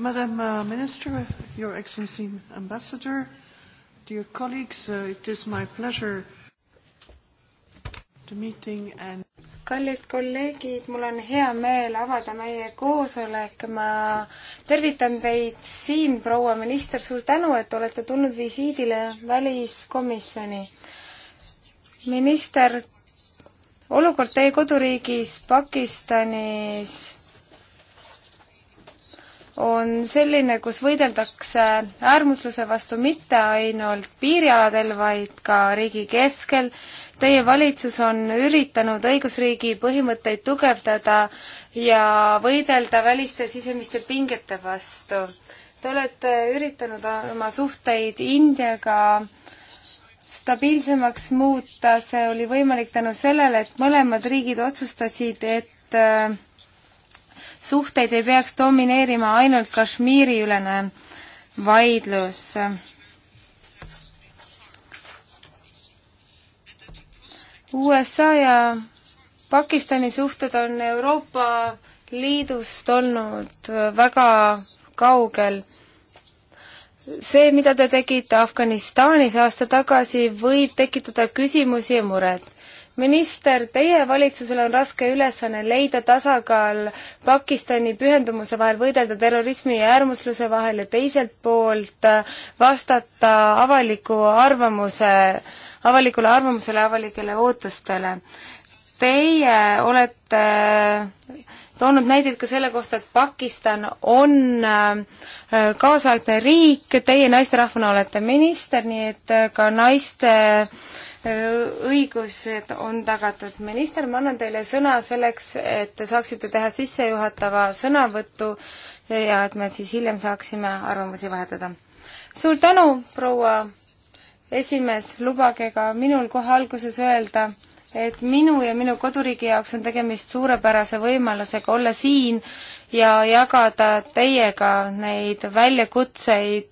Madam uh, Minister, Your Excellency Ambassador, dear colleagues, uh, it is my pleasure to meeting and kallid kolleegid, mul on hea meel avada meie koosolek, ma tervitan teid siin, proua minister, suur tänu, et olete tulnud visiidile väliskomisjoni. minister, olukord teie koduriigis Pakistanis on selline, kus võideldakse äärmusluse vastu mitte ainult piirialadel, vaid ka riigi keskel. Teie valitsus on üritanud õigusriigi põhimõtteid tugevdada ja võidelda väliste sisemiste pingete vastu. Te olete üritanud oma suhteid Indiaga stabiilsemaks muuta, see oli võimalik tänu sellele, et mõlemad riigid otsustasid, et äh, suhteid ei peaks domineerima ainult Kashmiri ülene vaidlus. USA ja Pakistani suhted on Euroopa Liidust olnud väga kaugel. see, mida te tegite Afganistanis aasta tagasi, võib tekitada küsimusi ja muret minister, teie valitsusel on raske ülesanne leida tasakaal Pakistani pühendumuse vahel võidelda terrorismi ja äärmusluse vahel ja teiselt poolt äh, vastata avaliku arvamuse, avalikule arvamusele, avalikele ootustele. Teie olete äh, toonud näiteid ka selle kohta, et Pakistan on äh, kaasaegne riik, teie naisterahvana olete minister, nii et ka naiste õigused on tagatud. minister, ma annan teile sõna selleks, et te saaksite teha sissejuhatava sõnavõtu ja et me siis hiljem saaksime arvamusi vahetada. suur tänu, proua esimees, lubage ka minul kohe alguses öelda, et minu ja minu koduriigi jaoks on tegemist suurepärase võimalusega olla siin ja jagada teiega neid väljakutseid,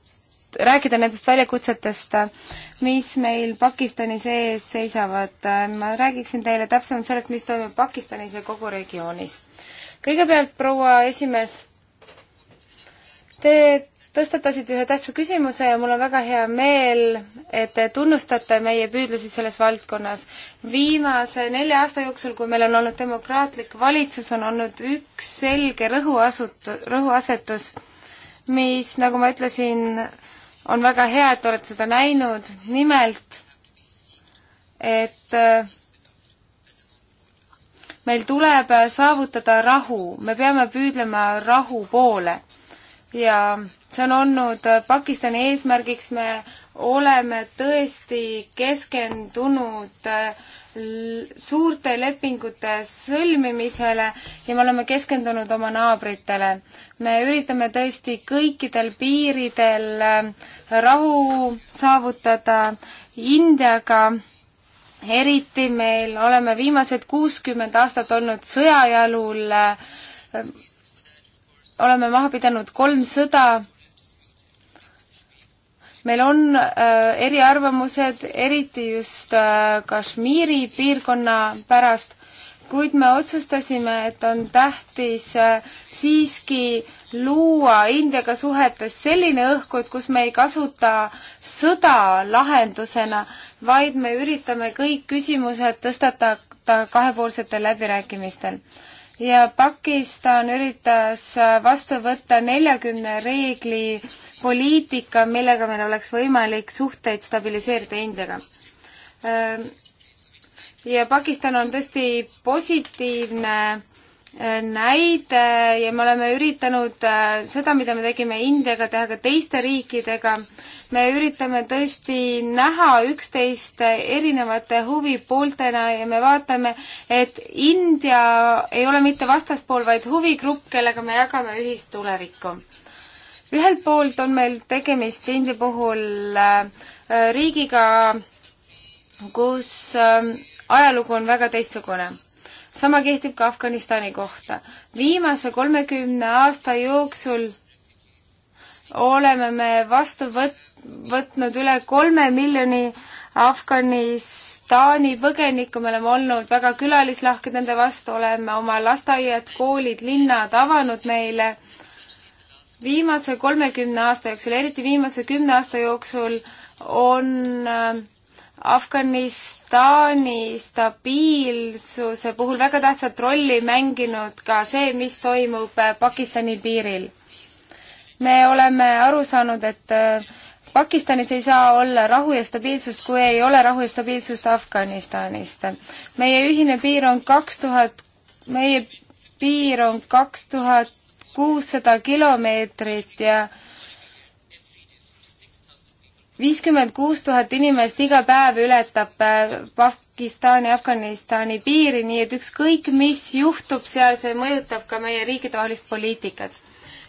rääkida nendest väljakutsetest, mis meil Pakistanis ees seisavad. ma räägiksin teile täpsemalt sellest, mis toimub Pakistanis ja kogu regioonis. kõigepealt, proua esimees, te tõstatasite ühe tähtsa küsimuse ja mul on väga hea meel, et te tunnustate meie püüdlusi selles valdkonnas. viimase nelja aasta jooksul, kui meil on olnud demokraatlik valitsus, on olnud üks selge rõhuasut-, rõhuasetus, mis, nagu ma ütlesin, on väga hea, et olete seda näinud, nimelt et äh, meil tuleb saavutada rahu, me peame püüdlema rahu poole. ja see on olnud Pakistani eesmärgiks, me oleme tõesti keskendunud äh, suurte lepingute sõlmimisele ja me oleme keskendunud oma naabritele. me üritame tõesti kõikidel piiridel äh, rahu saavutada Indiaga, eriti meil oleme viimased kuuskümmend aastat olnud sõjajalul, äh, oleme maha pidanud kolm sõda meil on äh, eriarvamused, eriti just äh, Kashmiri piirkonna pärast, kuid me otsustasime, et on tähtis äh, siiski luua Indiaga suhetes selline õhkkond, kus me ei kasuta sõda lahendusena, vaid me üritame kõik küsimused tõstatada kahepoolsetel läbirääkimistel ja Pakistan üritas vastu võtta neljakümne reegli poliitika, millega meil oleks võimalik suhteid stabiliseerida Indiaga ehm, ja Pakistan on tõesti positiivne näide ja me oleme üritanud äh, seda, mida me tegime Indiaga, teha ka teiste riikidega. me üritame tõesti näha üksteist erinevate huvipooltena ja me vaatame, et India ei ole mitte vastaspool, vaid huvigrupp, kellega me jagame ühist tulevikku. ühelt poolt on meil tegemist India puhul äh, riigiga, kus äh, ajalugu on väga teistsugune sama kehtib ka Afganistani kohta. viimase kolmekümne aasta jooksul oleme me vastu võt-, võtnud üle kolme miljoni Afganistani põgenikku, me oleme olnud väga külalislahked nende vastu, oleme oma lasteaiad, koolid, linnad avanud neile. viimase kolmekümne aasta jooksul, eriti viimase kümne aasta jooksul on äh, Afganistani stabiilsuse puhul väga tähtsat rolli mänginud ka see, mis toimub äh, Pakistani piiril. me oleme aru saanud, et äh, Pakistanis ei saa olla rahu ja stabiilsust, kui ei ole rahu ja stabiilsust Afganistanist. meie ühine piir on kaks tuhat, meie piir on kaks tuhat kuussada kilomeetrit ja viiskümmend kuus tuhat inimest iga päev ületab äh, Pakistani, Afganistani piiri, nii et ükskõik, mis juhtub seal, see mõjutab ka meie riigitoolist poliitikat.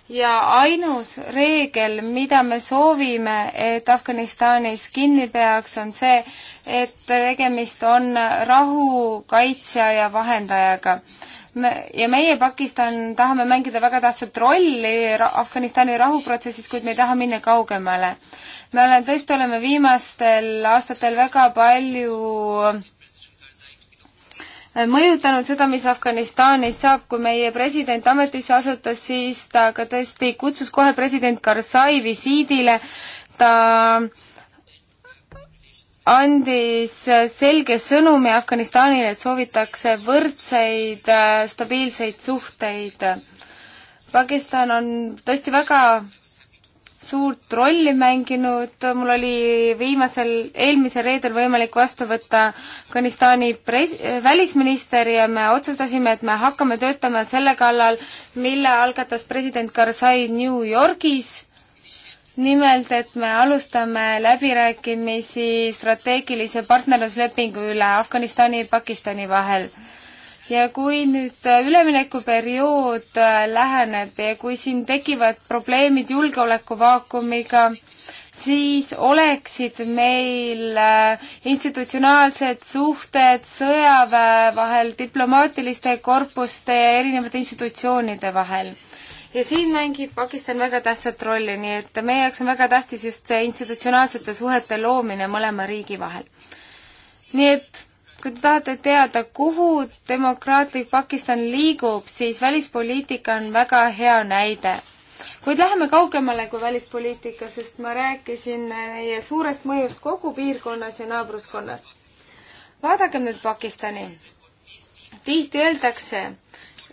ja ainus reegel, mida me soovime, et Afganistanis kinni peaks, on see, et tegemist on rahukaitsja ja vahendajaga me ja meie, Pakistan, tahame mängida väga tähtsat rolli Afganistani rahuprotsessis, kuid me ei taha minna kaugemale. me oleme, tõesti oleme viimastel aastatel väga palju äh, mõjutanud seda, mis Afganistanis saab, kui meie president ametisse asutas, siis ta ka tõesti kutsus kohe president Karzai visiidile, ta äh, andis selge sõnumi Afganistanile, et soovitakse võrdseid äh, stabiilseid suhteid. Pakistan on tõesti väga suurt rolli mänginud, mul oli viimasel, eelmisel reedel võimalik vastu võtta Afganistani pres-, välisminister ja me otsustasime, et me hakkame töötama selle kallal, mille algatas president Karzai New Yorgis nimelt, et me alustame läbirääkimisi strateegilise partnerluslepingu üle Afganistani ja Pakistani vahel. ja kui nüüd üleminekuperiood äh, läheneb ja kui siin tekivad probleemid julgeolekuvaakumiga, siis oleksid meil äh, institutsionaalsed suhted sõjaväe vahel, diplomaatiliste korpuste ja erinevate institutsioonide vahel ja siin mängib Pakistan väga tähtsat rolli, nii et meie jaoks on väga tähtis just see institutsionaalsete suhete loomine mõlema riigi vahel. nii et kui te tahate teada, kuhu demokraatlik Pakistan liigub, siis välispoliitika on väga hea näide. kuid läheme kaugemale kui välispoliitika, sest ma rääkisin meie suurest mõjust kogu piirkonnas ja naabruskonnas. vaadakem nüüd Pakistani. tihti öeldakse,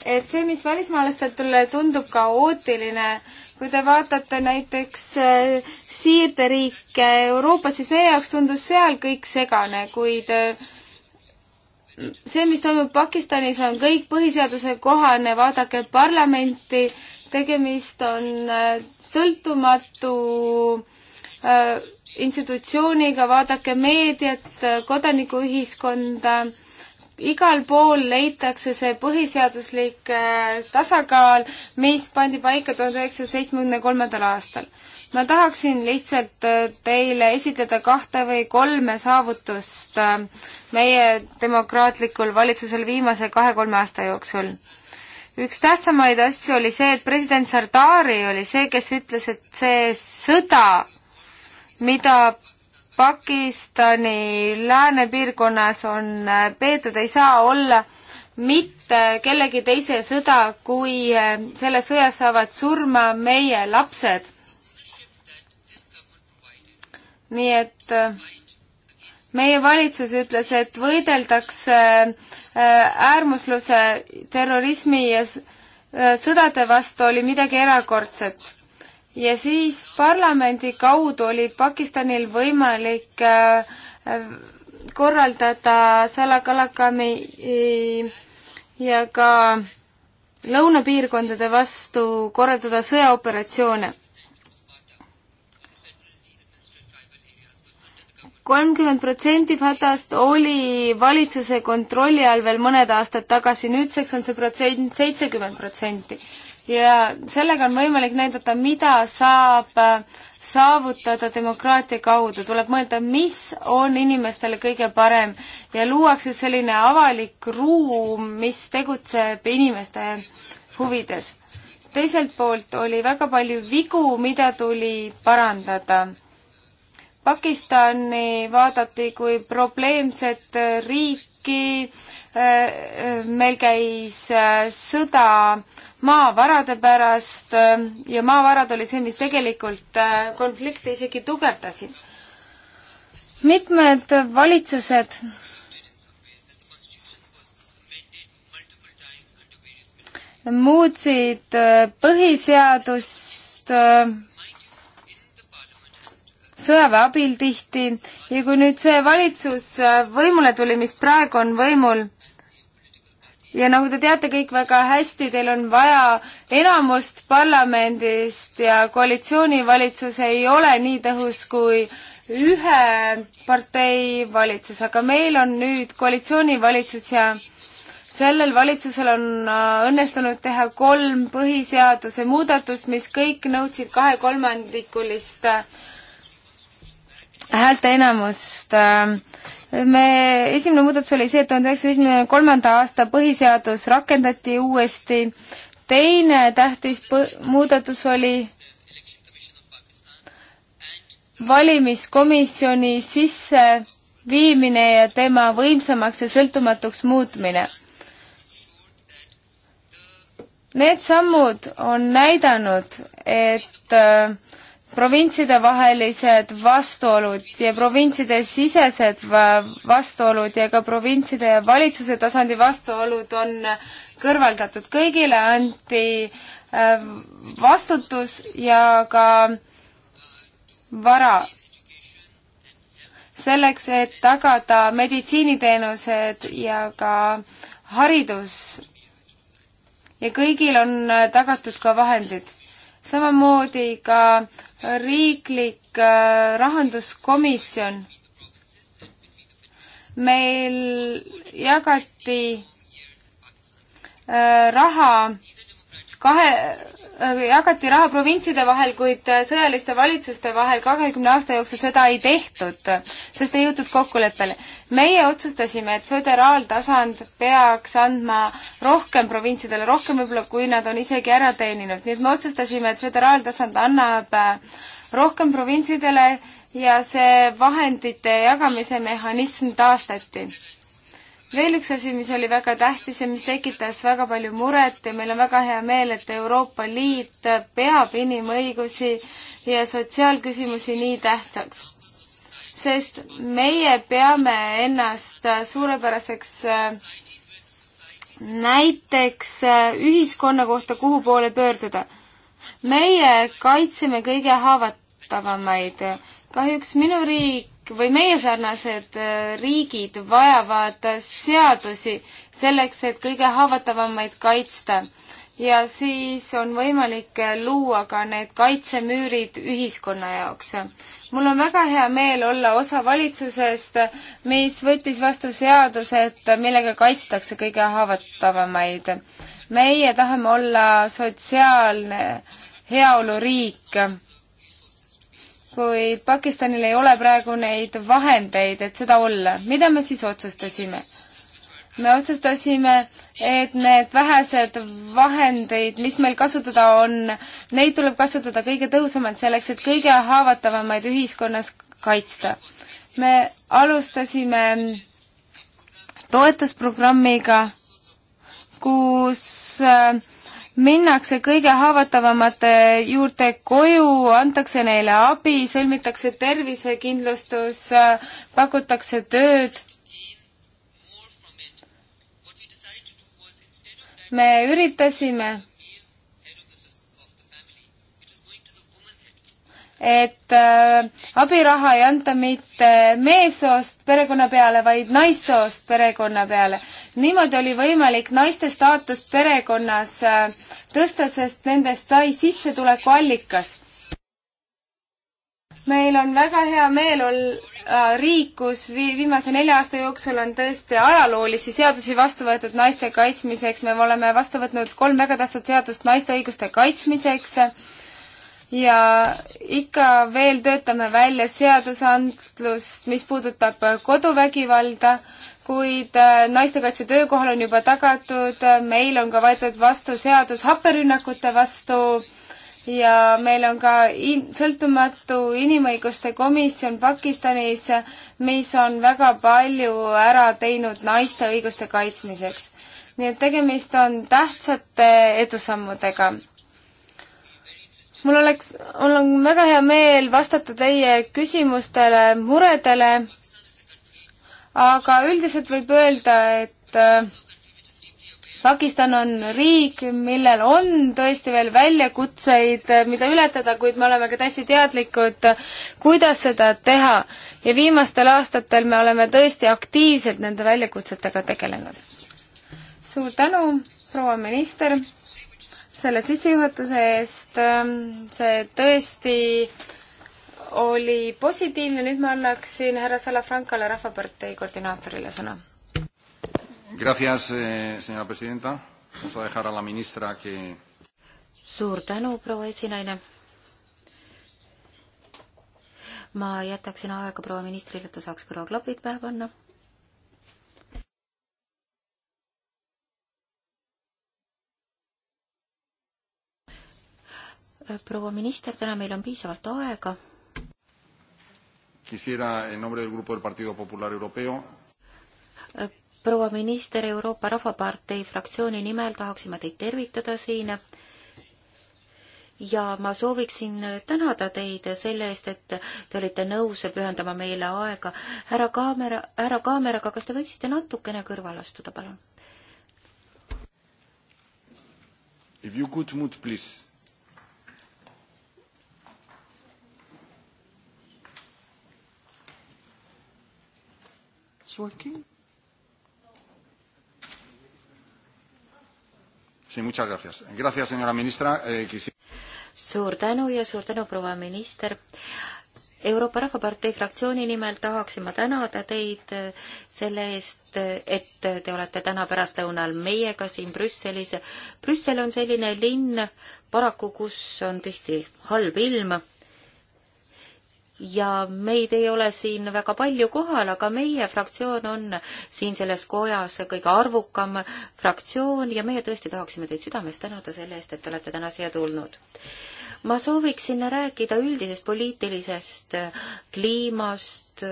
et see, mis välismaalastele tundub kaootiline, kui te vaatate näiteks äh, siirderiike Euroopas, siis meie jaoks tundus seal kõik segane, kuid äh, see, mis toimub Pakistanis, on kõik põhiseaduse kohane, vaadake parlamenti, tegemist on äh, sõltumatu institutsiooniga, vaadake meediat, kodanikuühiskonda igal pool leitakse see põhiseaduslik äh, tasakaal, mis pandi paika tuhande üheksasaja seitsmekümne kolmandal aastal. ma tahaksin lihtsalt äh, teile esitleda kahte või kolme saavutust äh, meie demokraatlikul valitsusel viimase kahe-kolme aasta jooksul. üks tähtsamaid asju oli see, et president Sardari oli see, kes ütles, et see sõda, mida Pakistani läänepiirkonnas on äh, peetud, ei saa olla mitte kellegi teise sõda, kui äh, selles sõjas saavad surma meie lapsed. nii et äh, meie valitsus ütles, et võideldakse äärmusluse, terrorismi ja sõdade vastu oli midagi erakordset ja siis parlamendi kaudu oli Pakistanil võimalik äh, korraldada Salakalakami äh, ja ka lõunapiirkondade vastu korraldada sõjaoperatsioone. kolmkümmend protsenti Fatast oli valitsuse kontrolli all veel mõned aastad tagasi, nüüdseks on see protsent seitsekümmend protsenti ja sellega on võimalik näidata, mida saab äh, saavutada demokraatia kaudu, tuleb mõelda, mis on inimestele kõige parem ja luuakse selline avalik ruum, mis tegutseb inimeste huvides. teiselt poolt oli väga palju vigu, mida tuli parandada. Pakistani vaadati kui probleemset riiki, äh, äh, meil käis sõda maavarade pärast äh, ja maavarad oli see, mis tegelikult äh, konflikte isegi tugevdasid. mitmed valitsused muutsid äh, põhiseadust sõjaväe abil tihti ja kui nüüd see valitsus võimule tuli, mis praegu on võimul, ja nagu te teate kõik väga hästi, teil on vaja enamust parlamendist ja koalitsioonivalitsus ei ole nii tõhus kui ühe partei valitsus, aga meil on nüüd koalitsioonivalitsus ja sellel valitsusel on äh, õnnestunud teha kolm põhiseaduse muudatust, mis kõik nõudsid kahekolmandikulist äh, häälteenamust äh, me, esimene muudatus oli see, et tuhande üheksasaja seitsmekümne kolmanda aasta põhiseadus rakendati uuesti, teine tähtis muudatus oli valimiskomisjoni sisseviimine ja tema võimsamaks ja sõltumatuks muutmine. Need sammud on näidanud, et äh, provintside vahelised vastuolud ja provintside sisesed vastuolud ja ka provintside ja valitsuse tasandi vastuolud on kõrvaldatud. kõigile anti äh, vastutus ja ka vara selleks, et tagada meditsiiniteenused ja ka haridus. ja kõigil on tagatud ka vahendid samamoodi ka riiklik äh, rahanduskomisjon. meil jagati äh, raha kahe Äh, jagati raha provintside vahel, kuid äh, sõjaliste valitsuste vahel kahekümne aasta jooksul seda ei tehtud, sest ei jõutud kokkuleppele. meie otsustasime, et föderaaltasand peaks andma rohkem provintsidele, rohkem võib-olla, kui nad on isegi ära teeninud. nii et me otsustasime, et föderaaltasand annab äh, rohkem provintsidele ja see vahendite jagamise mehhanism taastati veel üks asi, mis oli väga tähtis ja mis tekitas väga palju muret ja meil on väga hea meel, et Euroopa Liit peab inimõigusi ja sotsiaalküsimusi nii tähtsaks. sest meie peame ennast suurepäraseks äh, näiteks äh, ühiskonna kohta, kuhu poole pöörduda. meie kaitseme kõige haavatavamaid. kahjuks minu riik või meie sarnased äh, riigid vajavad seadusi selleks, et kõige haavatavamaid kaitsta. ja siis on võimalik äh, luua ka need kaitsemüürid ühiskonna jaoks. mul on väga hea meel olla osa valitsusest, mis võttis vastu seadused, millega kaitstakse kõige haavatavamaid. meie tahame olla sotsiaalne heaoluriik kuid Pakistanil ei ole praegu neid vahendeid, et seda olla. mida me siis otsustasime? me otsustasime, et need vähesed vahendeid, mis meil kasutada on, neid tuleb kasutada kõige tõhusamalt selleks, et kõige haavatavamaid ühiskonnas kaitsta. me alustasime toetusprogrammiga, kus äh, minnakse kõige haavatavamate juurde koju, antakse neile abi, sõlmitakse tervisekindlustus, pakutakse tööd. me üritasime et äh, abiraha ei anta mitte meessoost perekonna peale, vaid naissoost perekonna peale. niimoodi oli võimalik naiste staatust perekonnas äh, tõsta, sest nendest sai sissetulekuallikas. meil on väga hea meel olla äh, riik, kus vi viimase nelja aasta jooksul on tõesti ajaloolisi seadusi vastu võetud naiste kaitsmiseks. me oleme vastu võtnud kolm väga tähtsat seadust naiste õiguste kaitsmiseks äh, ja ikka veel töötame välja seadusandlust, mis puudutab koduvägivalda, kuid äh, naistekaitse töökohal on juba tagatud, äh, meil on ka võetud vastu seadus happerünnakute vastu ja meil on ka in-, sõltumatu inimõiguste komisjon Pakistanis, mis on väga palju ära teinud naiste õiguste kaitsmiseks. nii et tegemist on tähtsate edusammudega mul oleks, mul on väga hea meel vastata teie küsimustele, muredele, aga üldiselt võib öelda, et äh, Pakistan on riik, millel on tõesti veel väljakutseid, äh, mida ületada, kuid me oleme ka täiesti teadlikud, äh, kuidas seda teha. ja viimastel aastatel me oleme tõesti aktiivselt nende väljakutsetega tegelenud. suur tänu, proua minister! selle sissejuhatuse eest, ähm, see tõesti oli positiivne, nüüd ma annaksin härra Salafrancale, Rahvapartei koordinaatorile sõna. Gracias, eh, senora presidenta. Vamos a dejar a la ministra que... Suur tänu, proua esinaine. ma jätaksin aega proua ministrile, et ta saaks kõrvaklapid pähe panna proua minister, täna meil on piisavalt aega. Äh, proua minister, Euroopa Rahvapartei fraktsiooni nimel tahaksime teid tervitada siin ja ma sooviksin tänada teid selle eest, et te olite nõus pühendama meile aega. härra kaamera, härra kaameraga, kas te võiksite natukene kõrvale astuda, palun? If you could mute, please it's working? Sí, muchas gracias. Gracias, señora ministra. Eh, quisi... suur tänu ja suur tänu, proua minister. Euroopa Rahvapartei fraktsiooni nimel tahaksin ma tänada teid eh, selle eest, eh, et te olete täna pärastlõunal meiega siin Brüsselis. Brüssel on selline linn paraku, kus on tihti halb ilm ja meid ei ole siin väga palju kohal, aga meie fraktsioon on siin selles kojas kõige arvukam fraktsioon ja meie tõesti tahaksime teid südamest tänada selle eest, et te olete täna siia tulnud. ma sooviksin rääkida üldisest poliitilisest kliimast,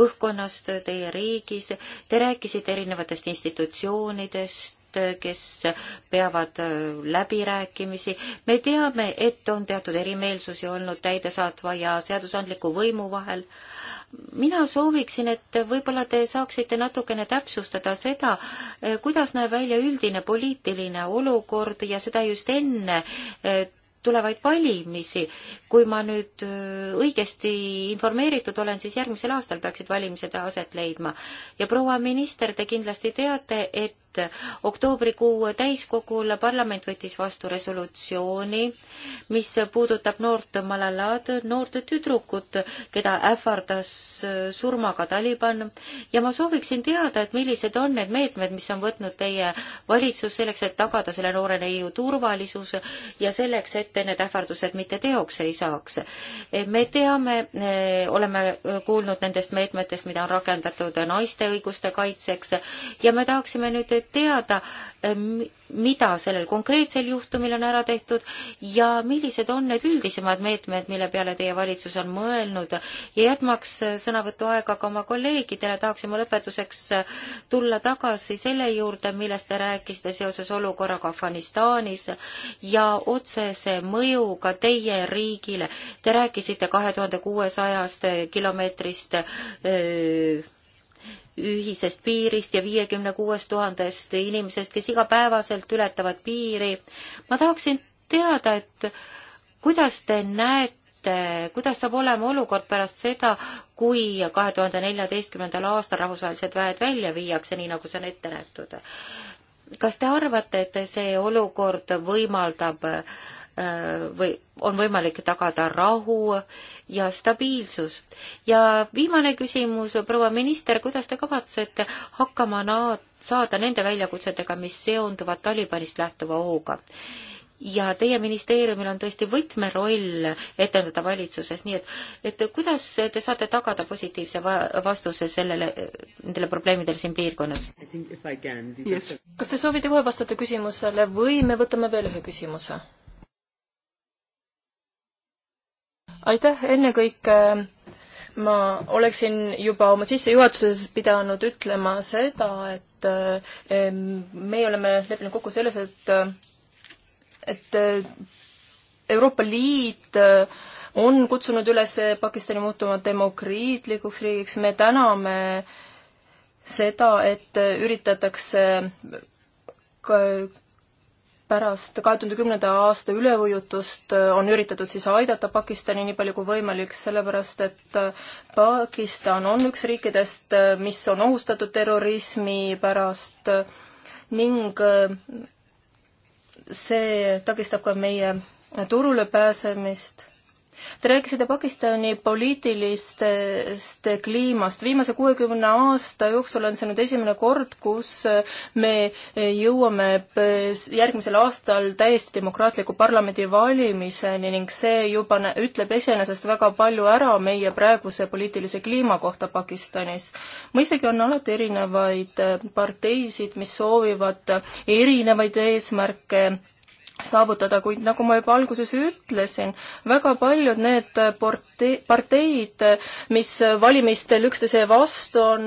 õhkkonnast teie riigis. Te rääkisite erinevatest institutsioonidest, kes peavad äh, läbirääkimisi. me teame, et on teatud erimeelsusi olnud täidesaatva ja seadusandliku võimu vahel. mina sooviksin, et võib-olla te saaksite natukene täpsustada seda, äh, kuidas näeb välja üldine poliitiline olukord ja seda just enne äh, tulevaid valimisi. kui ma nüüd õigesti informeeritud olen, siis järgmisel aastal peaksid valimised aset leidma. ja proua minister, te kindlasti teate, et Liit. oktoobrikuu täiskogul parlament võttis vastu resolutsiooni, mis puudutab noort Malalad, noort tüdrukut, keda ähvardas surmaga Taliban ja ma sooviksin teada, et millised on need meetmed, mis on võtnud teie valitsus selleks, et tagada selle noore neiu turvalisus ja selleks, et need ähvardused mitte teoks ei saaks. me teame, oleme kuulnud nendest meetmetest, mida on rakendatud naiste õiguste kaitseks ja me tahaksime nüüd teada, mida sellel konkreetsel juhtumil on ära tehtud ja millised on need üldisemad meetmed, mille peale teie valitsus on mõelnud. ja jätmaks äh, sõnavõtuaega ka oma kolleegidele, tahaksime lõpetuseks äh, tulla tagasi selle juurde, millest te rääkisite seoses olukorraga Afganistanis ja otsese mõjuga teie riigile. Te rääkisite kahe tuhande kuuesajast kilomeetrist öö, äh, ühisest piirist ja viiekümne kuuest tuhandest inimesest, kes igapäevaselt ületavad piiri. ma tahaksin teada, et kuidas te näete, kuidas saab olema olukord pärast seda, kui kahe tuhande neljateistkümnendal aastal rahvusvahelised väed välja viiakse, nii nagu see on ette nähtud? kas te arvate, et see olukord võimaldab äh, Äh, või on võimalik tagada rahu ja stabiilsus. ja viimane küsimus, proua minister, kuidas te kavatsete hakkama naad-, saada nende väljakutsetega, mis seonduvad Talibanist lähtuva ohuga? ja teie ministeeriumil on tõesti võtmeroll etendada valitsuses, nii et, et kuidas te saate tagada positiivse va vastuse sellele, nendele probleemidele siin piirkonnas? Yes. kas te soovite kohe vastata küsimusele või me võtame veel ühe küsimuse? aitäh, ennekõike äh, ma oleksin juba oma sissejuhatuses pidanud ütlema seda, et äh, meie oleme leppinud kokku selles, et, äh, et Euroopa Liit on kutsunud üles Pakistani muutuma demokraatlikuks riigiks, me täname seda, et üritatakse pärast kahe tuhande kümnenda aasta üleujutust äh, on üritatud siis aidata Pakistani nii palju kui võimalik, sellepärast et äh, Pakistan on üks riikidest, äh, mis on ohustatud terrorismi pärast ning see takistab ka meie turule pääsemist Te rääkisite Pakistani poliitilistest kliimast. viimase kuuekümne aasta jooksul on see nüüd esimene kord, kus me jõuame järgmisel aastal täiesti demokraatliku parlamendivalimiseni ning see juba ütleb iseenesest väga palju ära meie praeguse poliitilise kliima kohta Pakistanis. mõistagi on alati erinevaid parteisid, mis soovivad erinevaid eesmärke saavutada, kuid nagu ma juba alguses ütlesin, väga paljud need porte-, parteid, mis valimistel üksteise vastu on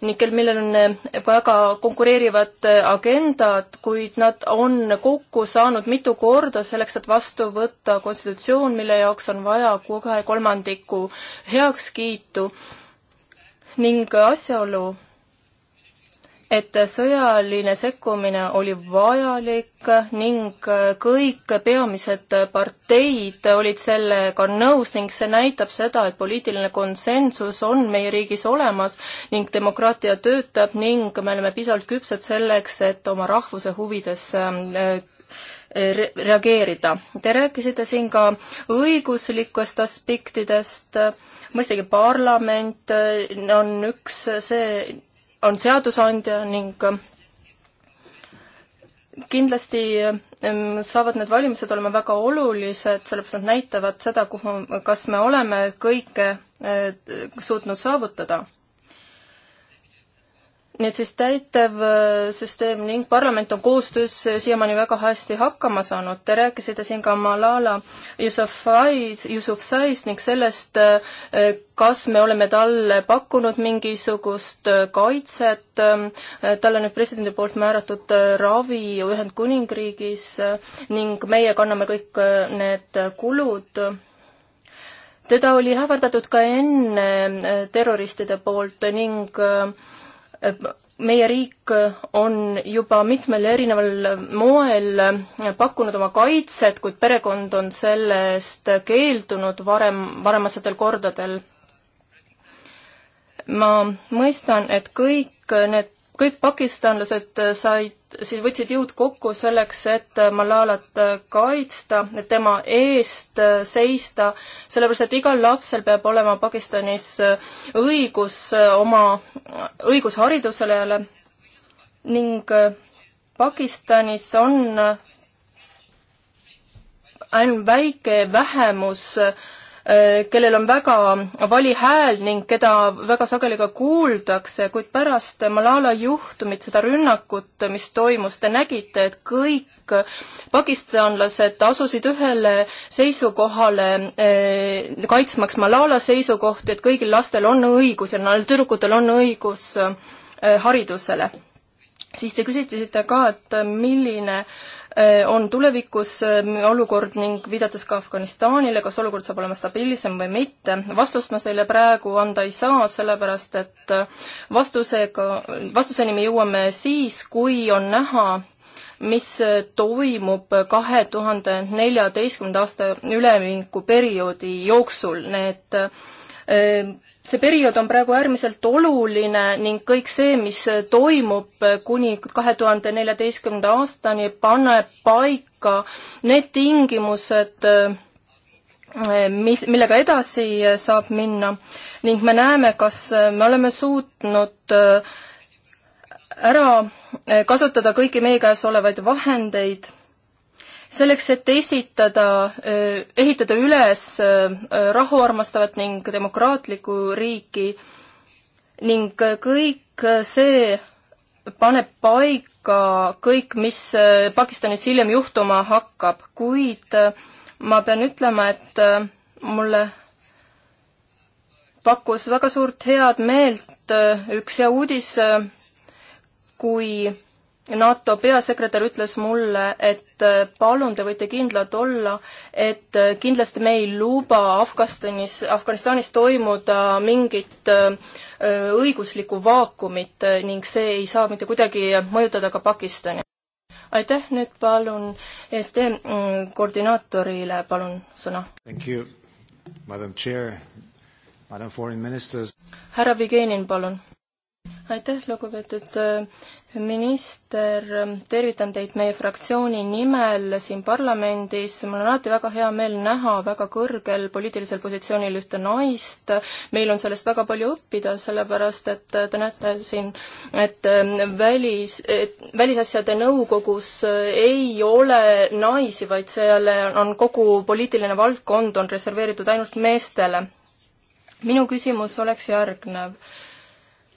ning kel, millel on väga konkureerivad agendad, kuid nad on kokku saanud mitu korda selleks, et vastu võtta konstitutsioon, mille jaoks on vaja kahe kolmandiku heakskiitu ning asjaolu, et sõjaline sekkumine oli vajalik ning kõik peamised parteid olid sellega nõus ning see näitab seda, et poliitiline konsensus on meie riigis olemas ning demokraatia töötab ning me oleme piisavalt küpsed selleks, et oma rahvuse huvides äh, reageerida. Te rääkisite siin ka õiguslikest aspektidest, mõistagi parlament äh, on üks see on seadusandja ning äh, kindlasti ähm, saavad need valimised olema väga olulised, sellepärast nad näitavad seda, kuhu, kas me oleme kõike äh, suutnud saavutada nii et siis täitev äh, süsteem ning parlament on koostöös äh, siiamaani väga hästi hakkama saanud. Te rääkisite siin ka Malala Yusufzais, Yusufzais ning sellest, äh, kas me oleme talle pakkunud mingisugust kaitset. talle nüüd presidendi poolt määratud ravi Ühendkuningriigis ning meie kanname kõik need kulud teda oli ähvardatud ka enne terroristide poolt ning äh, meie riik on juba mitmel erineval moel pakkunud oma kaitset, kuid perekond on sellest keeldunud varem, varematel kordadel. ma mõistan, et kõik need, kõik pakistanlased said siis võtsid jõud kokku selleks, et Malalat äh, kaitsta, et tema eest äh, seista, sellepärast et igal lapsel peab olema Pakistanis äh, õigus oma, õigus haridusele ning Pakistanis on ainult väike vähemus äh, Äh, kellel on väga vali hääl ning keda väga sageli ka kuuldakse, kuid pärast Malala juhtumit, seda rünnakut, mis toimus, te nägite, et kõik pakistanlased asusid ühele seisukohale äh, kaitsmaks Malala seisukohti, et kõigil lastel on õigus ja neil tüdrukutel on õigus äh, haridusele. siis te küsitlesite ka, et milline äh, Äh, on tulevikus ähm, olukord ning viidates ka Afganistanile, kas olukord saab olema stabiilsem või mitte, vastust ma teile praegu anda ei saa, sellepärast et äh, vastusega, vastuseni me jõuame siis, kui on näha, mis äh, toimub kahe tuhande neljateistkümnenda aasta üleminekuperioodi jooksul, need see periood on praegu äärmiselt oluline ning kõik see, mis toimub kuni kahe tuhande neljateistkümnenda aastani, paneb paika need tingimused, mis, millega edasi saab minna ning me näeme, kas me oleme suutnud äh, ära äh, kasutada kõiki meie käes olevaid vahendeid selleks, et esitada, ehitada üles rahuarmastavat ning demokraatlikku riiki ning kõik see paneb paika kõik, mis Pakistanis hiljem juhtuma hakkab, kuid ma pean ütlema, et mulle pakkus väga suurt head meelt üks hea uudis, kui NATO peasekretär ütles mulle, et äh, palun, te võite kindlad olla, et äh, kindlasti me ei luba Afganistanis, Afganistanis toimuda mingit äh, õiguslikku vaakumit ning see ei saa mitte kuidagi mõjutada ka Pakistani. aitäh, nüüd palun ESD mm, koordinaatorile, palun sõna. härra Vigenin, palun. aitäh, lugupeetud minister, tervitan teid meie fraktsiooni nimel siin parlamendis, mul on alati väga hea meel näha väga kõrgel poliitilisel positsioonil ühte naist, meil on sellest väga palju õppida, sellepärast et te näete siin, et ähm, välis, Välisasjade Nõukogus äh, ei ole naisi, vaid seal on kogu poliitiline valdkond on reserveeritud ainult meestele. minu küsimus oleks järgnev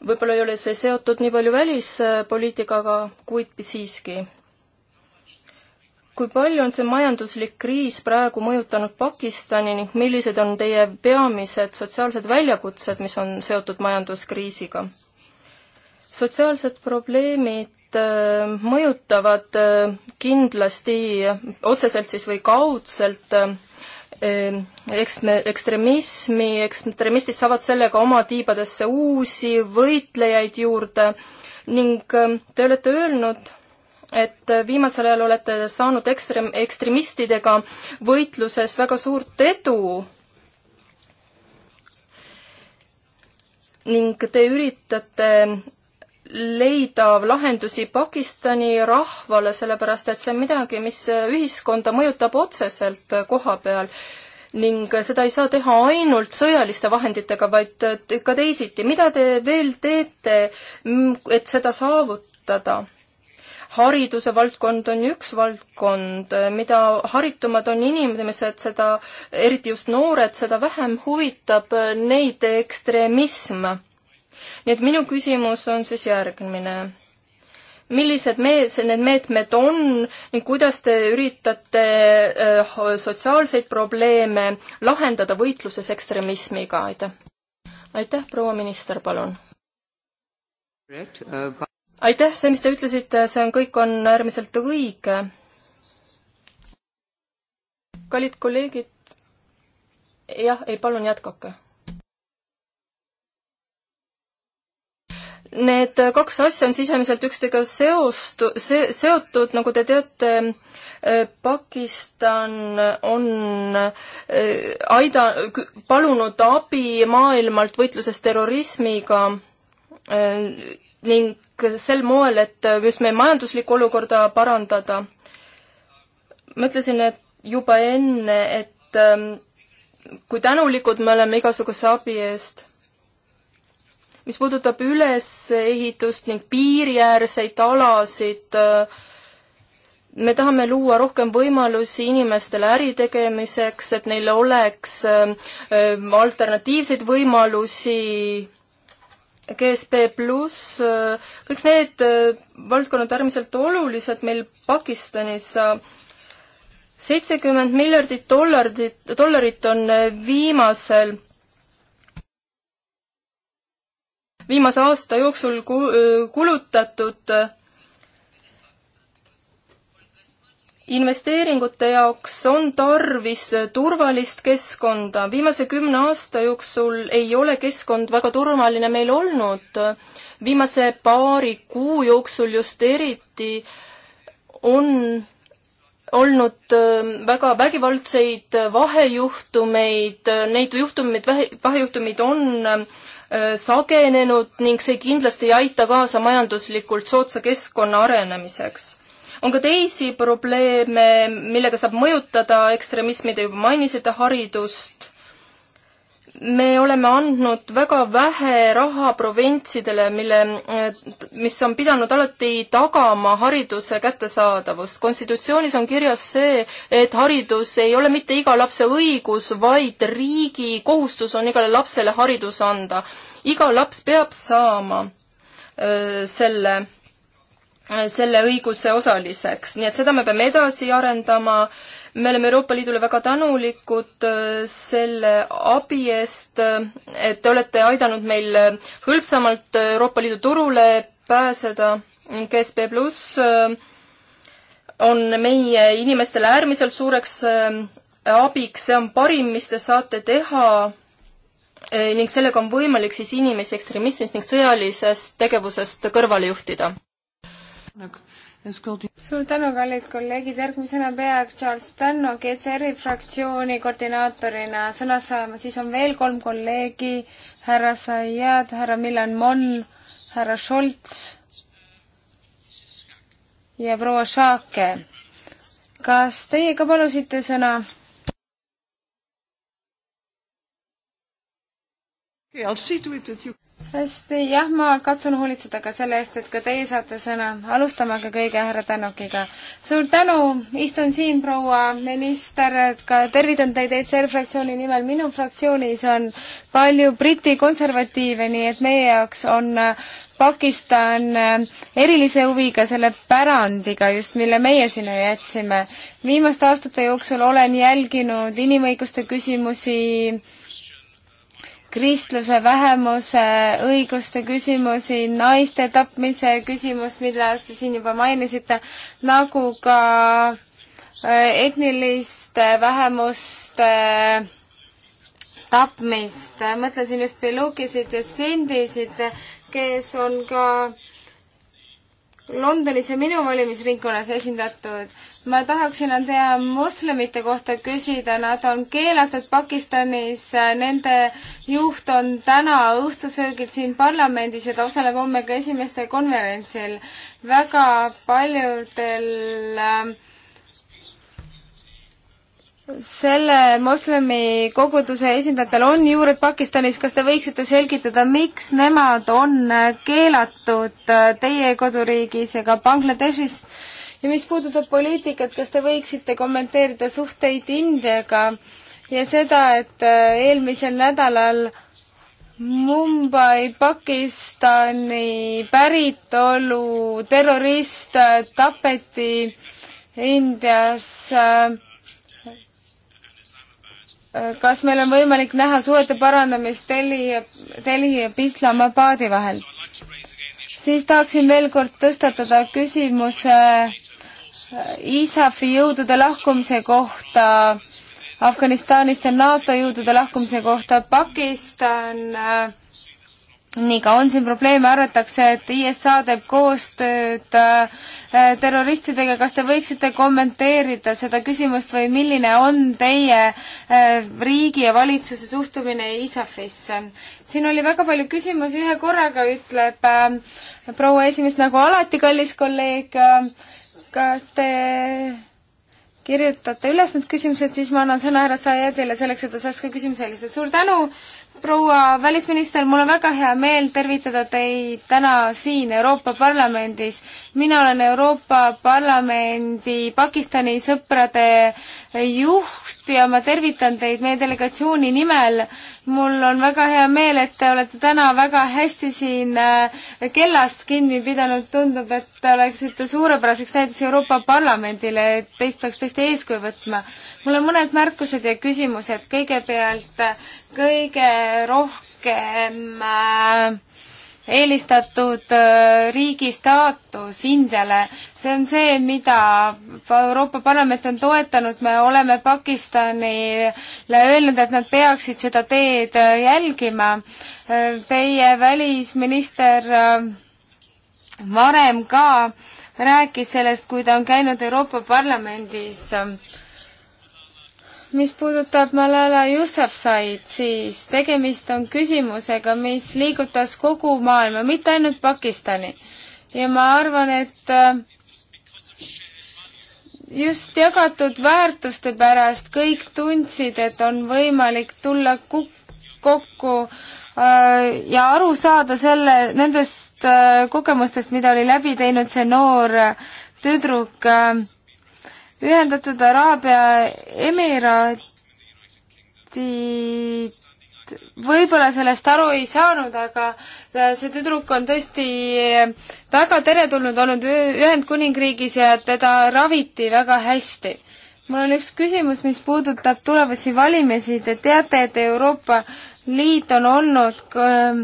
võib-olla ei ole see seotud nii palju välispoliitikaga, kuid siiski. kui palju on see majanduslik kriis praegu mõjutanud Pakistani ning millised on teie peamised sotsiaalsed väljakutsed, mis on seotud majanduskriisiga? sotsiaalsed probleemid äh, mõjutavad äh, kindlasti otseselt siis või kaudselt äh, Ähm, eks me, ekstremismi, ekstremistid saavad sellega oma tiibadesse uusi võitlejaid juurde ning ähm, te olete öelnud, et viimasel ajal olete saanud ekstrem-, ekstremistidega võitluses väga suurt edu. ning te üritate leida lahendusi Pakistani rahvale, sellepärast et see on midagi, mis ühiskonda mõjutab otseselt koha peal ning seda ei saa teha ainult sõjaliste vahenditega, vaid ka teisiti. mida te veel teete, et seda saavutada? hariduse valdkond on üks valdkond, mida haritumad on inimesed, seda, eriti just noored, seda vähem huvitab neid ekstremism nii et minu küsimus on siis järgmine. millised mees, need meetmed on ning kuidas te üritate äh, sotsiaalseid probleeme lahendada võitluses ekstremismiga, aitäh! aitäh, proua minister, palun! aitäh, see, mis te ütlesite, see on, kõik on äärmiselt õige. kallid kolleegid, jah, ei, palun jätkake Need kaks asja on sisemiselt üksteisega seost-, se-, seotud, nagu te teate, äh, Pakistan on äh, aida-, palunud abi maailmalt võitluses terrorismiga äh, ning sel moel, et just meie majanduslikku olukorda parandada. ma ütlesin, et juba enne, et ähm, kui tänulikud me oleme igasuguse abi eest mis puudutab ülesehitust ning piiriäärseid alasid, äh, me tahame luua rohkem võimalusi inimestele äritegemiseks, et neil oleks äh, alternatiivseid võimalusi GSP pluss, äh, kõik need valdkonnad äärmiselt olulised meil Pakistanis. seitsekümmend miljardit dollarit, dollarit on viimasel viimase aasta jooksul kulutatud äh, investeeringute jaoks on tarvis äh, turvalist keskkonda. viimase kümne aasta jooksul ei ole keskkond väga turvaline meil olnud. viimase paari kuu jooksul just eriti on olnud äh, väga vägivaldseid vahejuhtumeid, neid juhtumeid, vahejuhtumeid on Äh, sagenenud ning see kindlasti ei aita kaasa majanduslikult soodsa keskkonna arenemiseks. on ka teisi probleeme, millega saab mõjutada ekstremismi, te juba mainisite haridust, me oleme andnud väga vähe raha provintsidele, mille, mis on pidanud alati tagama hariduse kättesaadavust. konstitutsioonis on kirjas see, et haridus ei ole mitte iga lapse õigus, vaid riigi kohustus on igale lapsele haridus anda iga laps peab saama öö, selle selle õiguse osaliseks, nii et seda me peame edasi arendama. me oleme Euroopa Liidule väga tänulikud selle abi eest, et te olete aidanud meil hõlpsamalt Euroopa Liidu turule pääseda. GSP pluss on meie inimestele äärmiselt suureks abiks, see on parim, mis te saate teha Äh, ning sellega on võimalik siis inimesi ekstremismist ning sõjalisest tegevusest kõrvale juhtida. suur tänu, kallid kolleegid, järgmisena peaks Charles Tanno GCR-i e fraktsiooni koordinaatorina sõna saama, siis on veel kolm kolleegi, härra Zayed, härra Milan Mon, härra Scholz ja proua Šaake. kas teie ka palusite sõna? hästi, jah, ma katsun hoolitseda ka selle eest, et ka teie saate sõna. alustame aga kõige härra Tänukiga. suur tänu, istun siin, proua minister, ka tervitan teid ECR fraktsiooni nimel. minu fraktsioonis on palju Briti konservatiive, nii et meie jaoks on äh, Pakistan äh, erilise huviga selle pärandiga just, mille meie sinna jätsime. viimaste aastate jooksul olen jälginud inimõiguste küsimusi kristluse vähemuse õiguste küsimusi, naiste tapmise küsimust, mida te siin juba mainisite, nagu ka äh, etniliste vähemuste tapmist, mõtlesin just Belugisid ja Sindisid, kes on ka Londonis ja minu valimisringkonnas esindatud. ma tahaksin teie moslemite kohta küsida, nad on keelatud Pakistanis, nende juht on täna õhtusöögil siin parlamendis ja ta osaleb homme ka esimeste konverentsil. väga paljudel äh, selle moslemi koguduse esindajatel on juured Pakistanis, kas te võiksite selgitada, miks nemad on keelatud teie koduriigis ja ka Bangladeshis? ja mis puudutab poliitikat, kas te võiksite kommenteerida suhteid Indiaga ja seda, et äh, eelmisel nädalal Mumbai Pakistani päritolu terrorist äh, tapeti Indias äh, kas meil on võimalik näha suhete parandamist Delhi ja, Delhi ja Islamabadi vahel? siis tahaksin veel kord tõstatada küsimuse äh, ISAF-i jõudude lahkumise kohta Afganistanist ja NATO jõudude lahkumise kohta. Pakistan äh, nii ka on siin probleeme, arvatakse, et ISA teeb koostööd äh, terroristidega, kas te võiksite kommenteerida seda küsimust või milline on teie äh, riigi ja valitsuse suhtumine ISAF-isse? siin oli väga palju küsimusi ühe korraga, ütleb äh, proua esimees, nagu alati, kallis kolleeg, äh, kas te kirjutate üles need küsimused, siis ma annan sõna härra Saedile selleks, et ta saaks ka küsimuse helistada. suur tänu, proua välisminister, mul on väga hea meel tervitada teid täna siin Euroopa Parlamendis. mina olen Euroopa Parlamendi Pakistani sõprade juht ja ma tervitan teid meie delegatsiooni nimel. mul on väga hea meel, et te olete täna väga hästi siin äh, kellast kinni pidanud, tundub, et te oleksite suurepäraseks näiteks Euroopa Parlamendile, et teist peaks tõesti eeskuju võtma. mul on mõned märkused ja küsimused, kõigepealt äh, kõige rohkem äh, eelistatud äh, riigi staatus Indiale. see on see, mida Euroopa Parlament on toetanud, me oleme Pakistanile öelnud, et nad peaksid seda teed äh, jälgima. Äh, teie välisminister varem ka rääkis sellest, kui ta on käinud Euroopa Parlamendis mis puudutab Malala Yousafzaid, siis tegemist on küsimusega, mis liigutas kogu maailma, mitte ainult Pakistani. ja ma arvan, et äh, just jagatud väärtuste pärast kõik tundsid, et on võimalik tulla kokku äh, ja aru saada selle, nendest äh, kogemustest, mida oli läbi teinud see noor tüdruk Ühendatud Araabia Emiraadid võib-olla sellest aru ei saanud, aga äh, see tüdruk on tõesti äh, väga teretulnud olnud Ühendkuningriigis ja teda raviti väga hästi mul on üks küsimus, mis puudutab tulevasi valimisi. Te teate, et Euroopa Liit on olnud ähm,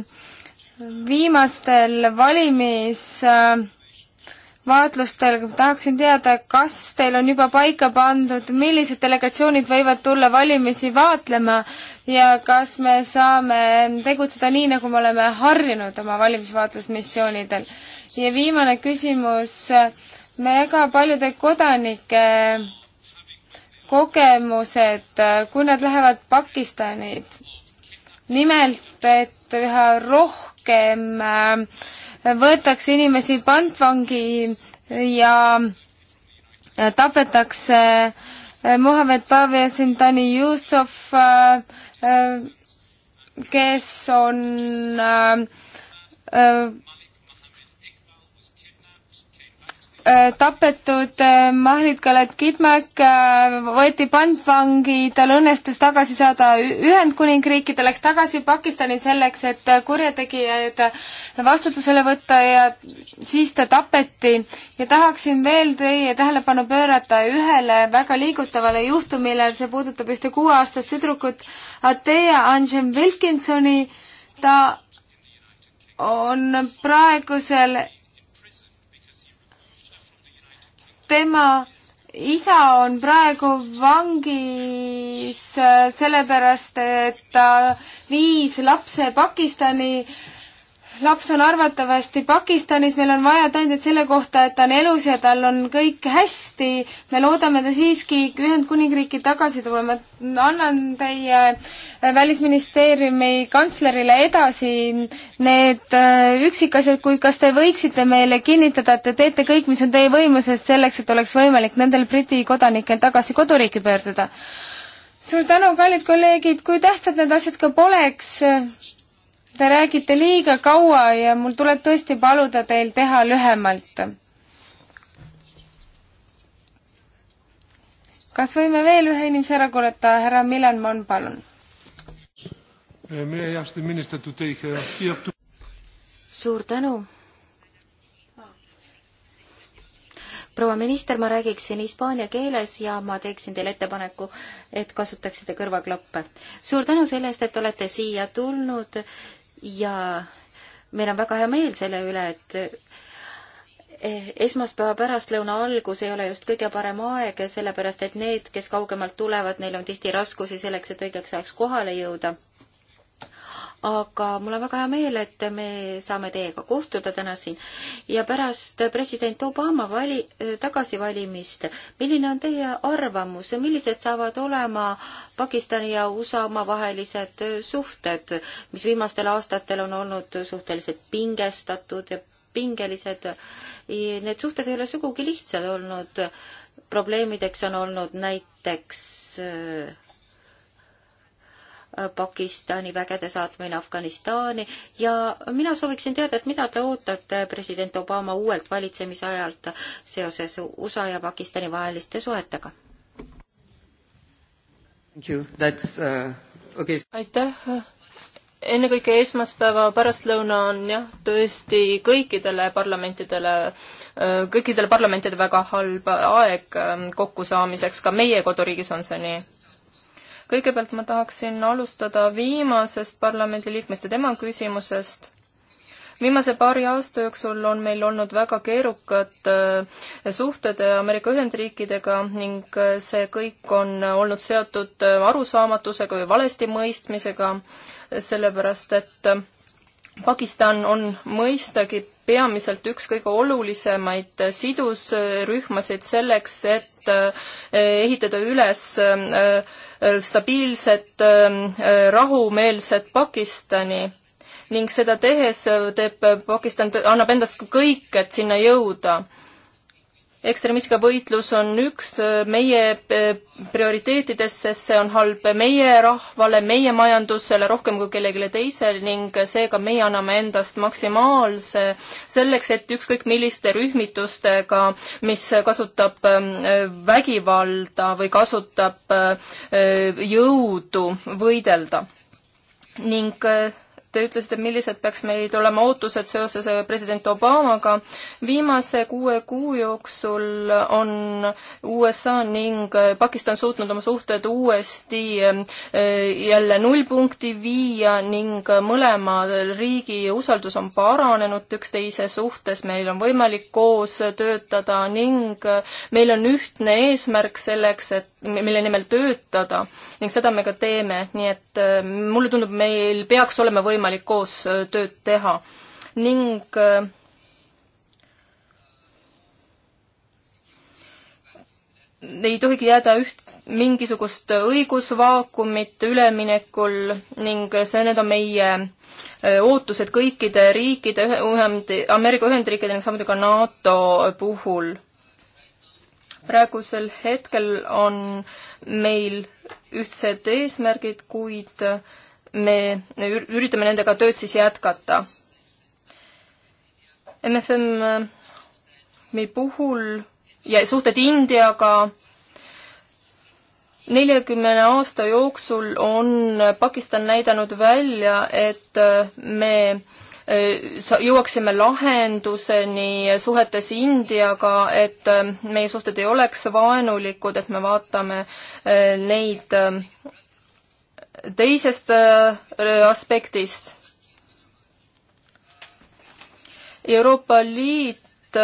viimastel valimis äh, vaatlustel, tahaksin teada, kas teil on juba paika pandud, millised delegatsioonid võivad tulla valimisi vaatlema ja kas me saame tegutseda nii, nagu me oleme harjunud oma valimisvaatlusmissioonidel. ja viimane küsimus, väga paljude kodanike kogemused, kui nad lähevad Pakistani, nimelt, et üha rohkem äh, võetakse inimesi pantvangi ja tapetakse Muhamed Pavi ja Sintani Jussov, äh, äh, kes on äh, Äh, tapetud äh, Mahlit Galet Kidmak äh, võeti pantvangi, tal õnnestus tagasi saada Ühendkuningriiki, ta läks tagasi Pakistani selleks, et kurjategijaid vastutusele võtta ja siis ta tapeti. ja tahaksin veel teie tähelepanu pöörata ühele väga liigutavale juhtumile, see puudutab ühte kuueaastast tüdrukut Atea Anžem Wilkinsoni, ta on praegusel tema isa on praegu vangis äh, sellepärast, et ta viis lapse Pakistani laps on arvatavasti Pakistanis, meil on vaja tõendeid selle kohta, et ta on elus ja tal on kõik hästi. me loodame ta siiski Ühendkuningriiki tagasi tuua. ma annan teie äh, välisministeeriumi kantslerile edasi need äh, üksikasjad, kuid kas te võiksite meile kinnitada, et te teete kõik, mis on teie võimuses selleks, et oleks võimalik nendel Briti kodanikel tagasi koduriiki pöörduda? suur tänu, kallid kolleegid, kui tähtsad need asjad ka poleks Te räägite liiga kaua ja mul tuleb tõesti paluda teil teha lühemalt. kas võime veel ühe inimese ära kuulata, härra Milan Mon, palun. Eh, suur tänu. proua minister, ma räägiksin hispaania keeles ja ma teeksin teile ettepaneku, et kasutaksite kõrvaklappe. suur tänu selle eest, et olete siia tulnud ja meil on väga hea meel selle üle, et eh, esmaspäeva pärastlõuna algus ei ole just kõige parem aeg, sellepärast et need, kes kaugemalt tulevad, neil on tihti raskusi selleks, et õigeks ajaks kohale jõuda aga mul on väga hea meel, et me saame teiega kohtuda täna siin ja pärast president Obama vali, tagasivalimist, milline on teie arvamus, millised saavad olema Pakistani ja USA omavahelised suhted, mis viimastel aastatel on olnud suhteliselt pingestatud ja pingelised. Need suhted ei ole sugugi lihtsad olnud. probleemideks on olnud näiteks äh, Äh, Pakistani vägede saatmine Afganistani ja mina sooviksin teada, et mida te ootate president Obama uuelt valitsemisajalt seoses USA ja Pakistani vaheliste suhetega? Uh, okay. aitäh ennekõike esmaspäeva pärastlõuna on jah, tõesti kõikidele parlamentidele, kõikidele parlamentidele väga halb aeg ähm, kokkusaamiseks, ka meie koduriigis on see nii kõigepealt ma tahaksin alustada viimasest parlamendiliikmest ja tema küsimusest viimase paari aasta jooksul on meil olnud väga keerukad äh, suhted Ameerika Ühendriikidega ning äh, see kõik on olnud seotud äh, arusaamatusega või valesti mõistmisega, sellepärast et Pakistan on mõistagi peamiselt üks kõige olulisemaid sidusrühmasid selleks, et eh, ehitada üles eh, stabiilset, eh, rahumeelset Pakistani ning seda tehes teeb Pakistan, annab endast kõik, et sinna jõuda ekstremismiga võitlus on üks äh, meie äh, prioriteetidest, sest see on halb meie rahvale, meie majandusele rohkem kui kellelegi teisele ning seega meie anname endast maksimaalse selleks, et ükskõik milliste rühmitustega, mis kasutab äh, vägivalda või kasutab jõudu, võidelda. ning te ütlesite, millised peaks meid olema ootused seoses äh, president Obamaga. viimase kuue kuu jooksul on USA ning äh, Pakistan suutnud oma suhted uuesti äh, jälle nullpunkti viia ning mõlema riigi usaldus on paranenud üksteise suhtes, meil on võimalik koos töötada ning meil on ühtne eesmärk selleks, et mille nimel töötada ning seda me ka teeme, nii et äh, mulle tundub, meil peaks olema võimalik koos äh, tööd teha. ning äh, ei tohigi jääda üht, mingisugust õigusvaakumit üleminekul ning see, need on meie ootused kõikide riikide, Ameerika Ühendriikide ning samuti ka NATO puhul praegusel hetkel on meil ühtsed eesmärgid, kuid me üritame nendega tööd siis jätkata. MFM-i puhul ja suhted Indiaga neljakümne aasta jooksul on Pakistan näidanud välja, et me Äh, jõuaksime lahenduseni suhetes Indiaga, et ähm, meie suhted ei oleks vaenulikud, et me vaatame äh, neid ähm, teisest äh, aspektist. Euroopa Liit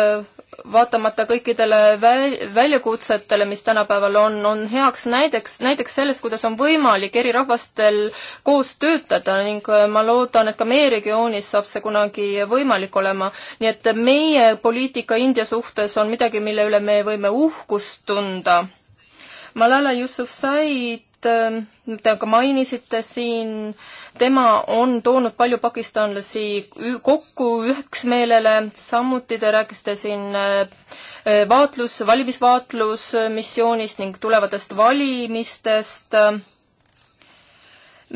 vaatamata kõikidele väl-, väljakutsetele, mis tänapäeval on, on heaks näideks, näiteks sellest, kuidas on võimalik eri rahvastel koos töötada ning äh, ma loodan, et ka meie regioonis saab see kunagi võimalik olema. nii et meie poliitika India suhtes on midagi, mille üle me võime uhkust tunda. Malala Yusufzai Ähm, nagu te ka mainisite siin, tema on toonud palju pakistanlasi kokku üksmeelele, samuti te rääkisite siin äh, äh, vaatlus, valimisvaatlusmissioonist ning tulevatest valimistest.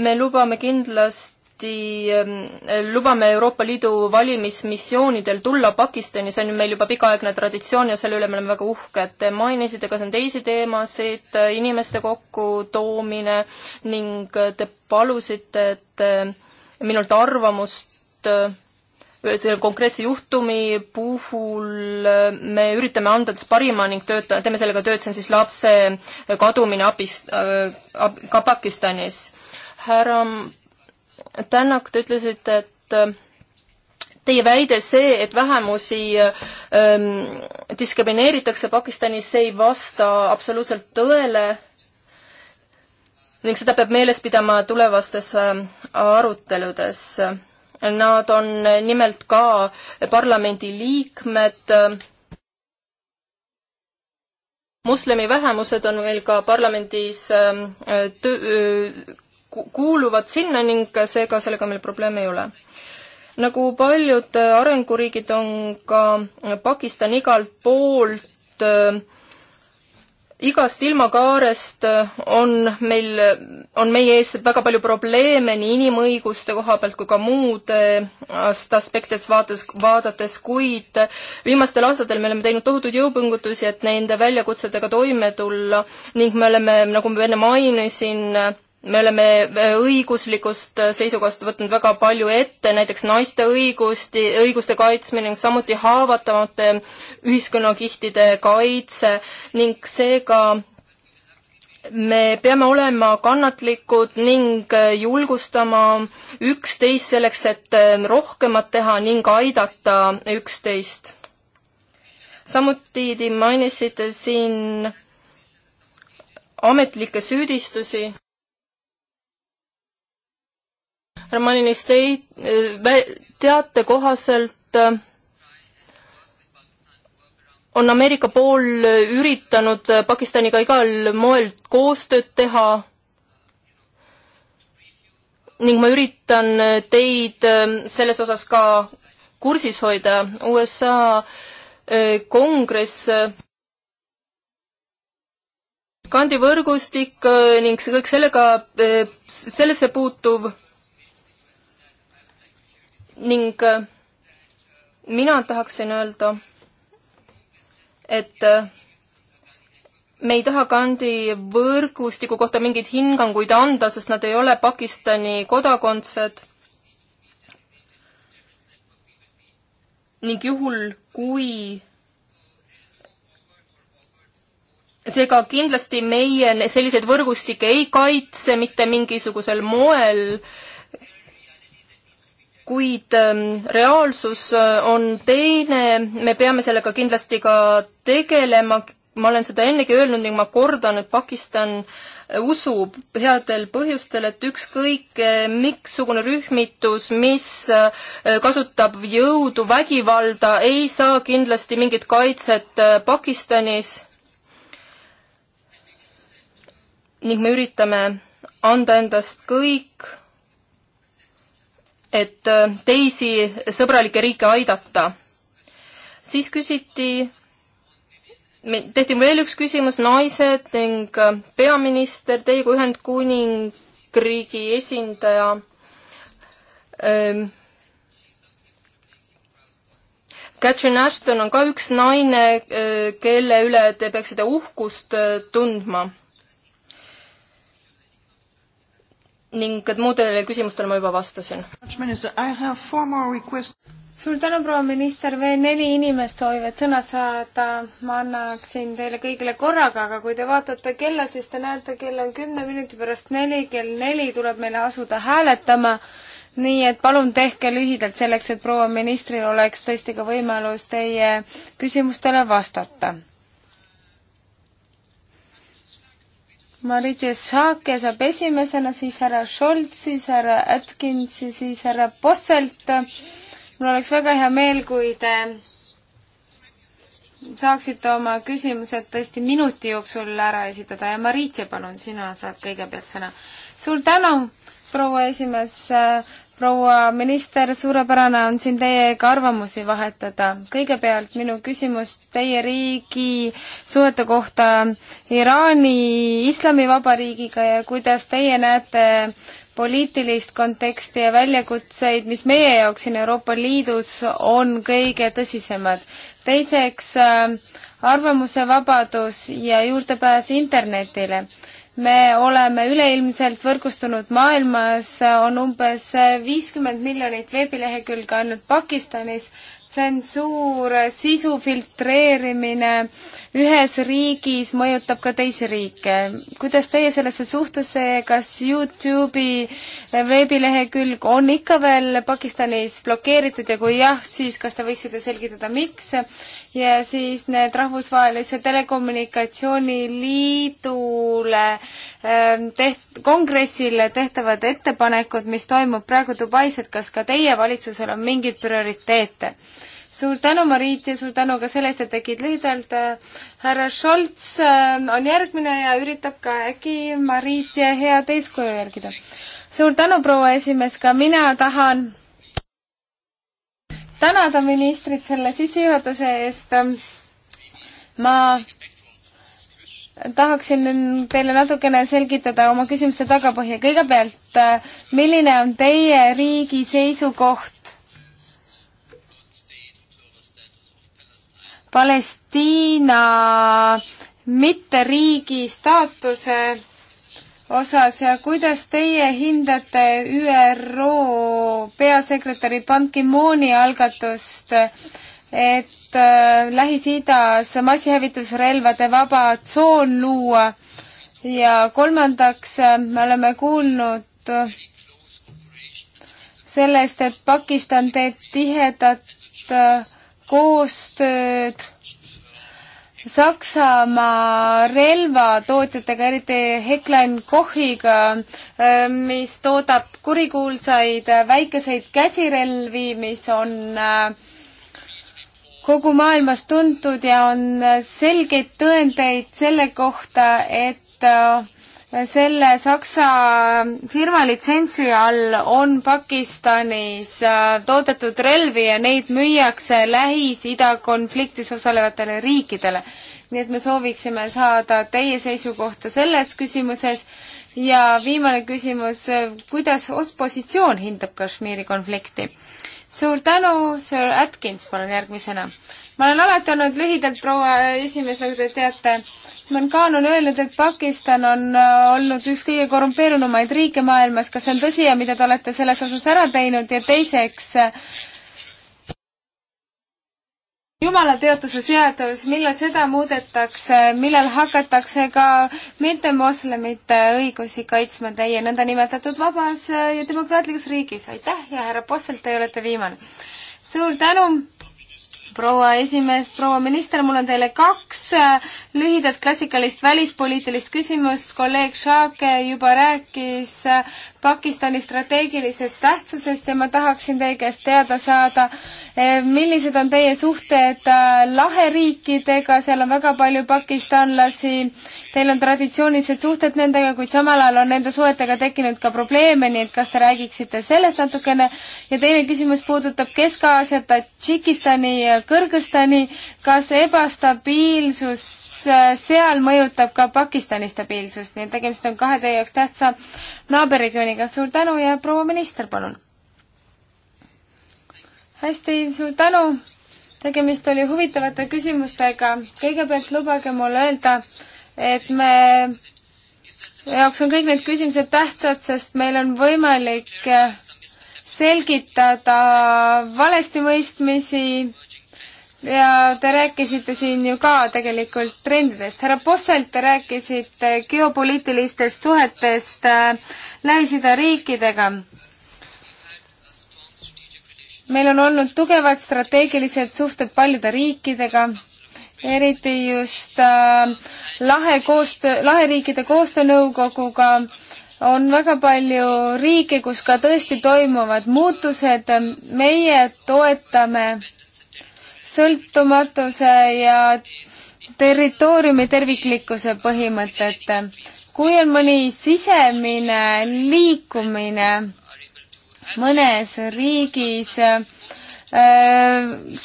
me lubame kindlasti tihti ähm, lubame Euroopa Liidu valimismissioonidel tulla Pakistani, see on ju meil juba pikaaegne traditsioon ja selle üle me oleme väga uhked. Te mainisite ka siin teisi teemasid, äh, inimeste kokkutoomine ning äh, te palusite, et äh, minult arvamust selle konkreetse juhtumi puhul me üritame anda endast parima ning tööta-, teeme sellega tööd, see on siis lapse kadumine abist- äh,, ka Pakistanis. härra Tännak, te ütlesite, et äh, teie väide see, et vähemusi ähm, diskrimineeritakse Pakistanis, see ei vasta absoluutselt tõele ning seda peab meeles pidama tulevastes ähm, aruteludes. Nad on nimelt ka parlamendi liikmed moslemi vähemused on meil ka parlamendis ähm, töö, kuuluvad sinna ning seega sellega meil probleeme ei ole. nagu paljud äh, arenguriigid, on ka äh, Pakistan igalt poolt äh, igast ilmakaarest äh, on meil, on meie ees väga palju probleeme nii inimõiguste koha pealt kui ka muudest aspektidest vaates, vaadates, kuid viimastel aastatel me oleme teinud tohutuid jõupingutusi, et nende väljakutsetega toime tulla ning me oleme, nagu ma enne mainisin, me oleme äh, õiguslikust äh, seisukohast võtnud väga palju ette, näiteks naiste õigusti, õiguste kaitsmine ning samuti haavatavate ühiskonnakihtide kaitse ning seega me peame olema kannatlikud ning äh, julgustama üksteist selleks, et rohkemat teha ning aidata üksteist. samuti te mainisite siin ametlikke süüdistusi Romanis tei-, äh, teate kohaselt äh, on Ameerika pool äh, üritanud Pakistaniga igal moel koostööd teha ning ma üritan teid selles osas ka kursis hoida. USA kongress kandivõrgustik ning see kõik sellega, sellesse puutuv ning äh, mina tahaksin öelda, et äh, me ei taha Gandhi võrgustiku kohta mingeid hinnanguid anda, sest nad ei ole Pakistani kodakondsed. ning juhul, kui seega kindlasti meie selliseid võrgustikke ei kaitse mitte mingisugusel moel äh, kuid ähm, reaalsus äh, on teine, me peame sellega kindlasti ka tegelema, ma olen seda ennegi öelnud ning ma kordan, et Pakistan äh, usub headel põhjustel, et ükskõik äh, miksugune rühmitus, mis kasutab jõudu, vägivalda, ei saa kindlasti mingit kaitset Pakistanis. ning me üritame anda endast kõik et äh, teisi sõbralikke riike aidata. siis küsiti, tehti veel üks küsimus, naised ning äh, peaminister, teie kui Ühendkuningriigi esindaja ähm,. Catherine Ashton on ka üks naine, äh, kelle üle te peaksite uhkust tundma ning et muudele küsimustele ma juba vastasin. suur tänu, proua minister, veel neli inimest soovivad sõna saada. ma annaksin teile kõigile korraga, aga kui te vaatate kella, siis te näete, kell on kümne minuti pärast neli, kell neli tuleb meile asuda hääletama. nii et palun tehke lühidalt selleks, et proua ministril oleks tõesti ka võimalus teie küsimustele vastata Maritis Haake saab esimesena, siis härra Scholz, siis härra Atkins ja siis härra Posselt. mul oleks väga hea meel, kui te saaksite oma küsimused tõesti minuti jooksul ära esitada ja Maritja, palun, sina saad kõigepealt sõna. suur tänu, proua esimees, proua minister, suurepärane on siin teiega arvamusi vahetada. kõigepealt minu küsimus teie riigi suhete kohta Iraani Islamivabariigiga ja kuidas teie näete poliitilist konteksti ja väljakutseid, mis meie jaoks siin Euroopa Liidus on kõige tõsisemad. teiseks, äh, arvamusevabadus ja juurdepääs internetile me oleme üleilmselt võrgustunud maailmas, on umbes viiskümmend miljonit veebilehekülge ainult Pakistanis. tsensuur, sisu filtreerimine ühes riigis mõjutab ka teisi riike. kuidas teie sellesse suhtuse, kas Youtube'i veebilehekülg on ikka veel Pakistanis blokeeritud ja kui jah, siis kas te võiksite selgitada, miks? ja siis need Rahvusvahelise Telekommunikatsiooniliidule ähm, teht-, kongressile tehtavad ettepanekud, mis toimub praegu Dubais, et kas ka teie valitsusel on mingeid prioriteete? suur tänu, Mariit, ja suur tänu ka selle eest, et tegid lühidalt. härra Scholz äh, on järgmine ja üritab ka äkki Mariit ja head eeskuju järgida. suur tänu, proua esimees, ka mina tahan tänada ministrit selle sissejuhatuse eest. ma tahaksin teile natukene selgitada oma küsimuste tagapõhja. kõigepealt, äh, milline on teie riigi seisukoht Palestiina mitteriigi staatuse osas ja kuidas teie hindate ÜRO peasekretäri Ban Ki-mooni algatust, et äh, Lähis-Idas massihävitusrelvade vaba tsoon luua ja kolmandaks äh, me oleme kuulnud äh, sellest, et Pakistan teeb tihedat koostööd Saksamaa relvatootjatega, eriti Hecklein Kochiga, ähm, mis toodab kurikuulsaid väikeseid käsirelvi, mis on äh, kogu maailmas tuntud ja on selgeid tõendeid selle kohta, et äh, selle Saksa firma litsentsi all on Pakistanis äh, toodetud relvi ja neid müüakse Lähis-Ida konfliktis osalevatele riikidele. nii et me sooviksime saada teie seisukohta selles küsimuses ja viimane küsimus, kuidas opositsioon hindab Kashmiri konflikti? suur tänu, Sir Atkins, palun järgmisena. ma olen alati olnud lühidalt, proua esimees, nagu te teate Usman Khan on öelnud, et Pakistan on äh, olnud üks kõige korrumpeerunumaid riike maailmas, kas see on tõsi ja mida te olete selles osas ära teinud ja teiseks, äh, jumala teotuse seadus, millal seda muudetakse, millal hakatakse ka mittemoslemite õigusi kaitsma teie nõndanimetatud vabas äh, ja demokraatlikus riigis? aitäh ja härra Posselt, te olete viimane. suur tänu proua esimees, proua minister, mul on teile kaks äh, lühidat klassikalist välispoliitilist küsimust. kolleeg Šaake juba rääkis äh, Pakistani strateegilisest tähtsusest ja ma tahaksin teie käest teada saada, eh, millised on teie suhted eh, laheriikidega, seal on väga palju pakistanlasi, teil on traditsioonilised suhted nendega, kuid samal ajal on nende suhetega tekkinud ka probleeme, nii et kas te räägiksite sellest natukene ja teine küsimus puudutab Kesk-Aasiat, Tadžikistani ja Kõrgõzstani, kas ebastabiilsus eh, seal mõjutab ka Pakistani stabiilsust, nii et tegemist on kahe teie jaoks tähtsa naaberregiooniga, meiega, suur tänu ja proua minister, palun! hästi, suur tänu! tegemist oli huvitavate küsimustega. kõigepealt lubage mul öelda, et me jaoks on kõik need küsimused tähtsad, sest meil on võimalik selgitada valestimõistmisi ja te rääkisite siin ju ka tegelikult trendidest. härra Posselt, te rääkisite geopoliitilistest suhetest äh, Lähis-Ida riikidega. meil on olnud tugevad strateegilised suhted paljude riikidega, eriti just äh, lahe koostöö, laheriikide koostöönõukoguga on väga palju riike, kus ka tõesti toimuvad muutused. meie toetame sõltumatuse ja territooriumi terviklikkuse põhimõtet. kui on mõni sisemine liikumine mõnes riigis äh,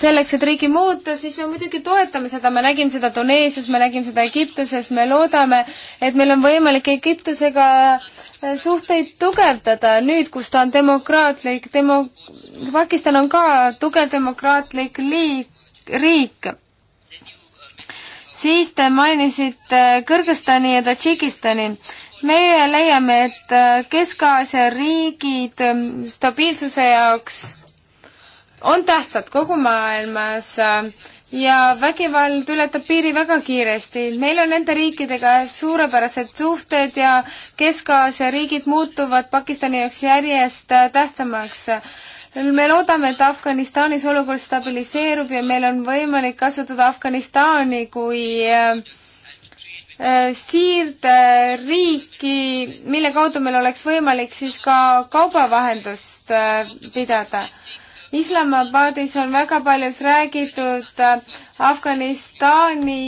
selleks, et riigi muuta, siis me muidugi toetame seda, me nägime seda Tuneesias, me nägime seda Egiptuses, me loodame, et meil on võimalik Egiptusega äh, suhteid tugevdada nüüd, kus ta on demokraatlik, demo-, Pakistan on ka tugev demokraatlik liik, riik. siis te mainisite Kõrgõzstani ja Tadžikistani. meie leiame, et äh, Kesk-Aasia riigid ähm, stabiilsuse jaoks on tähtsad kogu maailmas äh, ja vägivald ületab piiri väga kiiresti. meil on nende riikidega suurepärased suhted ja Kesk-Aasia riigid muutuvad Pakistani jaoks järjest äh, tähtsamaks me loodame, et Afganistanis olukord stabiliseerub ja meil on võimalik kasutada Afganistani kui äh, äh, siirderiiki, mille kaudu meil oleks võimalik siis ka kaubavahendust äh, pidada. Islamabadis on väga paljus räägitud Afganistani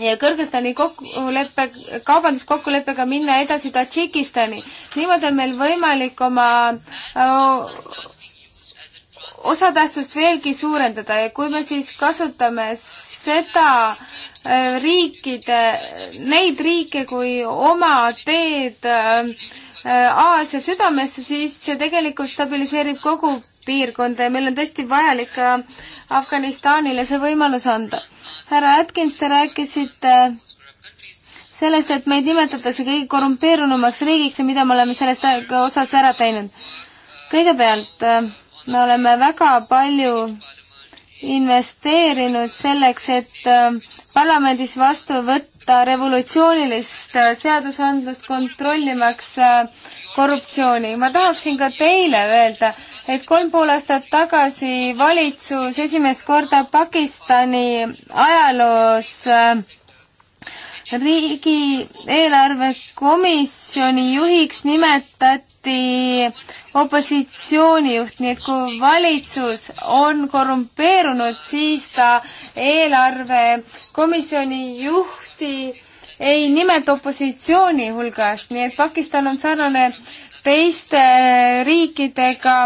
ja Kõrgõzstani kokkuleppe, kaubanduskokkuleppega minna edasi Tadžikistani. niimoodi on meil võimalik oma äh, osatähtsust veelgi suurendada ja kui me siis kasutame seda äh, riikide, neid riike kui oma teed äh, Aasia südamesse, siis see tegelikult stabiliseerib kogu piirkonda ja meil on tõesti vajalik ka äh, Afganistanile see võimalus anda. härra Atkins, te rääkisite äh, sellest, et meid nimetatakse kõige korrumpeerunumaks riigiks ja mida me oleme sellest äh, osas ära teinud. kõigepealt me oleme väga palju investeerinud selleks, et parlamendis vastu võtta revolutsioonilist seadusandlust kontrollimaks äh, korruptsiooni. ma tahaksin ka teile öelda, et kolm pool aastat tagasi valitsus esimest korda Pakistani ajaloos äh, riigieelarve komisjoni juhiks nimetati opositsioonijuht, nii et kui valitsus on korrumpeerunud, siis ta eelarve komisjoni juhti ei nimeta opositsiooni hulgast, nii et Pakistan on sarnane teiste riikidega.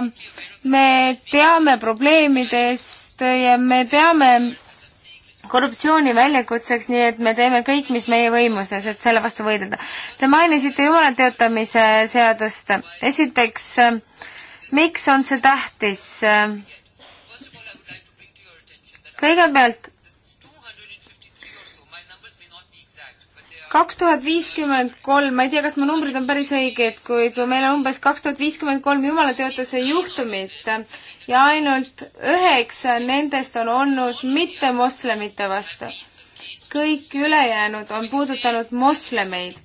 me teame probleemidest ja me teame korruptsiooni väljakutseks, nii et me teeme kõik, mis meie võimuses, et selle vastu võidelda. Te mainisite jumala töötamise seadust. esiteks, miks on see tähtis? kõigepealt kaks tuhat viiskümmend kolm, ma ei tea, kas mu numbrid on päris õiged, kuid meil on umbes kaks tuhat viiskümmend kolm jumalateotuse juhtumit ja ainult üheksa nendest on olnud mittemoslemite vastu. kõik ülejäänud on puudutanud moslemeid.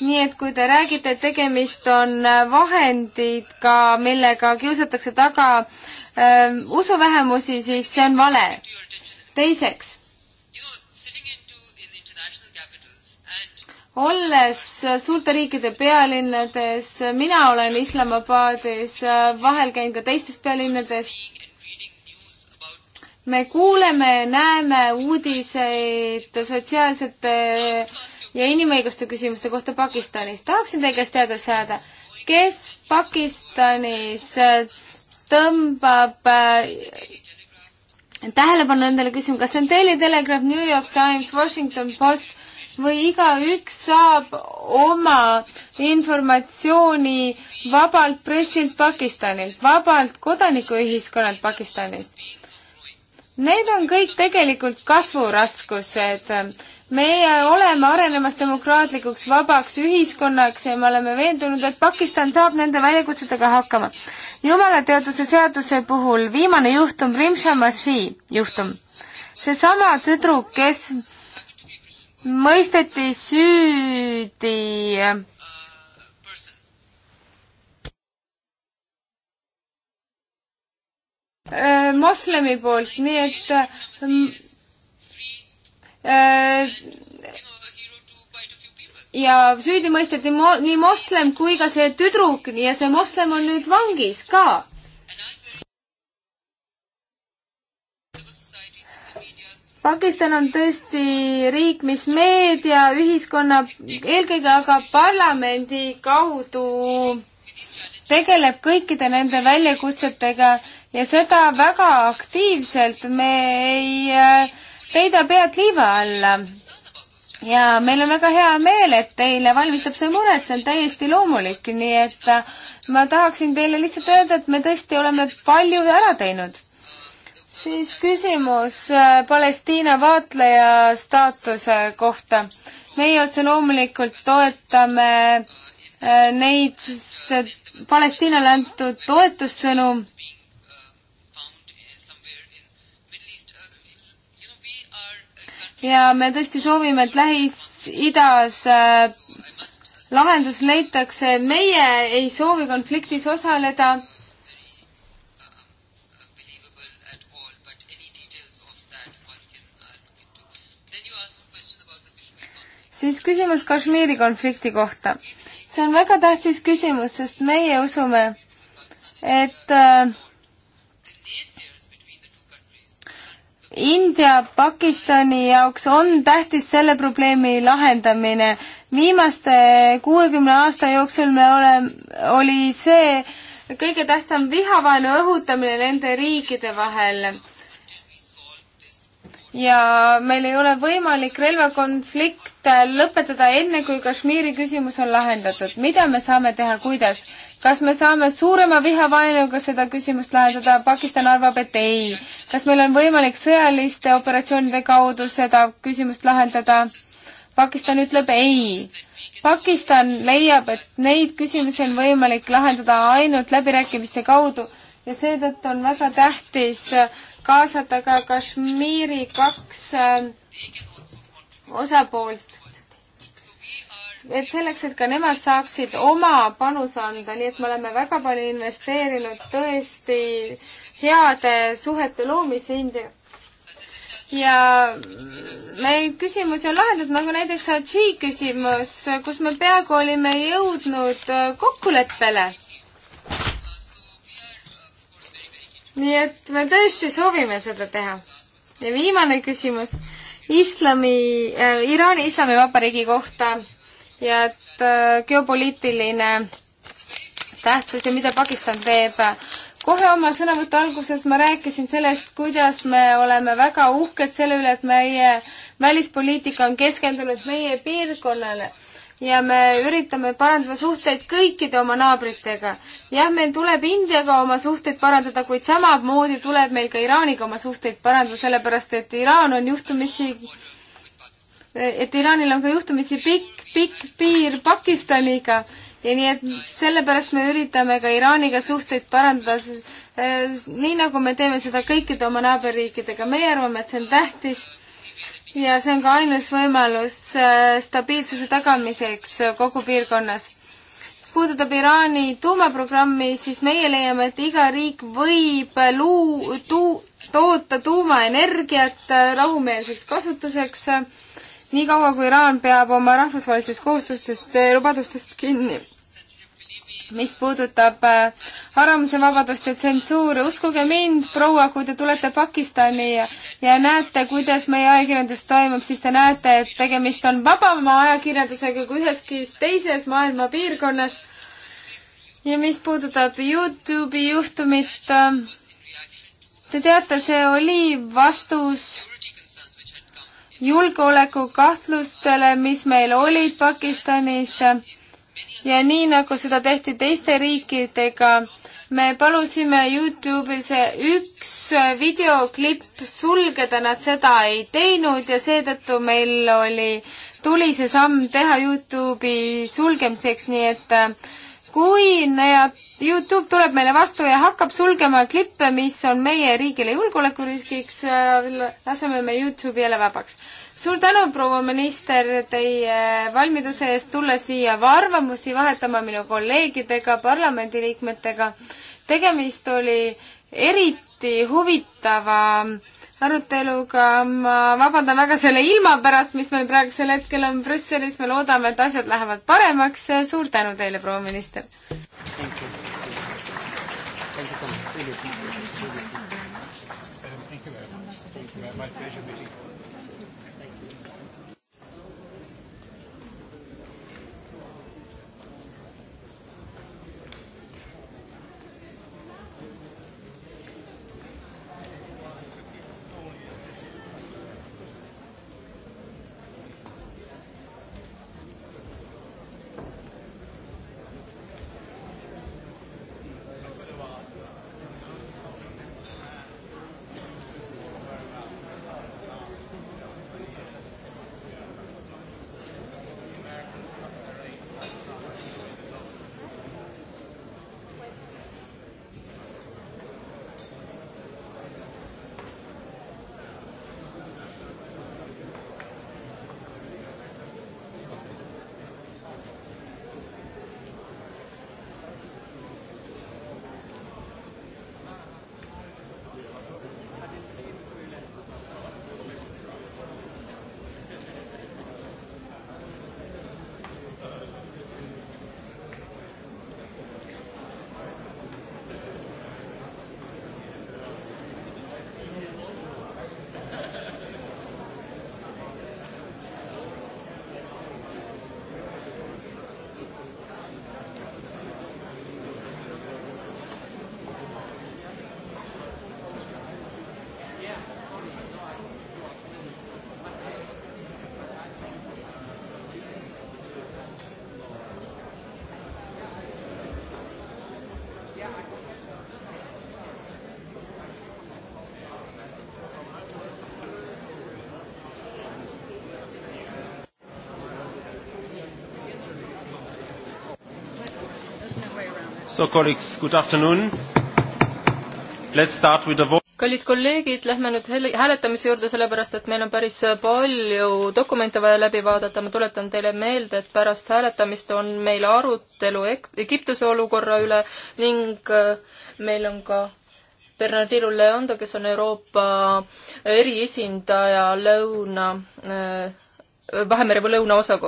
nii et kui te räägite, et tegemist on vahendiga, millega kiusatakse taga äh, usuvähemusi, siis see on vale. teiseks olles suurte riikide pealinnades, mina olen Islamabadis, vahel käin ka teistes pealinnades. me kuuleme, näeme uudiseid sotsiaalsete ja inimõiguste küsimuste kohta Pakistanis. tahaksin teie käest teada saada, kes Pakistanis tõmbab äh, tähelepanu nendele küsimustele, kas see on Daily Telegraph, New York Times, Washington Post, või igaüks saab oma informatsiooni vabalt pressilt Pakistanilt, vabalt kodanikuühiskonnalt Pakistanist. Need on kõik tegelikult kasvuraskused. meie oleme arenemas demokraatlikuks vabaks ühiskonnaks ja me oleme veendunud, et Pakistan saab nende väljakutsetega hakkama. jumalateaduse seaduse puhul viimane juhtum, Rimshamashi juhtum. seesama tüdruk, kes mõisteti süüdi äh, moslemi poolt, nii et äh, ja süüdi mõisteti mo-, nii moslem kui ka see tüdruk ja see moslem on nüüd vangis ka. Pakistan on tõesti riik, mis meedia, ühiskonna, eelkõige aga parlamendi kaudu tegeleb kõikide nende väljakutsetega ja seda väga aktiivselt. me ei äh, peida pead liiva alla. ja meil on väga hea meel, et teile valmistab see muret, see on täiesti loomulik, nii et äh, ma tahaksin teile lihtsalt öelda, et me tõesti oleme palju ära teinud siis küsimus äh, Palestiina vaatleja staatuse kohta. meie otse loomulikult toetame äh, neid Palestiinale antud toetussõnu ja me tõesti soovime, et Lähis-Idas äh, lahendus leitakse. meie ei soovi konfliktis osaleda siis küsimus Kashmiri konflikti kohta. see on väga tähtis küsimus, sest meie usume, et äh, India Pakistani jaoks on tähtis selle probleemi lahendamine. viimaste kuuekümne aasta jooksul me oleme, oli see kõige tähtsam vihavaenu õhutamine nende riikide vahel ja meil ei ole võimalik relvakonflikte lõpetada enne, kui Kashmiri küsimus on lahendatud. mida me saame teha, kuidas? kas me saame suurema vihavaenuga seda küsimust lahendada, Pakistan arvab, et ei. kas meil on võimalik sõjaliste operatsioonide kaudu seda küsimust lahendada? Pakistan ütleb ei. Pakistan leiab, et neid küsimusi on võimalik lahendada ainult läbirääkimiste kaudu ja seetõttu on väga tähtis kaasata ka Kashmiri kaks äh, osapoolt. et selleks, et ka nemad saaksid oma panuse anda, nii et me oleme väga palju investeerinud tõesti heade suhete loomise Indiaga ja meil küsimusi on lahendatud, nagu näiteks Sochi küsimus, kus me peaaegu olime jõudnud äh, kokkuleppele nii et me tõesti soovime seda teha. ja viimane küsimus islami äh,, Iraani Islamivabariigi kohta ja et äh, geopoliitiline tähtsus ja mida Pakistan teeb. kohe oma sõnavõtu alguses ma rääkisin sellest, kuidas me oleme väga uhked selle üle, et meie välispoliitika on keskendunud meie piirkonnale ja me üritame parandada suhteid kõikide oma naabritega. jah, meil tuleb Indiaga oma suhteid parandada, kuid samamoodi tuleb meil ka Iraaniga oma suhteid parandada, sellepärast et Iraan on juhtumisi, et Iraanil on ka juhtumisi pikk, pikk piir Pakistaniga ja nii et sellepärast me üritame ka Iraaniga suhteid parandada, eh, nii nagu me teeme seda kõikide oma naaberriikidega. meie arvame, et see on tähtis ja see on ka ainus võimalus äh, stabiilsuse tagamiseks äh, kogu piirkonnas. mis puudutab Iraani tuumaprogrammi, siis meie leiame, et iga riik võib äh, luu-, tuu-, toota tuumaenergiat rahumeelseks kasutuseks, niikaua kui Iraan peab oma rahvusvahelistest kohustustest ja lubadustest kinni mis puudutab äh, arvamusevabadust ja tsensuuri. uskuge mind, proua, kui te tulete Pakistani ja, ja näete, kuidas meie ajakirjandus toimub, siis te näete, et tegemist on vabama ajakirjandusega kui üheski teises maailma piirkonnas. ja mis puudutab Youtube'i juhtumit, äh, te teate, see oli vastus julgeolekukahtlustele, mis meil olid Pakistanis ja nii, nagu seda tehti teiste riikidega, me palusime Youtube'i see üks videoklipp sulgeda, nad seda ei teinud ja seetõttu meil oli, tuli see samm teha Youtube'i sulgemiseks, nii et äh, kui nad, Youtube tuleb meile vastu ja hakkab sulgema klippe, mis on meie riigile julgeolekuriskiks, äh, laseme me Youtube'i jälle vabaks. suur tänu, proua minister, teie valmiduse eest tulla siia arvamusi vahetama minu kolleegidega, parlamendiliikmetega. tegemist oli eriti huvitava äh, aruteluga, ma vabandan väga selle ilma pärast, mis meil praegusel hetkel on Brüsselis, me loodame, et asjad lähevad paremaks, suur tänu teile, proua minister! My pleasure. So colleagues, good afternoon. Let's start with the vote. kallid kolleegid, lähme nüüd hääletamise juurde, sellepärast et meil on päris palju dokumente vaja läbi vaadata. ma tuletan teile meelde, et pärast hääletamist on meil arutelu Egiptuse olukorra üle ning äh, meil on ka Bernardino Leondo, kes on Euroopa eriesindaja Lõuna äh, Vahemere või lõunaosa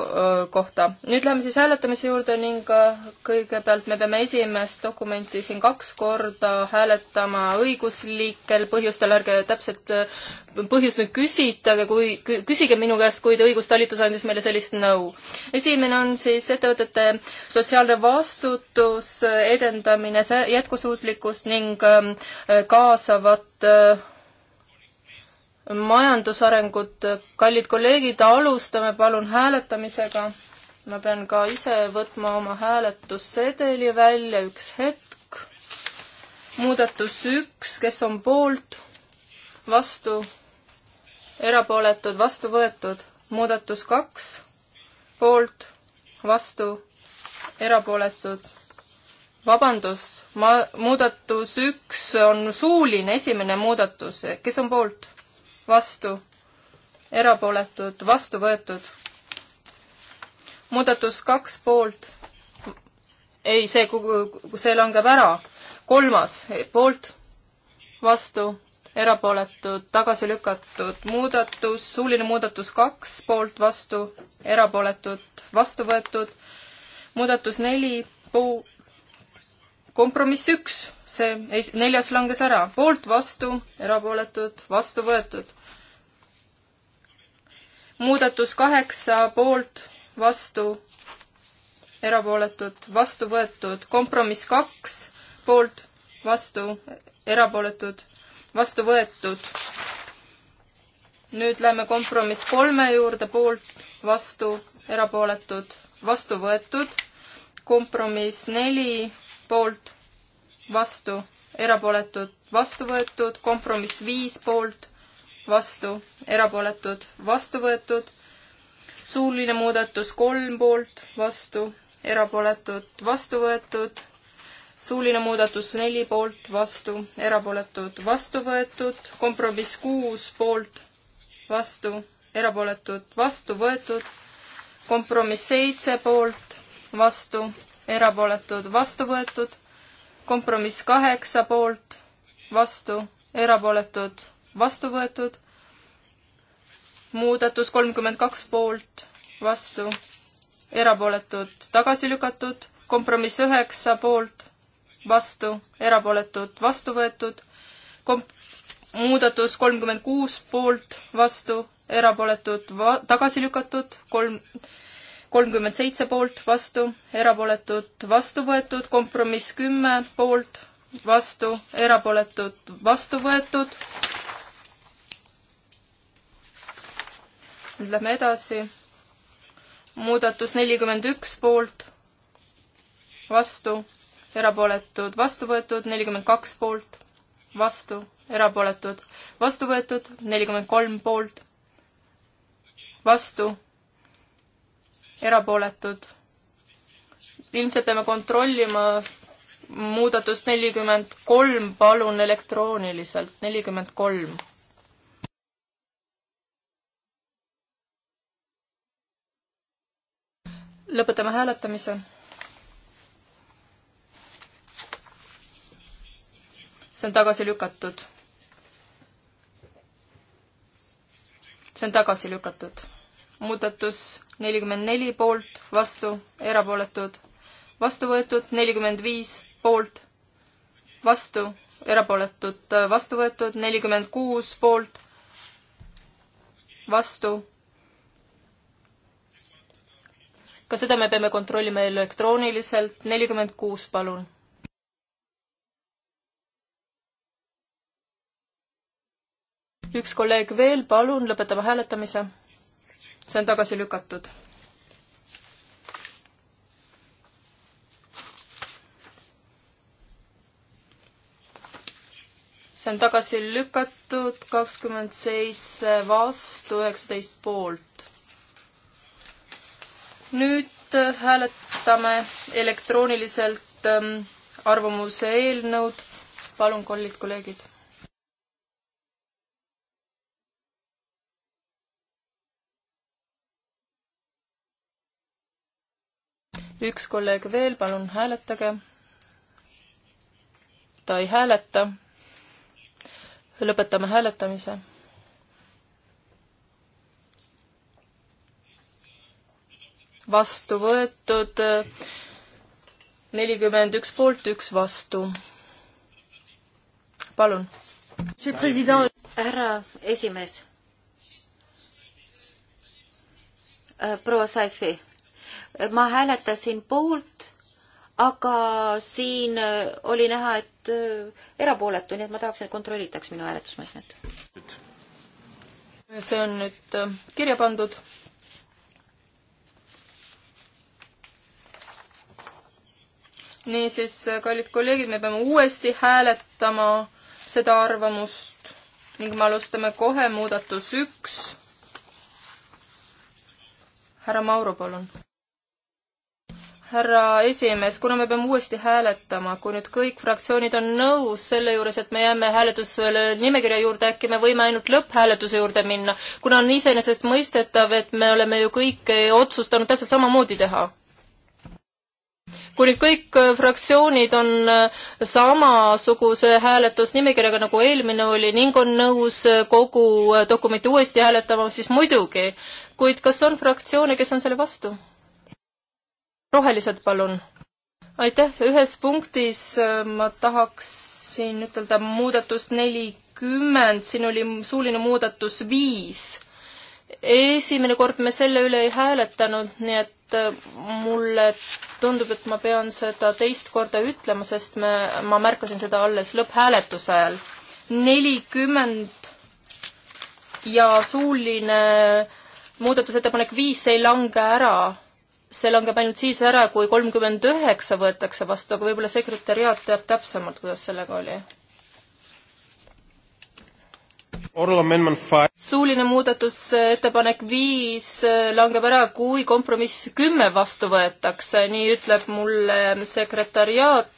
kohta. nüüd läheme siis hääletamise juurde ning äh, kõigepealt me peame esimest dokumenti siin kaks korda hääletama õiguslikel põhjustel, ärge täpselt äh, põhjust nüüd küsitage, kui, küsige minu käest, kuid õigustalitus andis meile sellist nõu. esimene on siis ettevõtete sotsiaalne vastutus, edendamine, jätkusuutlikkus ning ähm, kaasavat äh, majandusarengut. kallid kolleegid, alustame palun hääletamisega. ma pean ka ise võtma oma hääletussedeli välja, üks hetk. muudatus üks, kes on poolt, vastu, erapooletud, vastu võetud. muudatus kaks, poolt, vastu, erapooletud vabandust, ma, muudatus üks on suuline, esimene muudatus, kes on poolt? vastu, erapooletud, vastu võetud. muudatus kaks poolt, ei, see, see langeb ära. kolmas poolt, vastu, erapooletud, tagasi lükatud. muudatus, suuline muudatus kaks poolt, vastu, erapooletud, vastu võetud. muudatus neli poolt, kompromiss üks, see neljas langes ära, poolt, vastu, erapooletud, vastu võetud muudatus kaheksa poolt, vastu, erapooletud, vastu võetud, kompromiss kaks poolt, vastu, erapooletud, vastu võetud. nüüd läheme kompromiss kolme juurde, poolt, vastu, erapooletud, vastu võetud. kompromiss neli poolt, vastu, erapooletud, vastu võetud, kompromiss viis poolt, vastu, erapooletud, vastu võetud. suuline muudatus kolm poolt, vastu, erapooletud, vastu võetud. suuline muudatus neli poolt, vastu, erapooletud, vastu võetud. kompromiss kuus poolt, vastu, erapooletud, vastu võetud. kompromiss seitse poolt, vastu, erapooletud, vastu võetud. kompromiss kaheksa poolt, vastu, erapooletud, vastu võetud. muudatus kolmkümmend kaks poolt, vastu, erapooletud, tagasi lükatud. kompromiss üheksa poolt, vastu, erapooletud, vastu võetud. Komp-, muudatus kolmkümmend kuus poolt, vastu, erapooletud, va-, tagasi lükatud, kolm, kolmkümmend seitse poolt, vastu, erapooletud, vastu võetud, kompromiss kümme poolt, vastu, erapooletud, vastu võetud, nüüd lähme edasi. muudatus nelikümmend üks poolt, vastu, erapooletud, vastu võetud, nelikümmend kaks poolt, vastu, erapooletud, vastu võetud, nelikümmend kolm poolt, vastu, erapooletud. ilmselt peame kontrollima muudatust nelikümmend kolm, palun elektrooniliselt, nelikümmend kolm lõpetame hääletamise. see on tagasi lükatud. see on tagasi lükatud. muudatus nelikümmend neli poolt, vastu, erapooletud, vastu võetud, nelikümmend viis poolt, vastu, erapooletud, vastu võetud, nelikümmend kuus poolt, vastu ka seda me peame kontrollima elektrooniliselt, nelikümmend kuus, palun. üks kolleeg veel, palun, lõpetame hääletamise. see on tagasi lükatud. see on tagasi lükatud, kakskümmend seitse vastu, üheksateist poolt nüüd äh, hääletame elektrooniliselt ähm, arvamuse eelnõud. palun, kallid kolleegid. üks kolleeg veel, palun hääletage. ta ei hääleta. lõpetame hääletamise vastu võetud, nelikümmend üks poolt, üks vastu. palun. härra esimees. Äh, proua Saifi, ma hääletasin poolt, aga siin äh, oli näha, et äh, erapooletu, nii et ma tahaks, et kontrollitaks minu hääletusmasinat. see on nüüd kirja pandud niisiis, kallid kolleegid, me peame uuesti hääletama seda arvamust ning me alustame kohe muudatus üks. härra Mauro, palun. härra esimees, kuna me peame uuesti hääletama, kui nüüd kõik fraktsioonid on nõus selle juures, et me jääme hääletusele nimekirja juurde, äkki me võime ainult lõpphääletuse juurde minna, kuna on iseenesestmõistetav, et me oleme ju kõik otsustanud täpselt samamoodi teha kui nüüd kõik äh, fraktsioonid on äh, samasuguse hääletusnimekirjaga, nagu eelmine oli, ning on nõus äh, kogu dokumenti uuesti hääletama, siis muidugi. kuid kas on fraktsioone, kes on selle vastu? rohelised, palun. aitäh, ühes punktis ma tahaksin ütelda muudatust nelikümmend, siin oli suuline muudatus viis. esimene kord me selle üle ei hääletanud, nii et mulle tundub, et ma pean seda teist korda ütlema, sest me, ma märkasin seda alles lõpphääletuse ajal. nelikümmend ja suuline muudatusettepanek viis ei lange ära. see langeb ainult siis ära, kui kolmkümmend üheksa võetakse vastu, aga võib-olla sekretäriaat teab täpsemalt, kuidas sellega oli suuline muudatusettepanek viis langeb ära, kui kompromiss kümme vastu võetakse, nii ütleb mulle sekretariaat.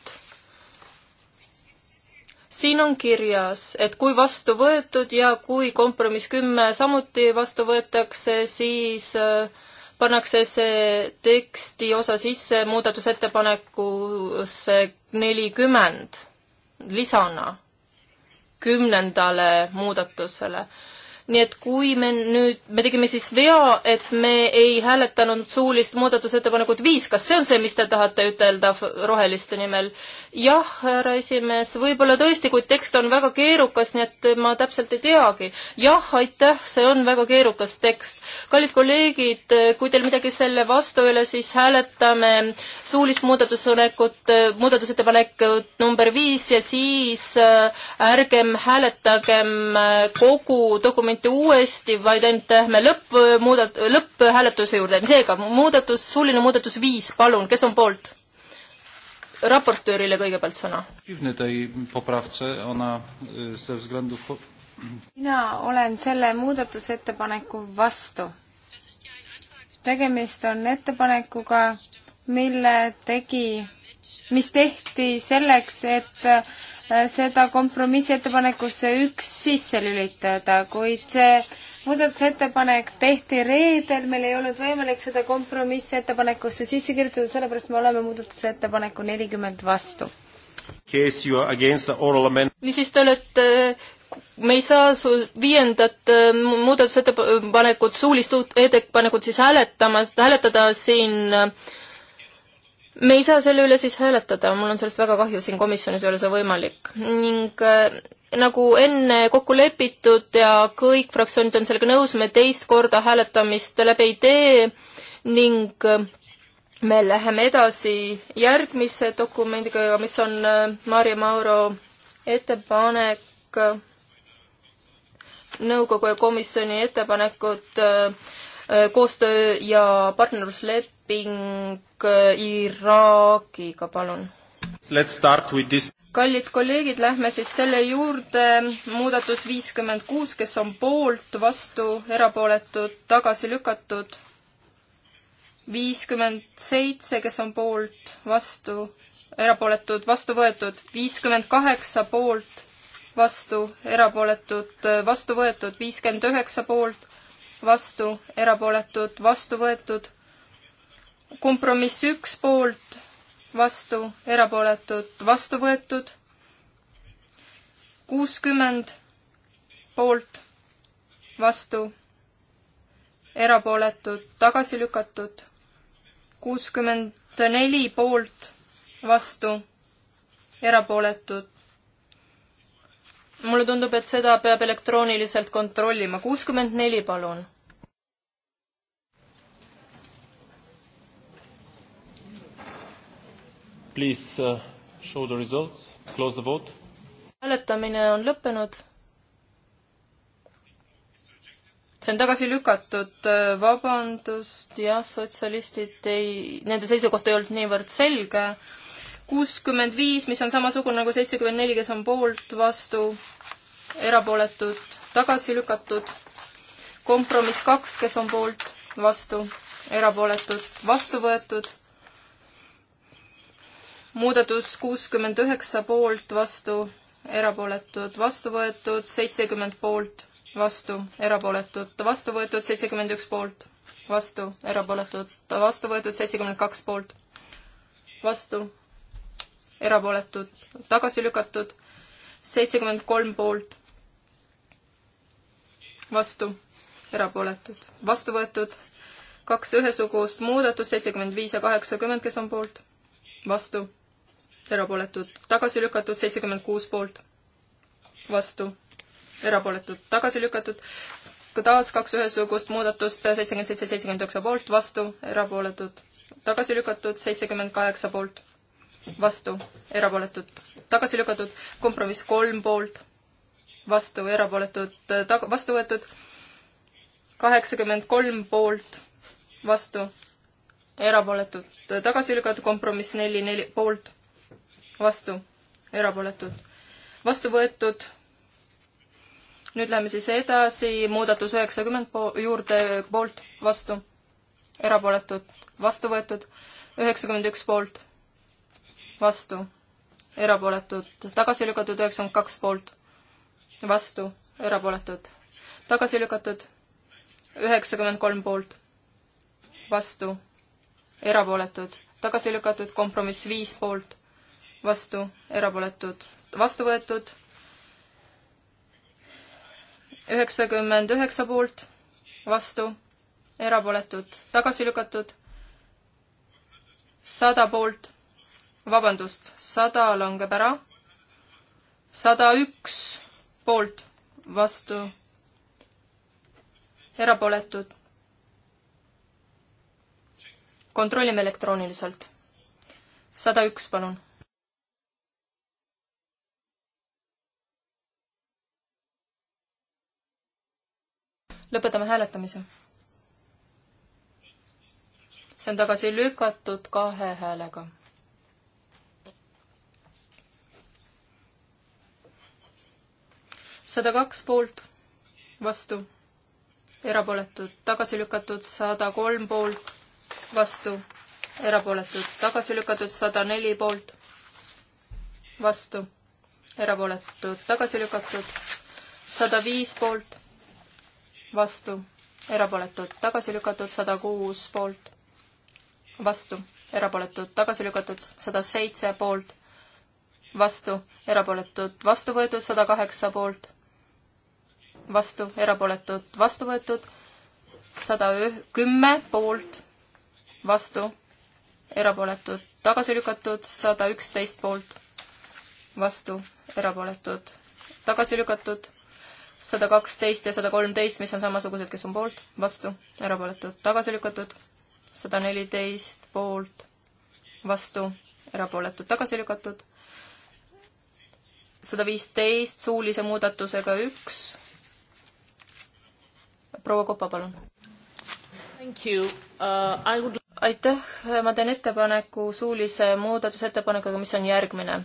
siin on kirjas, et kui vastu võetud ja kui kompromiss kümme samuti vastu võetakse, siis äh, pannakse see teksti osa sisse muudatusettepanekusse nelikümmend lisana kümnendale muudatusele nii et kui me nüüd, me tegime siis vea, et me ei hääletanud suulist muudatusettepanekut viis, kas see on see, mis te tahate ütelda roheliste nimel? jah, härra esimees, võib-olla tõesti, kuid tekst on väga keerukas, nii et ma täpselt ei teagi. jah, aitäh, see on väga keerukas tekst. kallid kolleegid, kui teil midagi selle vastu ei ole, siis hääletame suulist muudatusettepanekut, muudatusettepanekut number viis ja siis äh, ärgem hääletagem äh, kogu dokumenti dokumenti uuesti, vaid ainult lähme lõpp, äh, muudat-, lõpphääletuse juurde. seega muudatus, suuline muudatus viis, palun, kes on poolt? raportöörile kõigepealt sõna. mina olen selle muudatusettepaneku vastu. tegemist on ettepanekuga, mille tegi, mis tehti selleks, et Äh, seda kompromissettepanekusse üks sisse lülitada, kuid see muudatusettepanek tehti reedel, meil ei olnud võimalik seda kompromissettepanekusse sisse kirjutada, sellepärast me oleme muudatusettepaneku nelikümmend vastu. niisiis, te olete me ei saa su viiendat äh, muudatusettepanekut, suulist ettepanekut siis hääletamas, hääletada siin äh, me ei saa selle üle siis hääletada, mul on sellest väga kahju, siin komisjonis ei ole see võimalik. ning äh, nagu enne kokku lepitud ja kõik fraktsioonid on sellega nõus, me teist korda hääletamist läbi ei tee ning äh, me läheme edasi järgmise dokumendiga, mis on äh, Maarja Mauro ettepanek, nõukogu ja komisjoni ettepanekud, koostöö ja partnerlusleping Äh, Iraagiga, palun. kallid kolleegid, lähme siis selle juurde, muudatus viiskümmend kuus, kes on poolt, vastu, erapooletud, tagasi lükatud. viiskümmend seitse, kes on poolt, vastu, erapooletud, vastu võetud, viiskümmend kaheksa poolt, vastu, erapooletud, vastu võetud, viiskümmend üheksa poolt, vastu, erapooletud, vastu võetud kompromiss üks poolt, vastu, erapooletud, vastu võetud. kuuskümmend poolt, vastu, erapooletud, tagasi lükatud. kuuskümmend neli poolt, vastu, erapooletud. mulle tundub, et seda peab elektrooniliselt kontrollima. kuuskümmend neli, palun Please uh, show the results. Close the vote. hääletamine on lõppenud. see on tagasi lükatud, äh, vabandust, jah, sotsialistid ei, nende seisukoht ei olnud niivõrd selge. kuuskümmend viis, mis on samasugune nagu seitsekümmend neli, kes on poolt, vastu, erapooletud, tagasi lükatud. kompromiss kaks, kes on poolt, vastu, erapooletud, vastu võetud muudatus kuuskümmend üheksa poolt, vastu, erapooletud, vastu võetud, seitsekümmend poolt, vastu, erapooletud, vastu võetud, seitsekümmend üks poolt, vastu, erapooletud, vastu võetud, seitsekümmend kaks poolt, vastu, erapooletud, tagasi lükatud, seitsekümmend kolm poolt, vastu, erapooletud, vastu võetud, kaks ühesugust muudatust, seitsekümmend viis ja kaheksakümmend, kes on poolt, vastu erapooletud, tagasi lükatud, seitsekümmend kuus poolt, vastu, erapooletud, tagasi lükatud, taas kaks ühesugust muudatust, seitsekümmend seitse, seitsekümmend üheksa poolt, vastu, erapooletud, tagasi lükatud, seitsekümmend kaheksa poolt, vastu, erapooletud, tagasi lükatud, kompromiss kolm poolt, vastu, erapooletud, tag-, vastu võetud, kaheksakümmend kolm poolt, vastu, erapooletud, tagasi lükatud, kompromiss neli, neli poolt vastu, erapooletud, vastu võetud. nüüd läheme siis edasi muudatus üheksakümmend po-, juurde poolt, vastu, erapooletud, vastu võetud, üheksakümmend üks poolt, vastu, erapooletud, tagasi lükatud üheksakümmend kaks poolt, vastu, erapooletud, tagasi lükatud üheksakümmend kolm poolt, vastu, erapooletud, tagasi lükatud kompromiss viis poolt vastu, erapooletud, vastu võetud. üheksakümmend üheksa poolt, vastu, erapooletud, tagasi lükatud. sada poolt, vabandust, sada langeb ära. sada üks poolt, vastu, erapooletud. kontrollime elektrooniliselt. sada üks, palun lõpetame hääletamise. see on tagasi lükatud kahe häälega. sada kaks poolt, vastu, erapooletud, tagasi lükatud, sada kolm poolt, vastu, erapooletud, tagasi lükatud, sada neli poolt, vastu, erapooletud, tagasi lükatud, sada viis poolt vastu, erapooletud, tagasi lükatud, sada kuus poolt, vastu, erapooletud, tagasi lükatud, sada seitse poolt, vastu, erapooletud, vastu võetud, sada kaheksa poolt, vastu, erapooletud, vastu võetud, sada kümme poolt, vastu, erapooletud, tagasi lükatud, sada üksteist poolt, vastu, erapooletud, tagasi lükatud sada kaksteist ja sada kolmteist, mis on samasugused, kes on poolt, vastu, erapooletud, tagasi lükatud. sada neliteist poolt, vastu, erapooletud, tagasi lükatud. sada viisteist suulise muudatusega üks. proua Kopa, palun. Uh, would... aitäh, ma teen ettepaneku suulise muudatusettepanekuga, mis on järgmine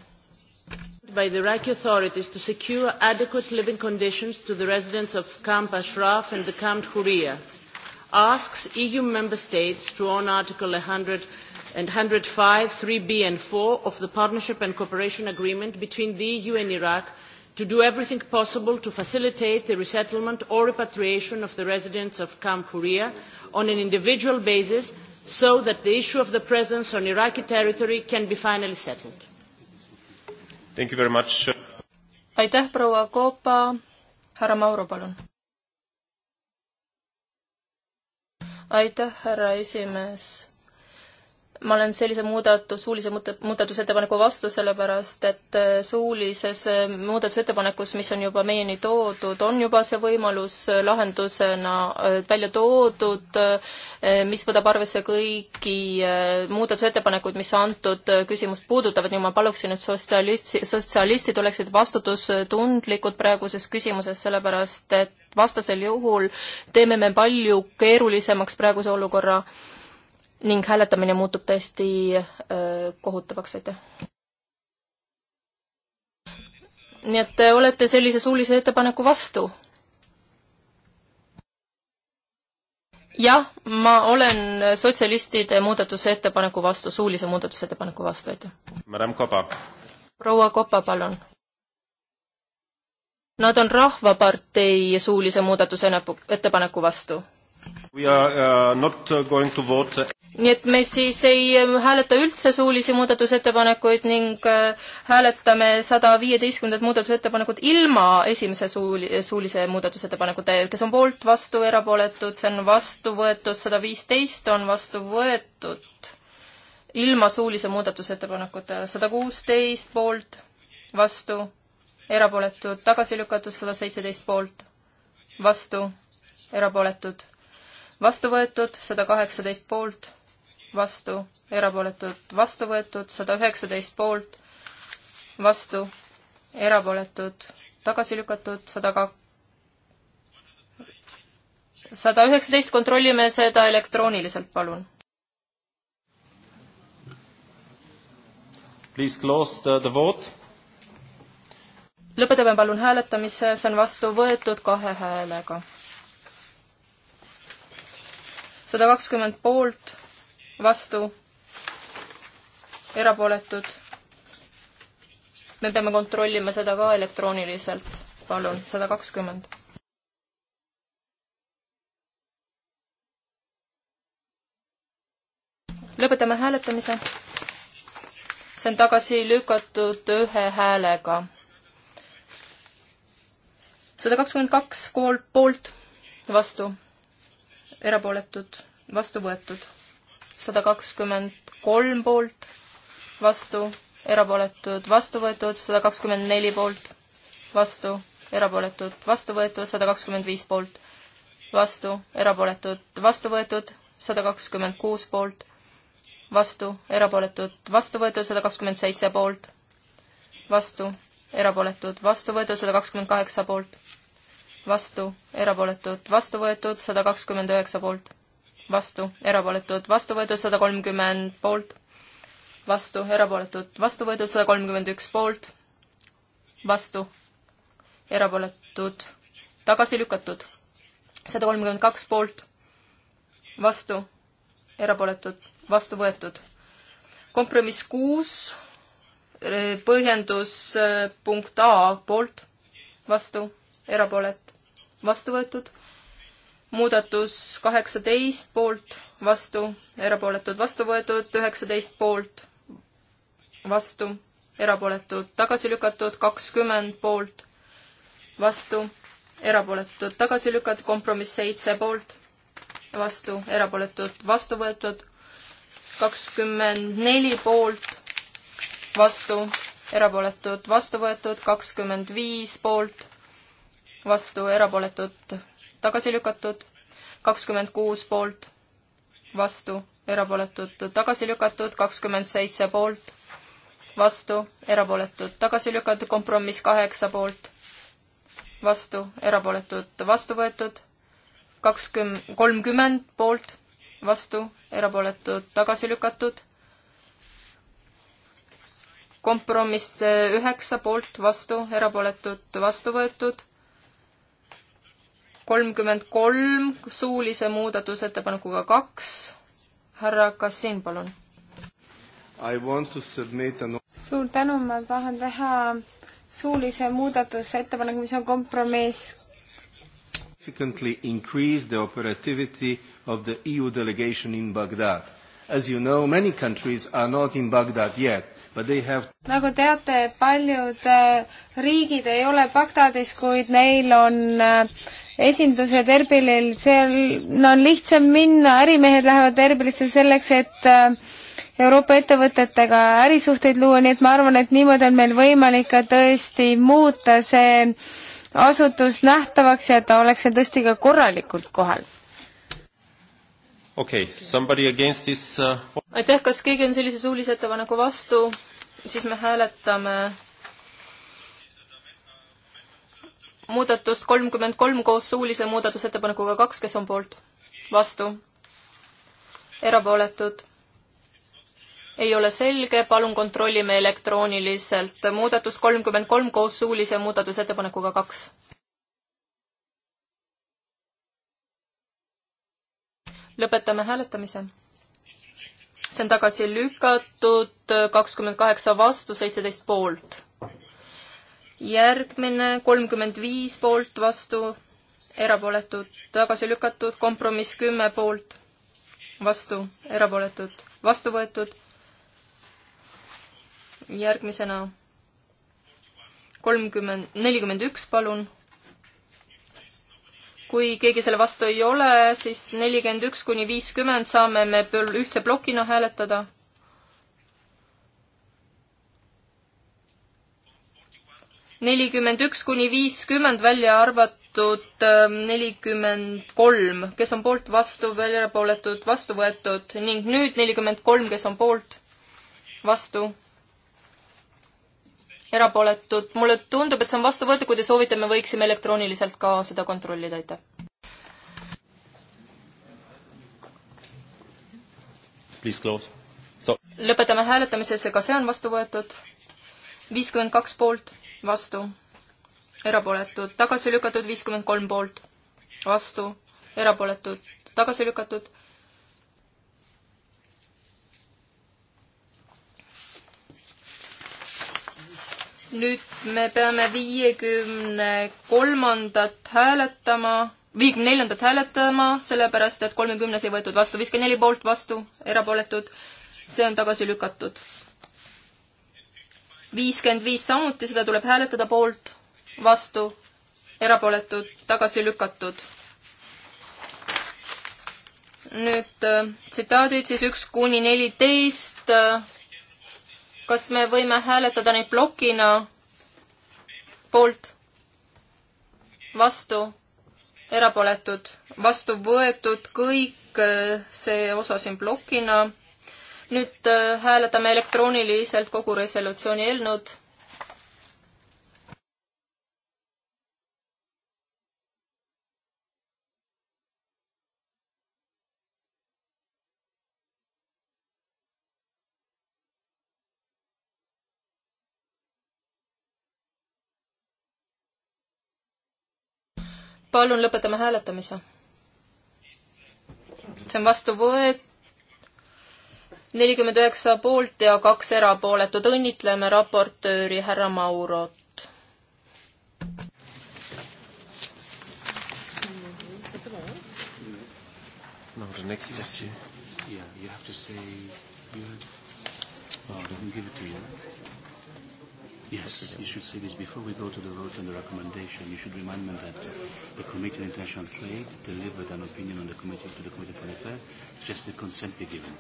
by the Iraqi authorities to secure adequate living conditions to the residents of Camp Ashraf and the Camp Huria, asks EU member states to own Article 100 and 105, 3b and 4 of the Partnership and Cooperation Agreement between the EU and Iraq to do everything possible to facilitate the resettlement or repatriation of the residents of Camp Huria on an individual basis so that the issue of the presence on Iraqi territory can be finally settled. Thank you very much. aitäh, proua Koopa. härra Mauro, palun. aitäh, härra esimees ma olen sellise muudatus, suulise muudatusettepaneku vastu, sellepärast et äh, suulises äh, muudatusettepanekus, mis on juba meieni toodud, on juba see võimalus äh, lahendusena välja toodud, mis võtab arvesse kõiki muudatusettepanekuid, mis antud küsimust puudutavad, nii ma paluksin, et sotsialist, sotsialistid oleksid vastutustundlikud praeguses küsimuses, sellepärast et vastasel juhul teeme me palju keerulisemaks praeguse olukorra äh, ning hääletamine muutub tõesti kohutavaks, aitäh. nii et te olete sellise suulise ettepaneku vastu? jah, ma olen sotsialistide muudatusettepaneku vastu, suulise muudatusettepaneku vastu, aitäh. Madame Kopa. proua Kopa, palun. Nad on Rahvapartei suulise muudatusettepaneku vastu Uh, uh, nii et me siis ei ähm, hääleta üldse suulisi muudatusettepanekuid ning äh, hääletame sada viieteistkümnendat muudatusettepanekut ilma esimese suuli, suulise muudatusettepanekuta, kes on poolt, vastu, erapooletud, see on vastu võetud, sada viisteist on vastu võetud ilma suulise muudatusettepanekuta, sada kuusteist poolt, vastu, erapooletud, tagasi lükatud, sada seitseteist poolt, vastu, erapooletud vastu võetud, sada kaheksateist poolt, vastu, erapooletud, vastu võetud, sada üheksateist poolt, vastu, erapooletud, tagasi lükatud, sada ka-, sada üheksateist, kontrollime seda elektrooniliselt, palun. Please close the, the vote lõpetame palun hääletamise, see on vastu võetud kahe häälega sada kakskümmend poolt, vastu, erapooletud. me peame kontrollima seda ka elektrooniliselt. palun, sada kakskümmend. lõpetame hääletamise. see on tagasi lükatud ühe häälega. sada kakskümmend kaks poolt, vastu erapooletud, vastu võetud. sada kakskümmend kolm poolt, vastu, erapooletud, vastu võetud, sada kakskümmend neli poolt, vastu, erapooletud, vastu võetud, sada kakskümmend viis poolt, vastu, erapooletud, vastu võetud, sada kakskümmend kuus poolt, vastu, erapooletud, vastu võetud, sada kakskümmend seitse poolt, vastu, erapooletud, vastu võetud, sada kakskümmend kaheksa poolt vastu, erapooletud, vastu võetud, sada kakskümmend üheksa poolt, vastu, erapooletud, vastu võetud, sada kolmkümmend poolt, vastu, erapooletud, vastu võetud, sada kolmkümmend üks poolt, vastu, erapooletud, tagasi lükatud, sada kolmkümmend kaks poolt, vastu, erapooletud, vastu võetud. kompromiss kuus, põhjendus punkt A poolt, vastu, erapoolet, vastu võetud. muudatus kaheksateist poolt, vastu, erapooletud, vastu võetud, üheksateist poolt, vastu, erapooletud, tagasi lükatud, kakskümmend poolt, vastu, erapooletud, tagasi lükatud, kompromiss seitse poolt, vastu, erapooletud, vastu võetud, kakskümmend neli poolt, vastu, erapooletud, vastu võetud, kakskümmend viis poolt vastu, erapooletud, tagasi lükatud, kakskümmend kuus poolt, vastu, erapooletud, tagasi lükatud, kakskümmend seitse poolt, vastu, erapooletud, tagasi lükatud, kompromiss kaheksa poolt, vastu, erapooletud, vastu võetud, kakskümmend, kolmkümmend poolt, vastu, erapooletud, tagasi lükatud, kompromiss üheksa poolt, vastu, erapooletud, vastu võetud, kolmkümmend kolm suulise muudatusettepanekuga kaks. härra Kassin, palun. An... suur tänu, ma tahan teha suulise muudatusettepaneku, mis on kompromiss. Significantly increase the operativity of the EU delegation in Baghdad. As you know, many countries are not in Baghdad yet, but they have nagu teate, paljud äh, riigid ei ole Bagdadis, kuid neil on äh, esindused Erbilil, seal no on lihtsam minna, ärimehed lähevad Erbilisse selleks, et äh, Euroopa ettevõtetega ärisuhteid luua, nii et ma arvan, et niimoodi on meil võimalik ka tõesti muuta see asutus nähtavaks ja et ta oleks seal tõesti ka korralikult kohal. okei okay,, somebody against this uh... aitäh, kas keegi on sellise suulise ettepaneku vastu? siis me hääletame muudatust kolmkümmend kolm koos suulise muudatusettepanekuga kaks, kes on poolt? vastu? erapooletud? ei ole selge, palun kontrollime elektrooniliselt. muudatus kolmkümmend kolm koos suulise muudatusettepanekuga kaks. lõpetame hääletamise. see on tagasi lükatud, kakskümmend kaheksa vastu, seitseteist poolt järgmine kolmkümmend viis poolt vastu, erapooletud, tagasi lükatud, kompromiss kümme poolt vastu, erapooletud, vastu võetud. järgmisena kolmkümmend, nelikümmend üks, palun. kui keegi selle vastu ei ole, siis nelikümmend üks kuni viiskümmend saame me ühtse plokina hääletada nelikümmend üks kuni viiskümmend, välja arvatud ähm, nelikümmend kolm, kes on poolt, vastu, väljapooletud, vastu võetud ning nüüd nelikümmend kolm, kes on poolt, vastu, erapooletud. mulle tundub, et see on vastu võetud, kui te soovite, me võiksime elektrooniliselt ka seda kontrollida, aitäh. lõpetame hääletamise, seega see on vastu võetud. viiskümmend kaks poolt vastu, erapooletud, tagasi lükatud, viiskümmend kolm poolt, vastu, erapooletud, tagasi lükatud. nüüd me peame viiekümne kolmandat hääletama, viiekümne neljandat hääletama, sellepärast et kolmekümnes ei võetud vastu, viiskümmend neli poolt vastu, erapooletud, see on tagasi lükatud viiskümmend viis samuti, seda tuleb hääletada poolt, vastu, erapooletud, tagasi lükatud. nüüd äh, tsitaadid siis üks kuni neliteist. kas me võime hääletada neid plokina? poolt, vastu, erapooletud, vastu võetud kõik äh, see osa siin plokina nüüd äh, hääletame elektrooniliselt kogu resolutsiooni eelnõud. palun lõpetame hääletamise. see on vastu võetud nelikümmend üheksa poolt ja kaks erapooletut. õnnitleme raportööri härra Maurot. Mauro, next issue. Yeah, you have to say you have. Well, I didn't give it to you. Yes, you should say this before we go to the vote on the recommendation. You should remind them that the Committee on International Trade delivered an opinion on the committee to the Committee on Foreign Affairs. Just the consent be given.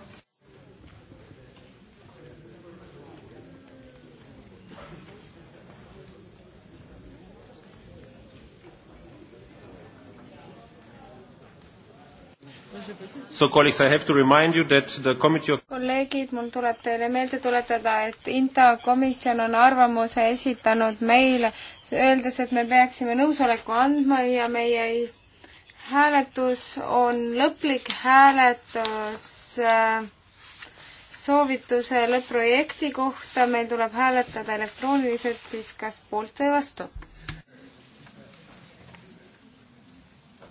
So colleagues, I have to remind you that the committee of kolleegid, mul tuleb teile meelde tuletada, et INTA komisjon on arvamuse esitanud meile, öeldes, et me peaksime nõusoleku andma ja meie hääletus on lõplik hääletus äh, soovituse lõpp-projekti kohta, meil tuleb hääletada elektrooniliselt siis kas poolt või vastu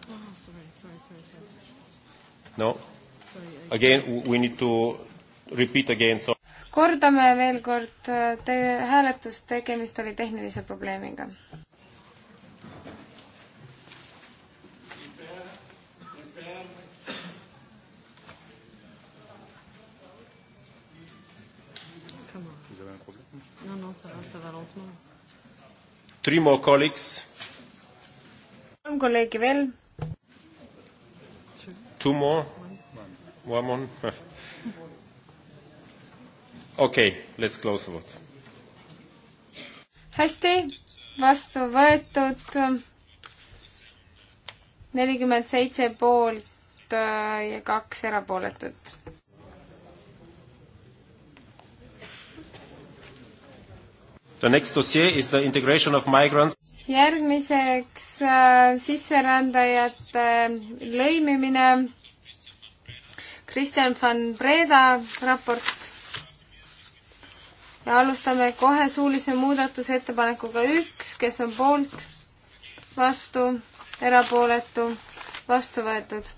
ah, no again we need to repeat again so kordame veel kord äh, te hääletust, tegemist oli tehnilise probleemiga. Non, non, ça va, ça va lentement. Three more colleagues. Un collègue veel. Two more? One more? okei, let's close the vote. hästi, vastu võetud. nelikümmend seitse poolt äh, ja kaks erapooletut. The next dossier is the integration of migrants järgmiseks äh, sisserändajate lõimimine. Kristjan van Breda raport. ja alustame kohe suulise muudatusettepanekuga üks, kes on poolt, vastu, erapooletu, vastu võetud.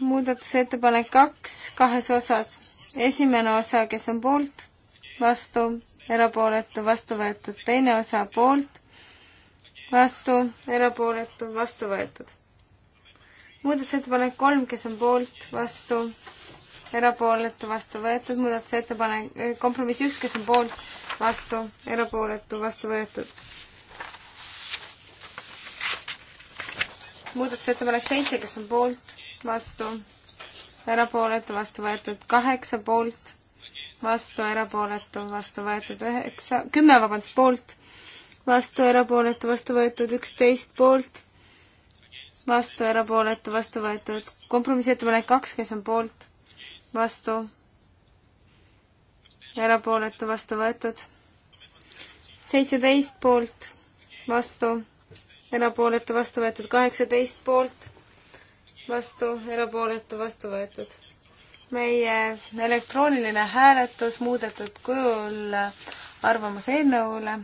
muudatusettepanek kaks kahes osas. esimene osa, kes on poolt vastu, erapooletu, vastu võetud. teine osa poolt, vastu, erapooletu, vastu võetud. muudatusettepanek kolm, kes on poolt, vastu, erapooletu, vastu võetud. muudatusettepanek, eh, kompromiss üks, kes on poolt, vastu, erapooletu, vastu võetud. muudatusettepanek seitse, kes on poolt, vastu, erapooletu, vastu võetud. kaheksa poolt vastu, erapooletu, vastu võetud üheksa, kümme, vabandust, poolt, vastu, erapooletu, vastu võetud üksteist poolt, vastu, erapooletu, vastu võetud, kompromissettepanek kaks, kes on poolt, vastu, erapooletu, vastu võetud, seitseteist poolt, vastu, erapooletu, vastu võetud, kaheksateist poolt, vastu, erapooletu, vastu võetud meie elektrooniline hääletus muudetud kujul arvamuse eelnõule.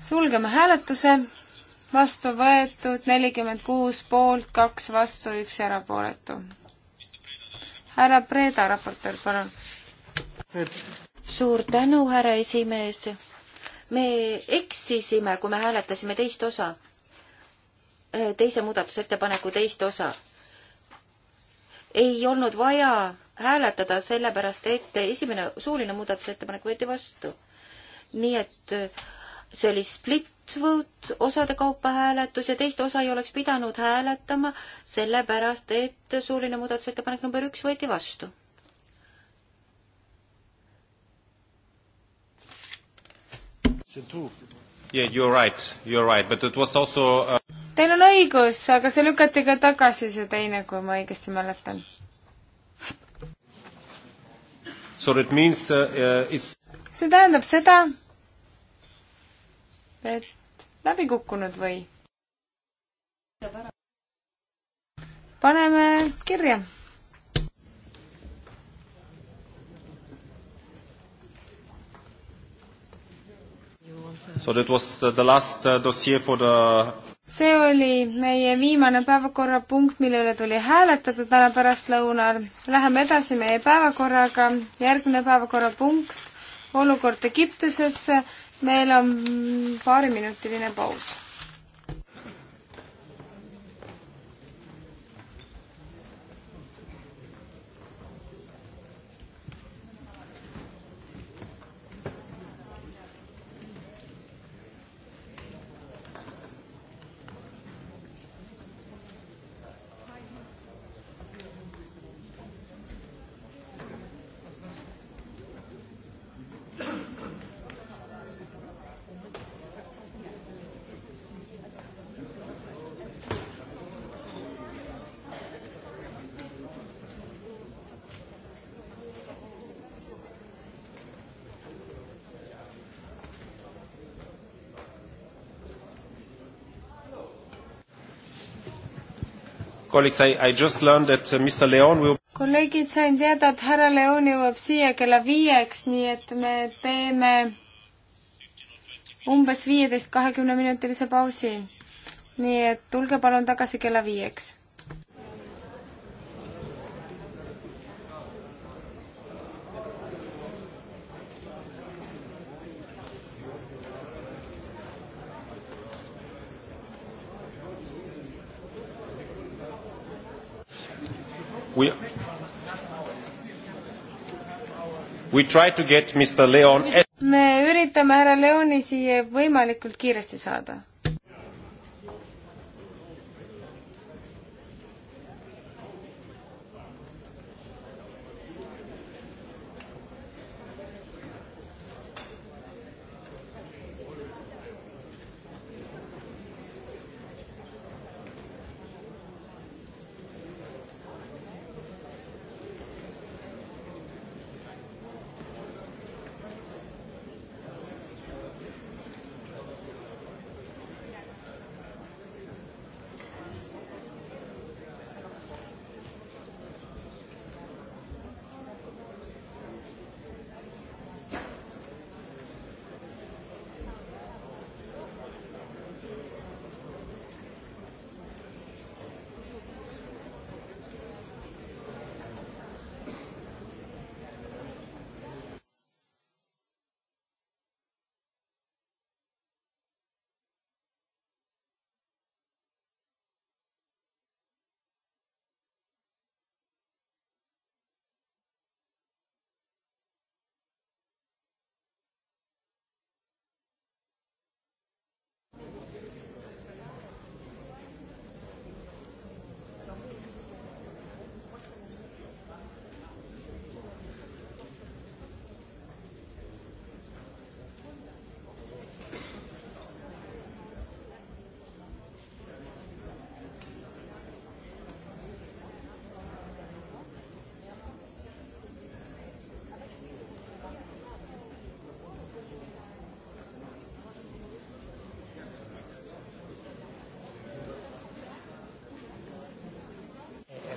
sulgeme hääletuse vastu võetud, nelikümmend kuus poolt, kaks vastu, üks erapooletu. härra Preeda, raportöör, palun. suur tänu, härra esimees. me eksisime, kui me hääletasime teist osa, äh, teise muudatusettepaneku teist osa. ei olnud vaja hääletada, sellepärast et esimene suuline muudatusettepanek võeti vastu. nii et äh, see oli split võtvõt, osade kaupa hääletus ja teist osa ei oleks pidanud hääletama, sellepärast et suuline muudatusettepanek number üks võeti vastu. Yeah, you are right, you are right, but it was also uh... Teil on õigus, aga see lükati ka tagasi, see teine, kui ma õigesti mäletan. So that means uh, uh it's see tähendab seda, et läbi kukkunud või? paneme kirja So that was uh, the last uh, dossier for the see oli meie viimane päevakorrapunkt, mille üle tuli hääletada täna pärastlõunal. Läheme edasi meie päevakorraga. järgmine päevakorrapunkt, olukord Egiptuses meil on paariminutiline paus Colleagues, I, I just learned that uh, Mr Leon will kolleegid, sain teada, et härra Leon jõuab siia kella viieks, nii et me teeme umbes viieteist, kahekümne minutilise pausi. nii et tulge palun tagasi kella viieks We, we try to get Mr Leon me üritame härra Leoni siia võimalikult kiiresti saada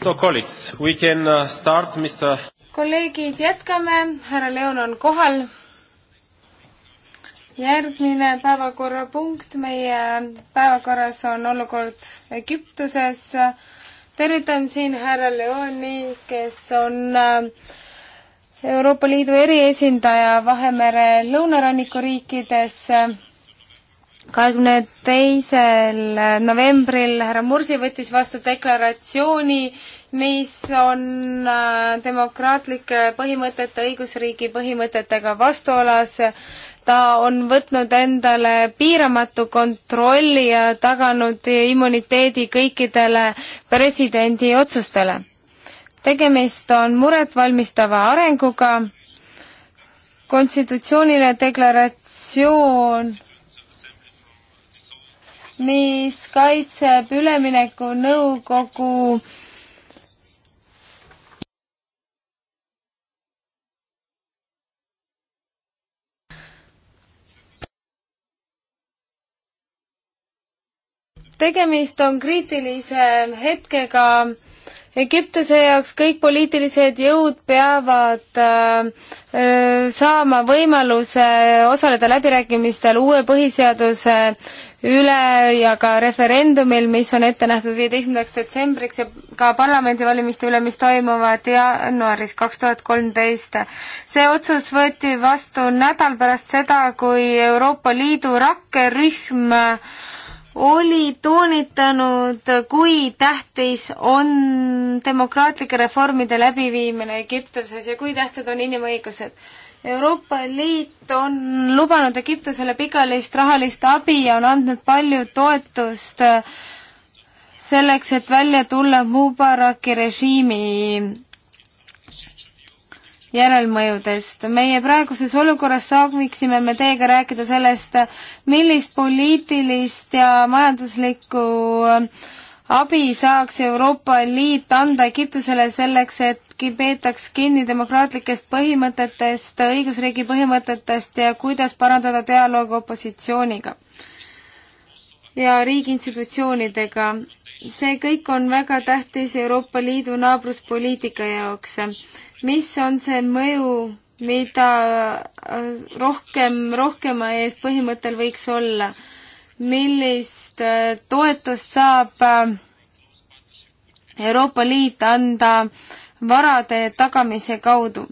So colleagues, we can uh, start, Mr. kolleegid, jätkame, härra Leon on kohal. järgmine päevakorrapunkt meie päevakorras on olukord Egiptuses. tervitan siin härra Leoni, kes on äh, Euroopa Liidu eriesindaja Vahemere lõunaranniku riikides kahekümne teisel novembril härra Mursi võttis vastu deklaratsiooni, mis on äh, demokraatlike põhimõtete, õigusriigi põhimõtetega vastuolas. ta on võtnud endale piiramatu kontrolli ja taganud immuniteedi kõikidele presidendi otsustele. tegemist on muretvalmistava arenguga, konstitutsiooniline deklaratsioon mis kaitseb üleminekunõukogu tegemist on kriitilise hetkega Egiptuse jaoks kõik poliitilised jõud peavad äh, äh saama võimaluse osaleda läbirääkimistel uue põhiseaduse üle ja ka referendumil, mis on ette nähtud viieteistkümnendaks detsembriks ja ka parlamendivalimiste üle, mis toimuvad jaanuaris kaks tuhat kolmteist. see otsus võeti vastu nädal pärast seda, kui Euroopa Liidu rakkerühm oli toonitanud, kui tähtis on demokraatlike reformide läbiviimine Egiptuses ja kui tähtsad on inimõigused Euroopa Liit on lubanud Egiptusele pikalist rahalist abi ja on andnud palju toetust äh, selleks, et välja tulla Mubaraki režiimi järelmõjudest. meie praeguses olukorras saaksime me teiega rääkida sellest, millist poliitilist ja majanduslikku äh, abi saaks Euroopa Liit anda Egiptusele selleks, et peetaks kinni demokraatlikest põhimõtetest, õigusriigi põhimõtetest ja kuidas parandada dialoogi opositsiooniga ja riigi institutsioonidega. see kõik on väga tähtis Euroopa Liidu naabruspoliitika jaoks. mis on see mõju, mida äh, rohkem rohkema eest põhimõttel võiks olla? millist äh, toetust saab äh, Euroopa Liit anda varade tagamise kaudu.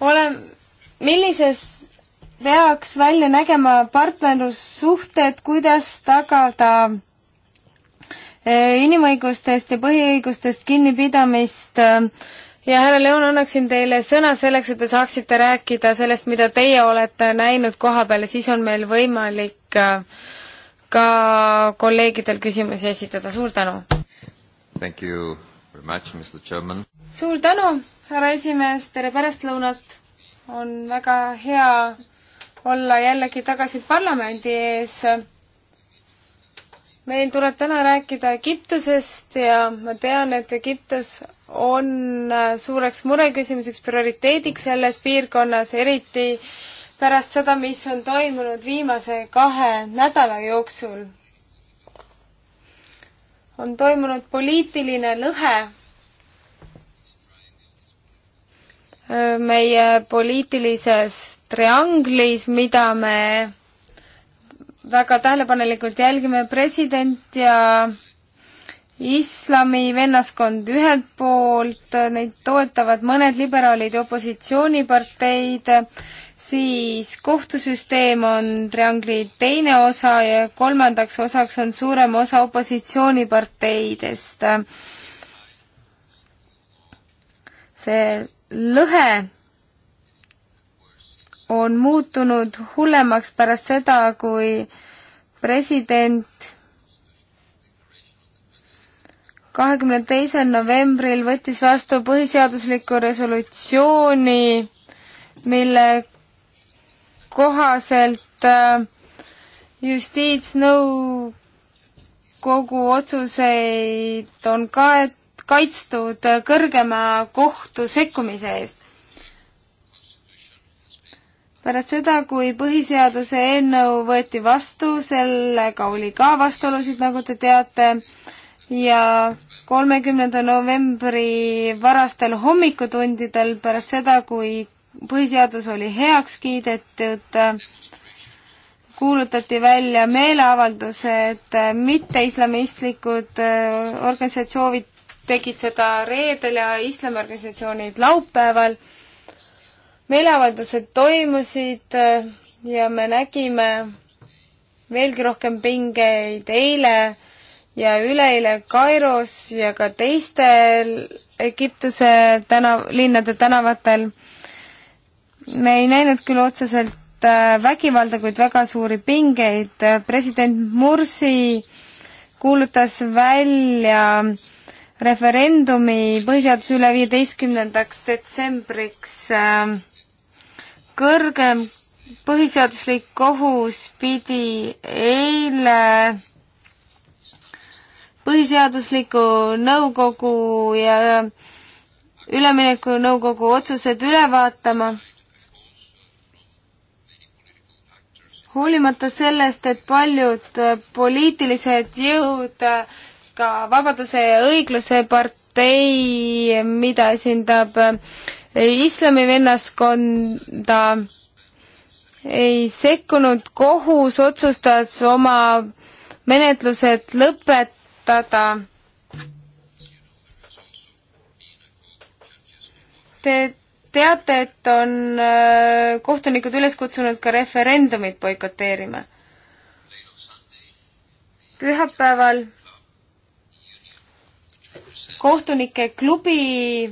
ole, millises peaks välja nägema partnerlussuhted, kuidas tagada äh, inimõigustest ja põhiõigustest kinnipidamist äh, ja härra Leon, annaksin teile sõna selleks, et te saaksite rääkida sellest, mida teie olete näinud koha peal ja siis on meil võimalik äh, ka kolleegidel küsimusi esitada, suur tänu! suur tänu, härra esimees, tere pärastlõunat! on väga hea olla jällegi tagasi parlamendi ees meil tuleb täna rääkida Egiptusest ja ma tean, et Egiptus on äh, suureks mureküsimuseks, prioriteediks selles piirkonnas, eriti pärast seda, mis on toimunud viimase kahe nädala jooksul. on toimunud poliitiline lõhe äh, meie poliitilises trianglis, mida me väga tähelepanelikult jälgime president ja islami vennaskond ühelt poolt, neid toetavad mõned liberaalid ja opositsiooniparteid, siis kohtusüsteem on triangli teine osa ja kolmandaks osaks on suurem osa opositsiooniparteidest. see lõhe on muutunud hullemaks pärast seda, kui president kahekümne teisel novembril võttis vastu põhiseadusliku resolutsiooni, mille kohaselt äh, justiitsnõukogu otsuseid on kaet-, kaitstud kõrgema kohtu sekkumise eest pärast seda, kui põhiseaduse eelnõu võeti vastu, sellega oli ka vastuolusid, nagu te teate, ja kolmekümnenda novembri varastel hommikutundidel pärast seda, kui põhiseadus oli heaks kiidetud, kuulutati välja meeleavaldused, mitteislamistlikud äh, organisatsioonid tegid seda reedel ja islamiorganisatsioonid laupäeval meeleavaldused toimusid äh, ja me nägime veelgi rohkem pingeid eile ja üleeile Kairos ja ka teistel Egiptuse tänav, linnade tänavatel. me ei näinud küll otseselt äh, vägivalda, kuid väga suuri pingeid. Äh, president Mursi kuulutas välja referendumi põhiseaduse üle viieteistkümnendaks detsembriks äh, kõrgem põhiseaduslik kohus pidi eile põhiseadusliku nõukogu ja üleminekunõukogu otsused üle vaatama. hoolimata sellest, et paljud poliitilised jõud, ka Vabaduse ja õigluse partei, mida esindab islami vennaskonda ei sekkunud, kohus otsustas oma menetlused lõpetada. Te teate, et on äh, kohtunikud üles kutsunud ka referendumit boikoteerima. pühapäeval kohtunike klubi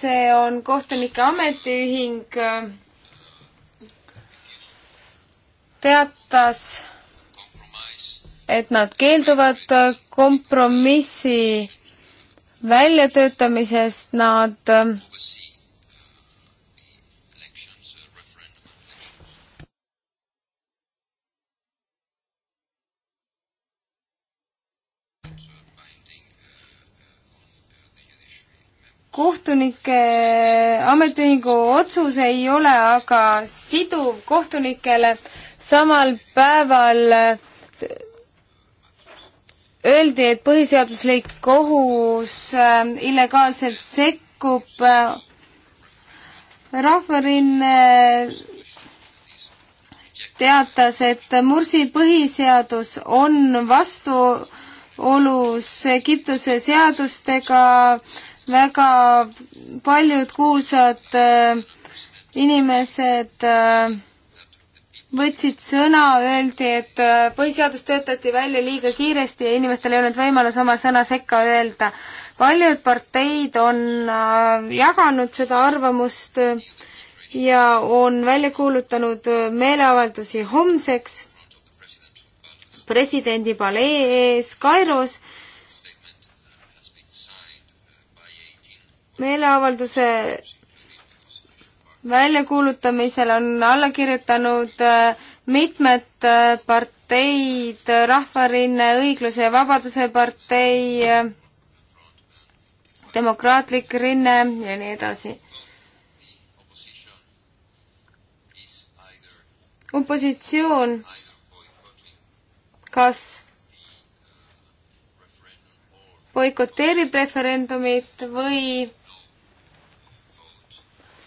see on kohtunike ametiühing, teatas, et nad keelduvad kompromissi väljatöötamisest, nad kohtunike ametiühingu otsus ei ole aga siduv kohtunikele, samal päeval äh, öeldi, et põhiseaduslik kohus äh, illegaalselt sekkub äh, rahvarinne teatas, et Mursi põhiseadus on vastuolus Egiptuse seadustega, väga paljud kuulsad äh, inimesed äh, võtsid sõna, öeldi, et äh, põhiseadus töötati välja liiga kiiresti ja inimestel ei olnud võimalus oma sõna sekka öelda. paljud parteid on äh, jaganud seda arvamust ja on välja kuulutanud äh, meeleavaldusi homseks presidendi palee ees Kairos äh, meeleavalduse väljakuulutamisel on alla kirjutanud äh, mitmed äh, parteid, Rahvarinne, Õigluse ja Vabaduse partei, äh, Demokraatlik rinne ja nii edasi. opositsioon kas boikoteerib referendumit või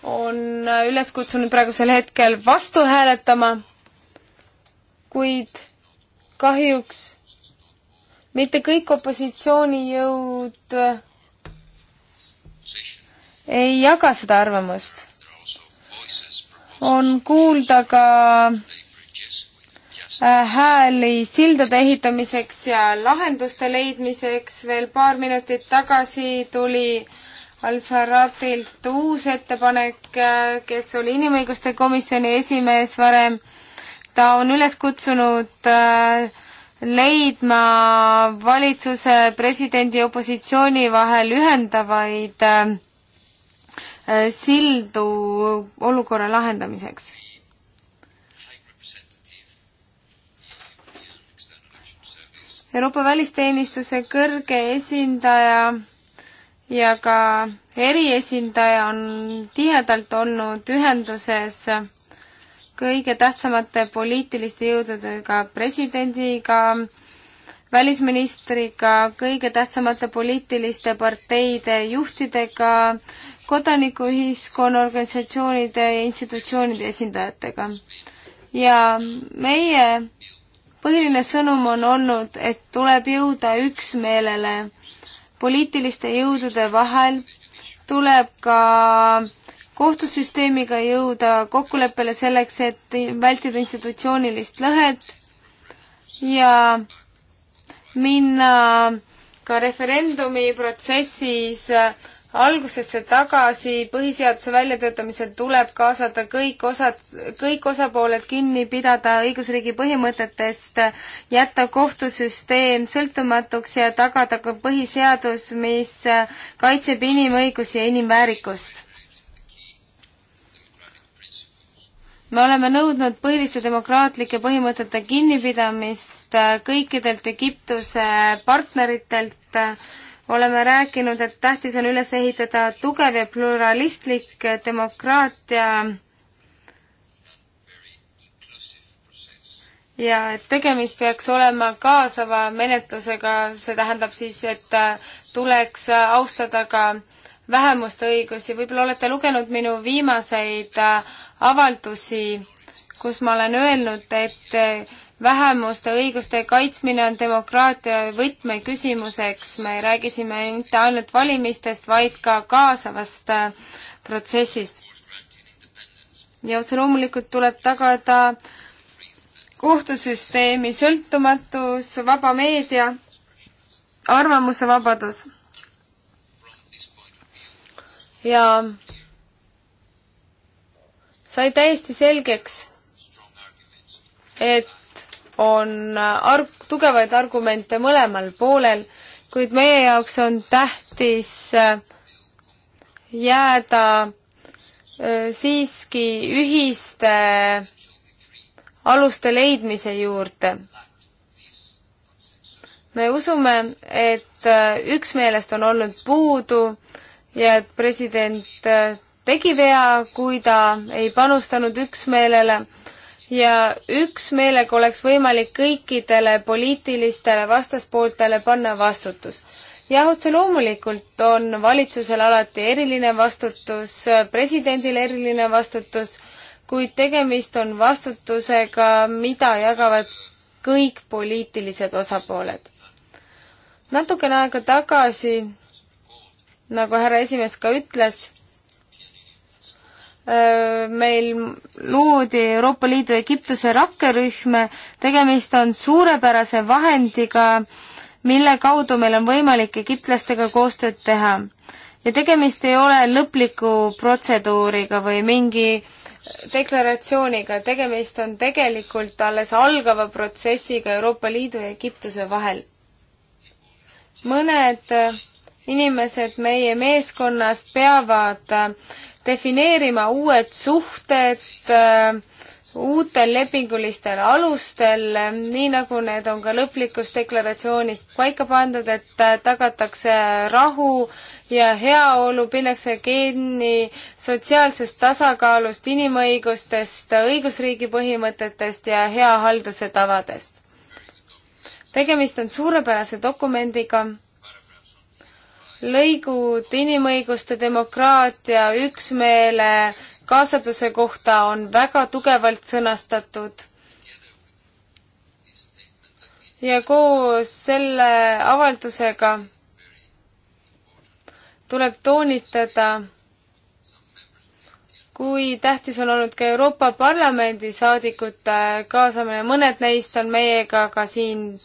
on üles kutsunud praegusel hetkel vastu hääletama, kuid kahjuks mitte kõik opositsioonijõud ei jaga seda arvamust. on kuulda ka äh, hääli sildade ehitamiseks ja lahenduste leidmiseks. veel paar minutit tagasi tuli Al-Saratilt uus ettepanek, kes oli inimõiguste komisjoni esimees varem. ta on üles kutsunud äh, leidma valitsuse, presidendi ja opositsiooni vahel ühendavaid äh, äh, sildu olukorra lahendamiseks Euroopa välisteenistuse kõrge esindaja ja ka eriesindaja on tihedalt olnud ühenduses kõige tähtsamate poliitiliste jõududega, presidendiga, välisministriga, kõige tähtsamate poliitiliste parteide juhtidega, kodanikuühiskonna organisatsioonide ja institutsioonide esindajatega. ja meie põhiline sõnum on olnud, et tuleb jõuda üksmeelele poliitiliste jõudude vahel tuleb ka kohtusüsteemiga jõuda kokkuleppele selleks, et vältida institutsioonilist lõhet ja minna ka referendumi protsessis äh, algusesse tagasi, põhiseaduse väljatöötamisel tuleb kaasata kõik osad, kõik osapooled kinni pidada õigusriigi põhimõtetest, jätta kohtusüsteem sõltumatuks ja tagada ka põhiseadus, mis kaitseb inimõigusi ja inimväärikust. me oleme nõudnud põhiliste demokraatlike põhimõtete kinnipidamist kõikidelt Egiptuse partneritelt, oleme rääkinud, et tähtis on üles ehitada tugev ja pluralistlik demokraatia ja et tegemist peaks olema kaasava menetlusega, see tähendab siis, et tuleks austada ka vähemuste õigusi, võib-olla olete lugenud minu viimaseid avaldusi, kus ma olen öelnud, et vähemuste õiguste kaitsmine on demokraatia võtmeküsimuseks, me räägisime mitte ainult valimistest, vaid ka kaasavast äh, protsessist. ja otse loomulikult tuleb tagada kohtusüsteemi sõltumatus, vaba meedia, arvamusevabadus. ja sai täiesti selgeks, et on arg-, tugevaid argumente mõlemal poolel, kuid meie jaoks on tähtis äh, jääda äh, siiski ühiste aluste leidmise juurde. me usume, et äh, üksmeelest on olnud puudu ja et president tegi vea, kui ta ei panustanud üksmeelele ja üksmeelega oleks võimalik kõikidele poliitilistele vastaspooltele panna vastutus. jah, otse loomulikult on valitsusel alati eriline vastutus, presidendil eriline vastutus, kuid tegemist on vastutusega, mida jagavad kõik poliitilised osapooled. natukene aega tagasi, nagu härra esimees ka ütles, meil loodi Euroopa Liidu Egiptuse rakkerühm, tegemist on suurepärase vahendiga, mille kaudu meil on võimalik egiptlastega koostööd teha. ja tegemist ei ole lõpliku protseduuriga või mingi deklaratsiooniga, tegemist on tegelikult alles algava protsessiga Euroopa Liidu ja Egiptuse vahel. mõned inimesed meie meeskonnas peavad defineerima uued suhted äh, uutel lepingulistel alustel, nii nagu need on ka lõplikus deklaratsioonis paika pandud, et äh, tagatakse rahu ja heaolu, pinnakse kinni sotsiaalsest tasakaalust, inimõigustest, õigusriigi põhimõtetest ja hea halduse tavadest. tegemist on suurepärase dokumendiga lõigud inimõiguste, demokraatia, üksmeele, kaasatuse kohta on väga tugevalt sõnastatud. ja koos selle avaldusega tuleb toonitada, kui tähtis on olnud ka Euroopa Parlamendi saadikute kaasamine, mõned neist on meiega ka siin,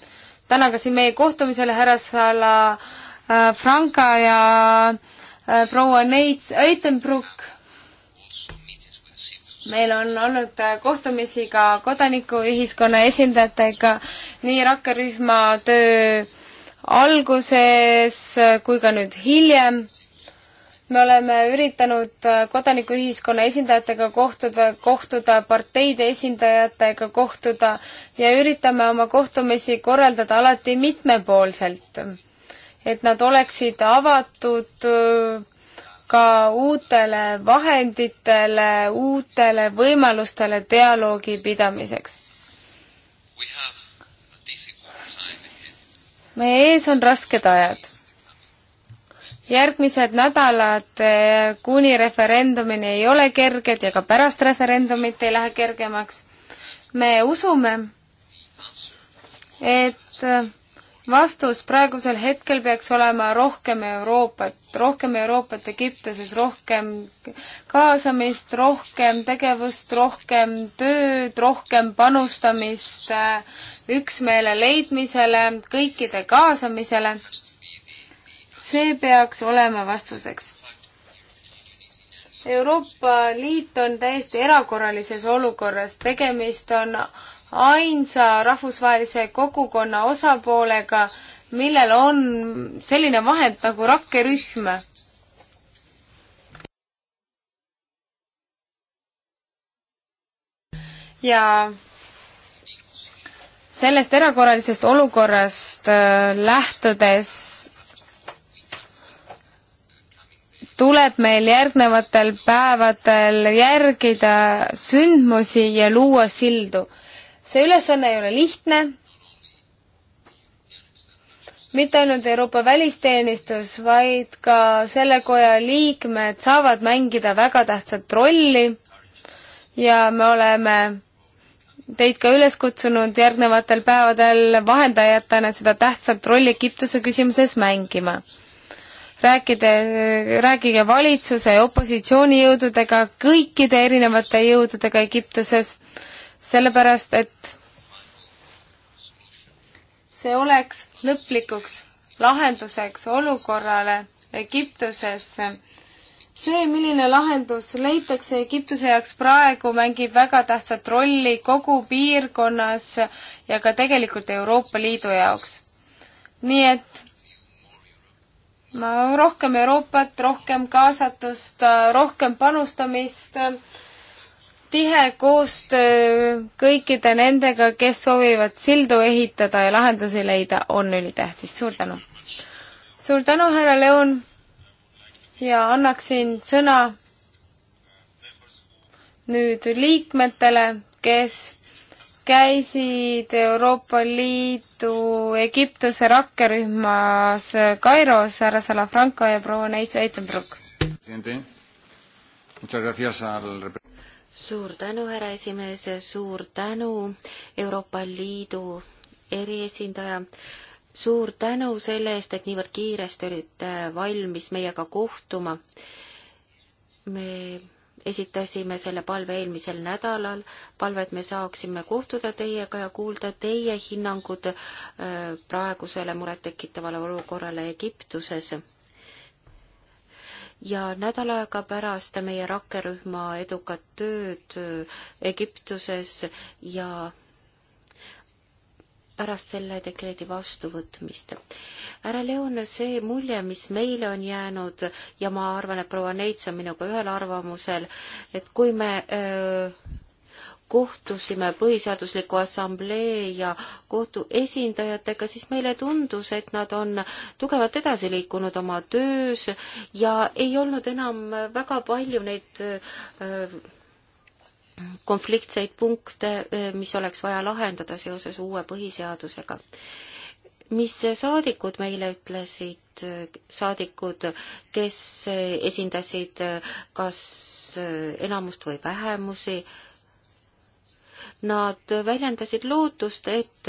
täna ka siin meie kohtumisel, härra Sala äh, Äh, Franka ja äh, proua Neits Eitenbruck. meil on olnud äh, kohtumisi ka kodanikuühiskonna esindajatega nii rakkerühma töö alguses kui ka nüüd hiljem me oleme üritanud kodanikuühiskonna esindajatega kohtuda, kohtuda parteide esindajatega kohtuda ja üritame oma kohtumisi korraldada alati mitmepoolselt et nad oleksid avatud äh, ka uutele vahenditele, uutele võimalustele dialoogi pidamiseks. meie ees on rasked ajad. järgmised nädalad äh, kuni referendumini ei ole kerged ja ka pärast referendumit ei lähe kergemaks. me usume, et äh, vastus praegusel hetkel peaks olema rohkem Euroopat, rohkem Euroopat Egiptuses, rohkem kaasamist, rohkem tegevust, rohkem tööd, rohkem panustamist äh, üksmeele leidmisele, kõikide kaasamisele. see peaks olema vastuseks. Euroopa Liit on täiesti erakorralises olukorras, tegemist on ainsa rahvusvahelise kogukonna osapoolega, millel on selline vahend nagu rakkerühm. ja sellest erakorralisest olukorrast äh, lähtudes tuleb meil järgnevatel päevadel järgida sündmusi ja luua sildu see ülesanne ei ole lihtne, mitte ainult Euroopa välisteenistus, vaid ka selle koja liikmed saavad mängida väga tähtsat rolli ja me oleme teid ka üles kutsunud järgnevatel päevadel vahendajatena seda tähtsat rolli Egiptuse küsimuses mängima. rääkide, rääkige valitsuse ja opositsioonijõududega, kõikide erinevate jõududega Egiptuses sellepärast et see oleks lõplikuks lahenduseks olukorrale Egiptuses. see, milline lahendus leitakse Egiptuse jaoks praegu, mängib väga tähtsat rolli kogu piirkonnas ja ka tegelikult Euroopa Liidu jaoks. nii et ma rohkem Euroopat, rohkem kaasatust, rohkem panustamist tihe koostöö kõikide nendega, kes soovivad sildu ehitada ja lahendusi leida, on ülitähtis. suur tänu! suur tänu, härra Leon ja annaksin sõna nüüd liikmetele, kes käisid Euroopa Liidu Egiptuse rakkerühmas Kairos, härra Salafranco ja proua Neits Eitenbruck suur tänu, härra esimees, suur tänu, Euroopa Liidu eriesindaja. suur tänu selle eest, et niivõrd kiiresti olite valmis meiega kohtuma. me esitasime selle palve eelmisel nädalal, palve, et me saaksime kohtuda teiega ja kuulda teie hinnangud äh, praegusele murettekitavale olukorrale Egiptuses ja nädal aega pärast meie rakkerühma edukat tööd äh, Egiptuses ja pärast selle dekreedi vastuvõtmist. härra Leon, see mulje, mis meile on jäänud ja ma arvan, et proua Neits on minuga ühel arvamusel, et kui me öö, äh, kohtusime Põhiseadusliku Assamblee ja kohtu esindajatega, siis meile tundus, et nad on tugevalt edasi liikunud oma töös ja ei olnud enam väga palju neid äh, konfliktseid punkte, äh, mis oleks vaja lahendada seoses uue põhiseadusega. mis saadikud meile ütlesid, saadikud, kes esindasid äh, kas enamust või vähemusi, Nad väljendasid lootust, et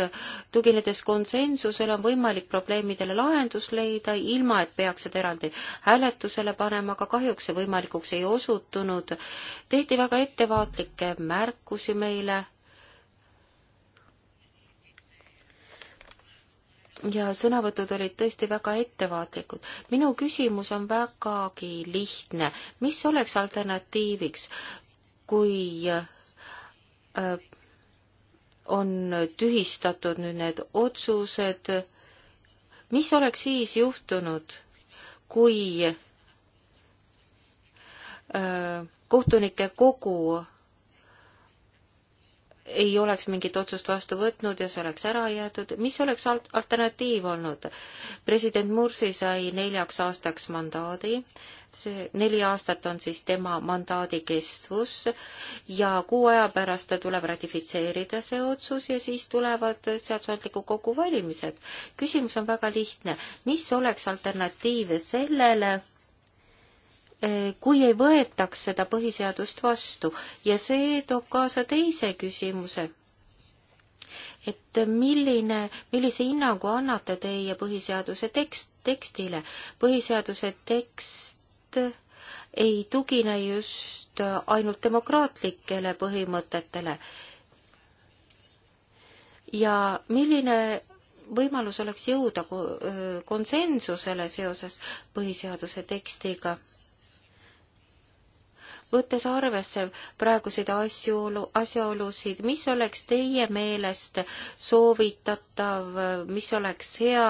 tuginedes konsensusele on võimalik probleemidele lahendus leida, ilma et peaks seda eraldi hääletusele panema, aga kahjuks see võimalikuks ei osutunud. tehti väga ettevaatlikke märkusi meile ja sõnavõtud olid tõesti väga ettevaatlikud. minu küsimus on vägagi lihtne. mis oleks alternatiiviks, kui äh, on tühistatud nüüd need otsused. mis oleks siis juhtunud, kui äh, kohtunike kogu ei oleks mingit otsust vastu võtnud ja see oleks ära jäetud, mis oleks alt-, alternatiiv olnud? president Mursi sai neljaks aastaks mandaadi, see neli aastat on siis tema mandaadi kestvus ja kuu aja pärast tuleb ratifitseerida see otsus ja siis tulevad seadusandliku kogu valimised. küsimus on väga lihtne, mis oleks alternatiiv sellele, Eh, kui ei võetaks seda põhiseadust vastu ja see toob kaasa teise küsimuse, et milline, millise hinnangu annate teie põhiseaduse tekst, tekstile? põhiseaduse tekst ei tugine just ainult demokraatlikele põhimõtetele. ja milline võimalus oleks jõuda konsensusele seoses põhiseaduse tekstiga? võttes arvesse praeguseid asjaolu, asjaolusid, mis oleks teie meelest soovitatav, mis oleks hea,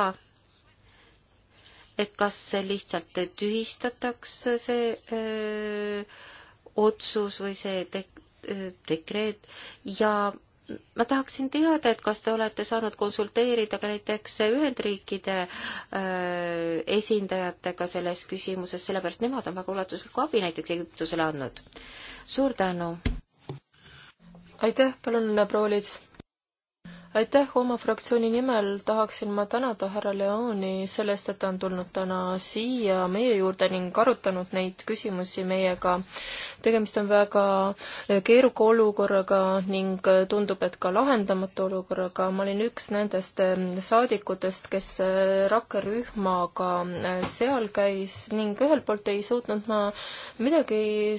et kas lihtsalt tühistatakse see öö, otsus või see dek-, dekreet ja ma tahaksin teada, et kas te olete saanud konsulteerida ka näiteks Ühendriikide öö, äh, esindajatega selles küsimuses, sellepärast nemad on väga ulatuslikku abi näiteks Egiptusele andnud. suur tänu! aitäh, palun, proua Liits! aitäh, oma fraktsiooni nimel tahaksin ma tänada härra Leoni selle eest, et ta on tulnud täna siia meie juurde ning arutanud neid küsimusi meiega. tegemist on väga keeruka olukorraga ning tundub, et ka lahendamatu olukorraga. ma olin üks nendest ähm, saadikutest, kes äh, rakkerühmaga äh, seal käis ning ühelt poolt ei suutnud ma midagi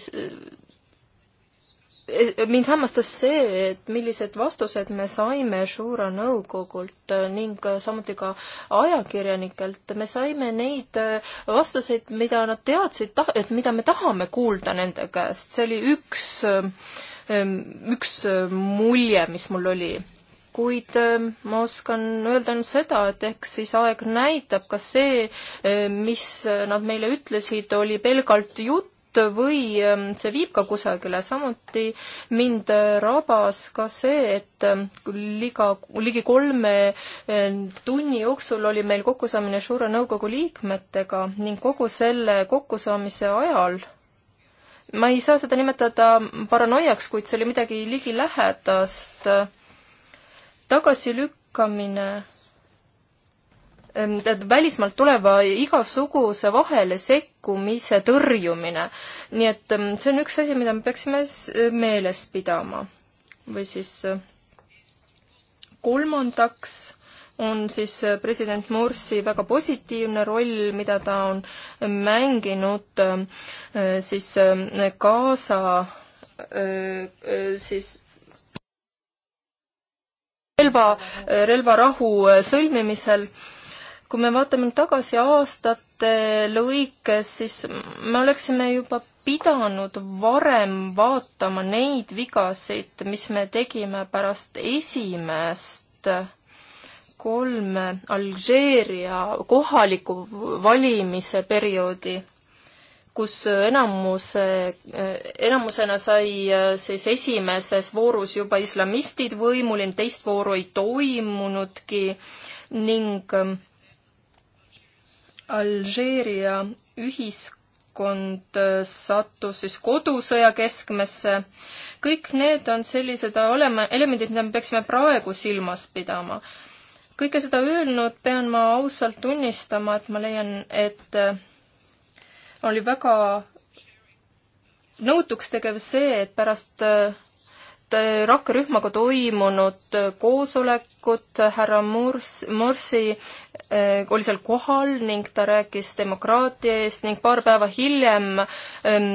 mind hämmastas see, et millised vastused me saime Suure nõukogult äh, ning äh, samuti ka ajakirjanikelt. me saime neid äh, vastuseid, mida nad teadsid, et mida me tahame kuulda nende käest. see oli üks, ähm, üks mulje, mis mul oli kuid ma oskan öelda ainult seda, et eks siis aeg näitab, kas see, mis nad meile ütlesid, oli pelgalt jutt tegevust või ähm, see viib ka kusagile. samuti mind äh, rabas ka see, et ähm, liga, ligi kolme äh, tunni jooksul oli meil kokkusaamine Suure Nõukogu liikmetega ning kogu selle kokkusaamise ajal ma ei saa seda nimetada paranoiaks, kuid see oli midagi ligilähedast. tagasilükkamine Ehm, välismaalt tuleva igasuguse vahele sekkumise tõrjumine. nii et ehm, see on üks asi, mida me peaksime meeles pidama. või siis ehm, kolmandaks on siis president Morsi väga positiivne roll, mida ta on mänginud siis Gaza siis relva, relvarahu sõlmimisel kui me vaatame tagasi aastate lõikes, siis me oleksime juba pidanud varem vaatama neid vigasid, mis me tegime pärast esimest kolme Alžeeria kohaliku valimise perioodi kus enamuse, enamusena sai äh, siis esimeses voorus juba islamistid võimuline, teist vooru ei toimunudki ning ähm, Alžeeria ühiskond äh, sattus siis kodusõja keskmesse. kõik need on sellised olema, elemendid, mida me peaksime praegu silmas pidama. kõike seda öelnud, pean ma ausalt tunnistama, et ma leian, et äh, oli väga nõutuks tegev see, et pärast äh, Äh, rakkerühmaga toimunud äh, koosolekut, äh, härra Murs-, Mursi oli seal kohal ning ta rääkis demokraatia eest ning paar päeva hiljem ähm,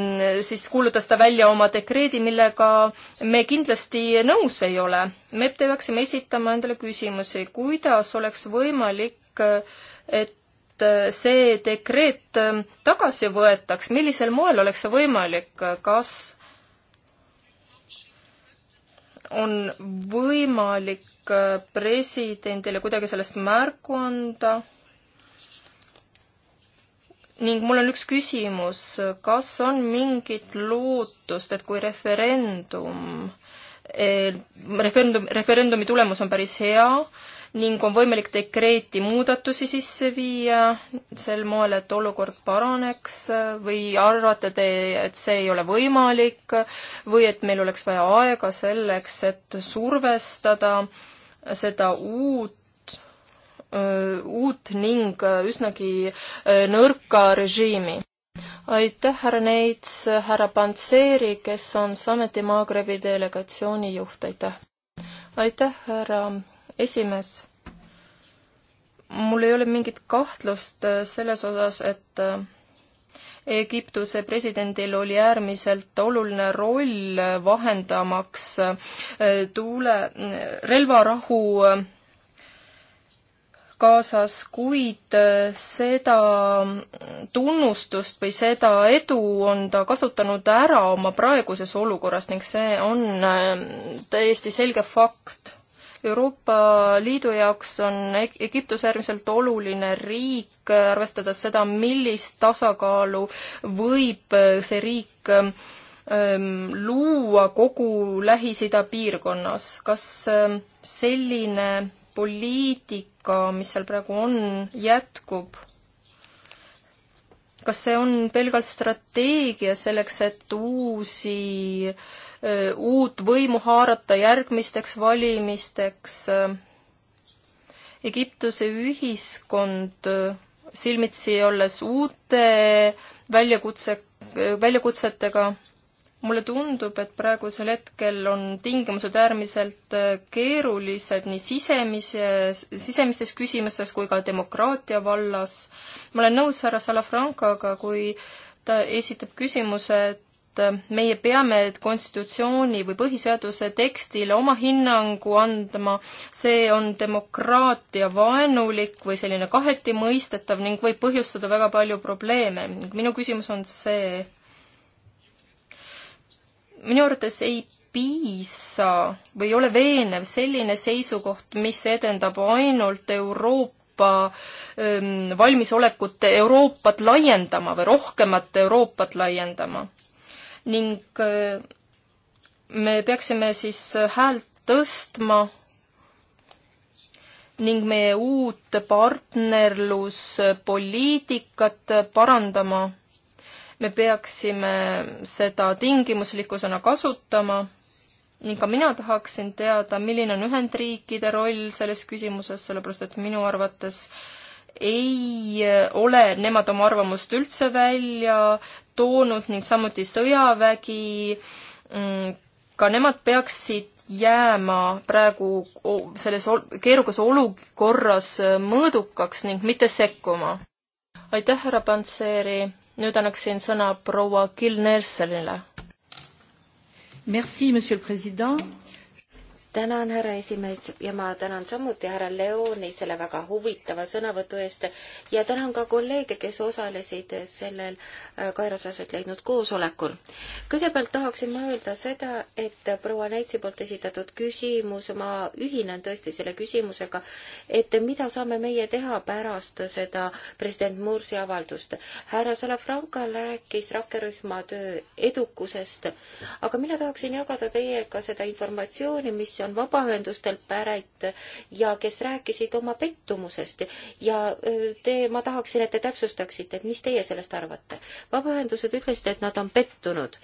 siis kuulutas ta välja oma dekreedi, millega me kindlasti nõus ei ole. me peaksime esitama endale küsimusi, kuidas oleks võimalik, et see dekreet tagasi võetaks, millisel moel oleks see võimalik, kas on võimalik äh, presidendile kuidagi sellest märku anda? ning mul on üks küsimus, kas on mingit lootust, et kui referendum eh,, referendum, referendumi tulemus on päris hea, ning on võimalik dekreeti muudatusi sisse viia sel moel, et olukord paraneks või arvate te, et see ei ole võimalik või et meil oleks vaja aega selleks, et survestada seda uut uut ning üsnagi nõrka režiimi aitäh, härra Neits, härra Pantseri, kes on samuti Maagrebi delegatsiooni juht, aitäh! aitäh, härra esimees, mul ei ole mingit kahtlust äh, selles osas, et äh, Egiptuse presidendil oli äärmiselt oluline roll äh, vahendamaks tuule, relvarahu kaasas, kuid seda tunnustust või seda edu on ta kasutanud ära oma praeguses olukorras ning see on täiesti selge fakt Euroopa Liidu jaoks on Egiptus äärmiselt oluline riik, arvestades seda, millist tasakaalu võib see riik ähm, ähm, luua kogu Lähis-Ida piirkonnas. kas ähm, selline poliitika, mis seal praegu on, jätkub? kas see on pelgalt strateegia selleks, et uusi äh, Äh, uut võimu haarata järgmisteks valimisteks. Äh, Egiptuse ühiskond äh, silmitsi olles uute väljakutse, väljakutsetega mulle tundub, et praegusel hetkel on tingimused äärmiselt keerulised nii sisemises, sisemistes küsimustes kui ka demokraatia vallas. ma olen nõus härra Salafrancaga, kui ta esitab küsimuse, et Äh, meie peame konstitutsiooni või põhiseaduse tekstile oma hinnangu andma, see on demokraatia vaenulik või selline kaheti mõistetav ning võib põhjustada väga palju probleeme. minu küsimus on see, minu arvates ei piisa või ei ole veenev selline seisukoht, mis edendab ainult Euroopa Euroopa ähm, valmisolekut Euroopat laiendama või rohkemat Euroopat laiendama ning äh, me peaksime siis äh, häält tõstma ning meie uut partnerluspoliitikat parandama. me peaksime seda tingimuslikkusena kasutama ning ka mina tahaksin teada, milline on Ühendriikide roll selles küsimuses, sellepärast et minu arvates ei ole nemad oma arvamust üldse välja toonud ning samuti sõjavägi, mm, ka nemad peaksid jääma praegu selles keerukas olukorras äh, mõõdukaks ning mitte sekkuma. aitäh, härra Pantseri, nüüd annaksin sõna proua Kill Nelsenile. Merci, monsieur le president tänan, härra esimees, ja ma tänan samuti härra Leoni selle väga huvitava sõnavõtu eest ja tänan ka kolleege, kes osalesid sellel äh, Kairos aset leidnud koosolekul. kõigepealt tahaksin ma öelda seda, et proua Neitsi poolt esitatud küsimus, ma ühinen tõesti selle küsimusega, et mida saame meie teha pärast seda president Mursi avaldust. härra Salafranca rääkis rakkerühma töö edukusest, aga mina tahaksin jagada teiega seda informatsiooni, mis inimesi on vabaühendustelt pärit ja kes rääkisid oma pettumusest ja te, ma tahaksin, et te täpsustaksite, et mis teie sellest arvate. vabaühendused ütlesid, et nad on pettunud.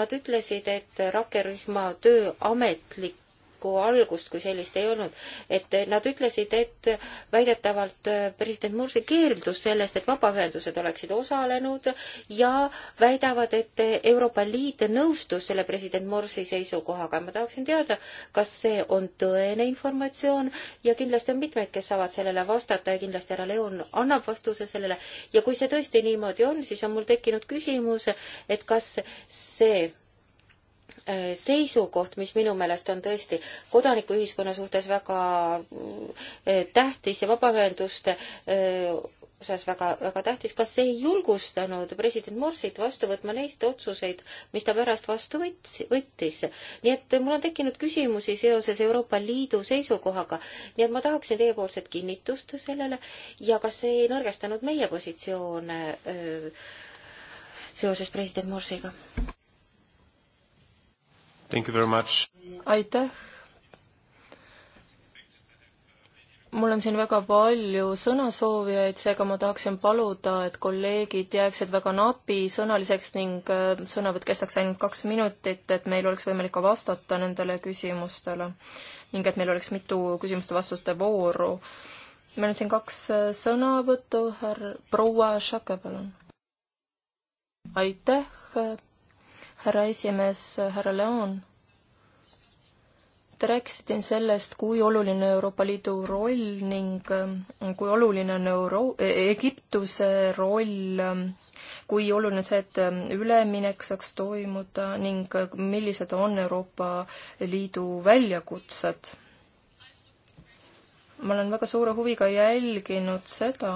Nad ütlesid, et rakkerühma töö ametlik isiku algust kui sellist ei olnud. et nad ütlesid, et väidetavalt äh, president Mursi keeldus sellest, et vabaühendused oleksid osalenud ja väidavad, et Euroopa Liit nõustus selle president Mursi seisukohaga. ma tahaksin teada, kas see on tõene informatsioon ja kindlasti on mitmeid, kes saavad sellele vastata ja kindlasti härra Leon annab vastuse sellele ja kui see tõesti niimoodi on, siis on mul tekkinud küsimus, et kas see Äh, seisukoht, mis minu meelest on tõesti kodanikuühiskonna suhtes väga äh, tähtis ja vabaühenduste äh, osas väga, väga tähtis, kas see ei julgustanud president Morsit vastu võtma neist otsuseid, mis ta pärast vastu võtsi, võttis. nii et mul on tekkinud küsimusi seoses Euroopa Liidu seisukohaga, nii et ma tahaksin teiepoolset kinnitust sellele ja kas see ei nõrgestanud meie positsioone öö, seoses president Morsiga? aitäh! mul on siin väga palju sõnasoovijaid, seega ma tahaksin paluda, et kolleegid jääksid väga napisõnaliseks ning äh, sõnavõtt kestaks ainult kaks minutit, et meil oleks võimalik ka vastata nendele küsimustele ning et meil oleks mitu küsimuste-vastuste vooru. meil on siin kaks äh, sõnavõttu, härra proua Šake, palun. aitäh, härra esimees, härra Leon. Te rääkisite sellest, kui oluline Euroopa Liidu roll ning ähm, kui oluline on Euro-, e-, Egiptuse roll, ähm, kui oluline see, et ähm, üleminek saaks toimuda ning äh, millised on Euroopa Liidu väljakutsed. ma olen väga suure huviga jälginud seda,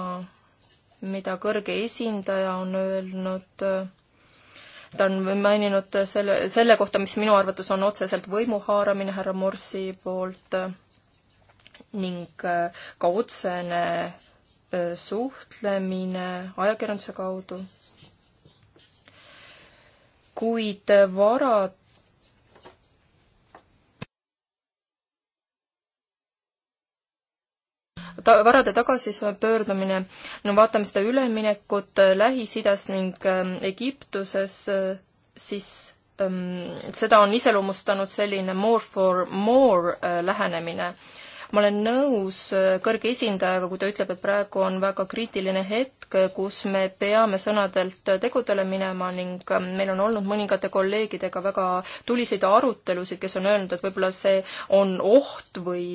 mida kõrge esindaja on öelnud äh, ta on maininud selle, selle kohta, mis minu arvates on otseselt võimu haaramine härra Morsi poolt ning äh, ka otsene äh, suhtlemine ajakirjanduse kaudu. kuid äh, varad ta-, varade tagasipöördumine, no vaatame seda üleminekut äh, Lähis-Idas ning ähm, Egiptuses, äh, siis ähm, seda on iseloomustanud selline more for more äh, lähenemine ma olen nõus äh, kõrge esindajaga, kui ta ütleb, et praegu on väga kriitiline hetk, äh, kus me peame sõnadelt äh, tegudele minema ning meil on olnud mõningate kolleegidega väga tuliseid arutelusid, kes on öelnud, et võib-olla see on oht või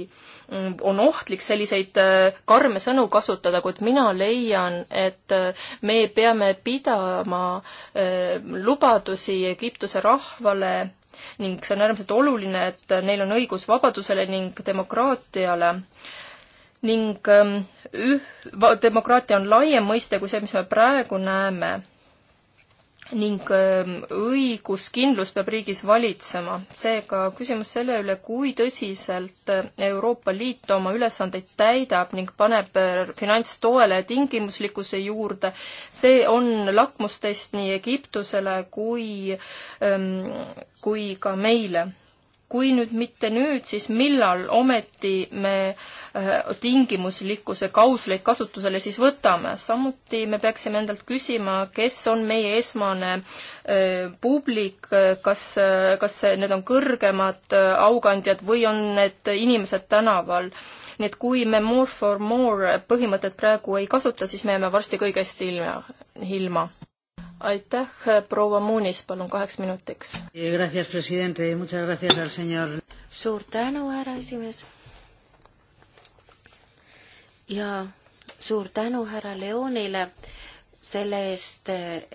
mm, on ohtlik selliseid karme sõnu kasutada, kuid mina leian, et me peame pidama lubadusi Egiptuse rahvale ning see on äärmiselt oluline, et neil on õigus vabadusele ning demokraatiale ning ähm, üh-, demokraatia on laiem mõiste kui see, mis me praegu näeme ning ähm, õiguskindlus peab riigis valitsema. seega küsimus selle üle, kui tõsiselt äh, Euroopa Liit oma ülesandeid täidab ning paneb äh, finantstoele tingimuslikkuse juurde, see on lakmustest nii Egiptusele kui, ähm, kui ka meile kui nüüd mitte nüüd, siis millal ometi me äh, tingimuslikkuse kausleid kasutusele siis võtame. samuti me peaksime endalt küsima, kes on meie esmane äh, publik, äh, kas, kas need on kõrgemad aukandjad või on need inimesed tänaval. nii et kui me more for more põhimõtet praegu ei kasuta, siis me jääme varsti kõigest ilma, ilma aitäh, proua Muunis, palun kaheks minutiks. Eh, suur tänu, härra esimees. ja suur tänu härra Leonile selle eest,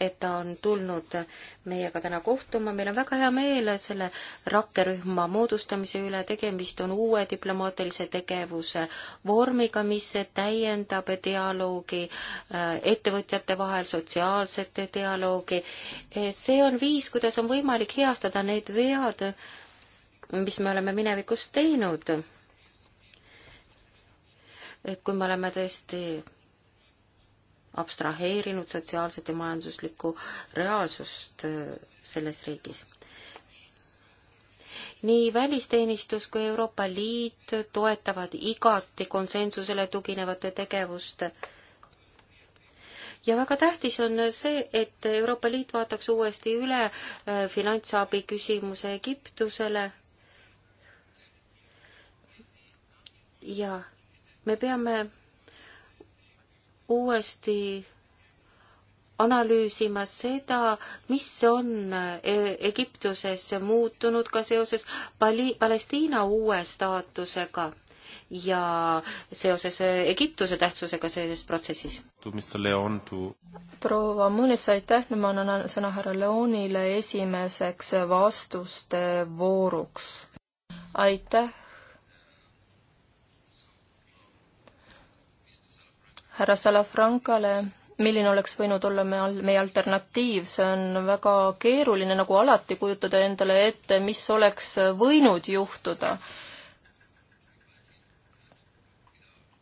et ta on tulnud meiega täna kohtuma, meil on väga hea meel selle rakkerühma moodustamise üle, tegemist on uue diplomaatilise tegevuse vormiga, mis täiendab dialoogi äh, ettevõtjate vahel, sotsiaalset dialoogi. see on viis, kuidas on võimalik heastada need vead, mis me oleme minevikus teinud. et kui me oleme tõesti abstraheerinud sotsiaalset ja majanduslikku reaalsust äh, selles riigis. nii välisteenistus kui Euroopa Liit toetavad igati konsensusele tuginevate tegevuste ja väga tähtis on see, et Euroopa Liit vaataks uuesti üle äh, finantsabi küsimuse Egiptusele. ja me peame uuesti analüüsima seda, mis on e, Egiptuses muutunud ka seoses Pali-, Palestiina uue staatusega ja seoses Egiptuse tähtsusega selles protsessis. proua Mõnes, aitäh, nüüd ma annan sõna härra Leonile esimeseks vastuste vooruks. aitäh, härra Salafrancale, milline oleks võinud olla me, meie alternatiiv, see on väga keeruline nagu alati kujutada endale ette, mis oleks võinud juhtuda.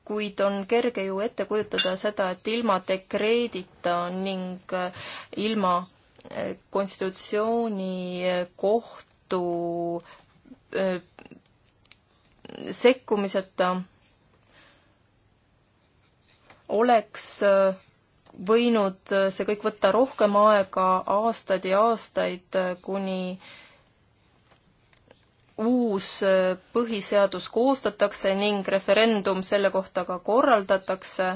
kuid on kerge ju ette kujutada seda, et ilma dekreedita ning eh, ilma eh, konstitutsioonikohtu eh, sekkumiseta oleks äh, võinud äh, see kõik võtta rohkem aega, aastaid ja aastaid, äh, kuni uus põhiseadus koostatakse ning referendum selle kohta ka korraldatakse.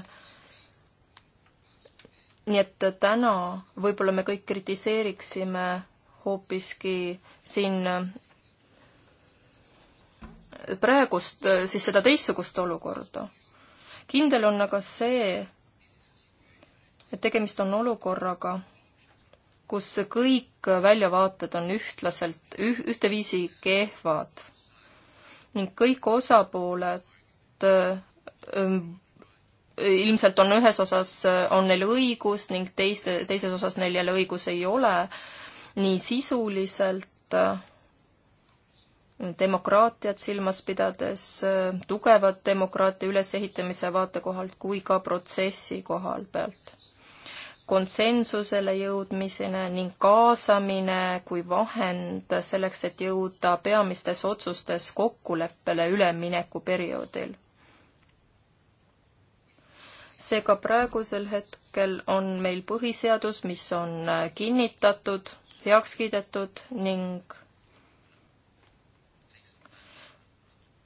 nii et täna võib-olla me kõik kritiseeriksime hoopiski siin praegust, siis seda teistsugust olukorda kindel on aga see, et tegemist on olukorraga, kus kõik väljavaated on ühtlaselt üh,, ühteviisi kehvad ning kõik osapooled ähm, ilmselt on ühes osas, äh, on neil õigus ning teiste, teises osas neil jälle õigus ei ole, nii sisuliselt äh, demokraatiat silmas pidades, tugevat demokraatia ülesehitamise vaatekohalt kui ka protsessi kohal pealt. konsensusele jõudmisena ning kaasamine kui vahend selleks, et jõuda peamistes otsustes kokkuleppele üleminekuperioodil seega praegusel hetkel on meil põhiseadus, mis on kinnitatud, heaks kiidetud ning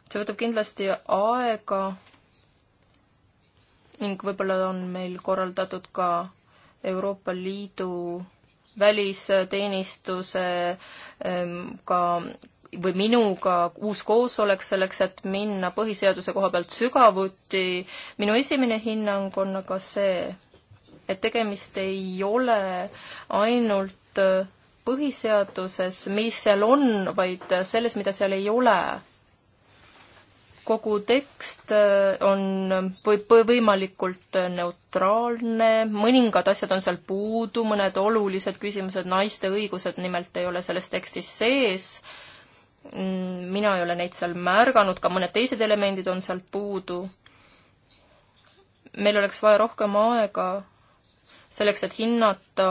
see võtab kindlasti aega ning võib-olla on meil korraldatud ka Euroopa Liidu välisteenistuse ehm, ka või minuga uus koosolek selleks, et minna põhiseaduse koha pealt sügavuti. minu esimene hinnang on aga see, et tegemist ei ole ainult põhiseaduses, mis seal on, vaid selles, mida seal ei ole kogu tekst äh, on või, võimalikult äh, neutraalne, mõningad asjad on seal puudu, mõned olulised küsimused, naiste õigused nimelt ei ole selles tekstis sees, mm, mina ei ole neid seal märganud, ka mõned teised elemendid on seal puudu. meil oleks vaja rohkem aega selleks, et hinnata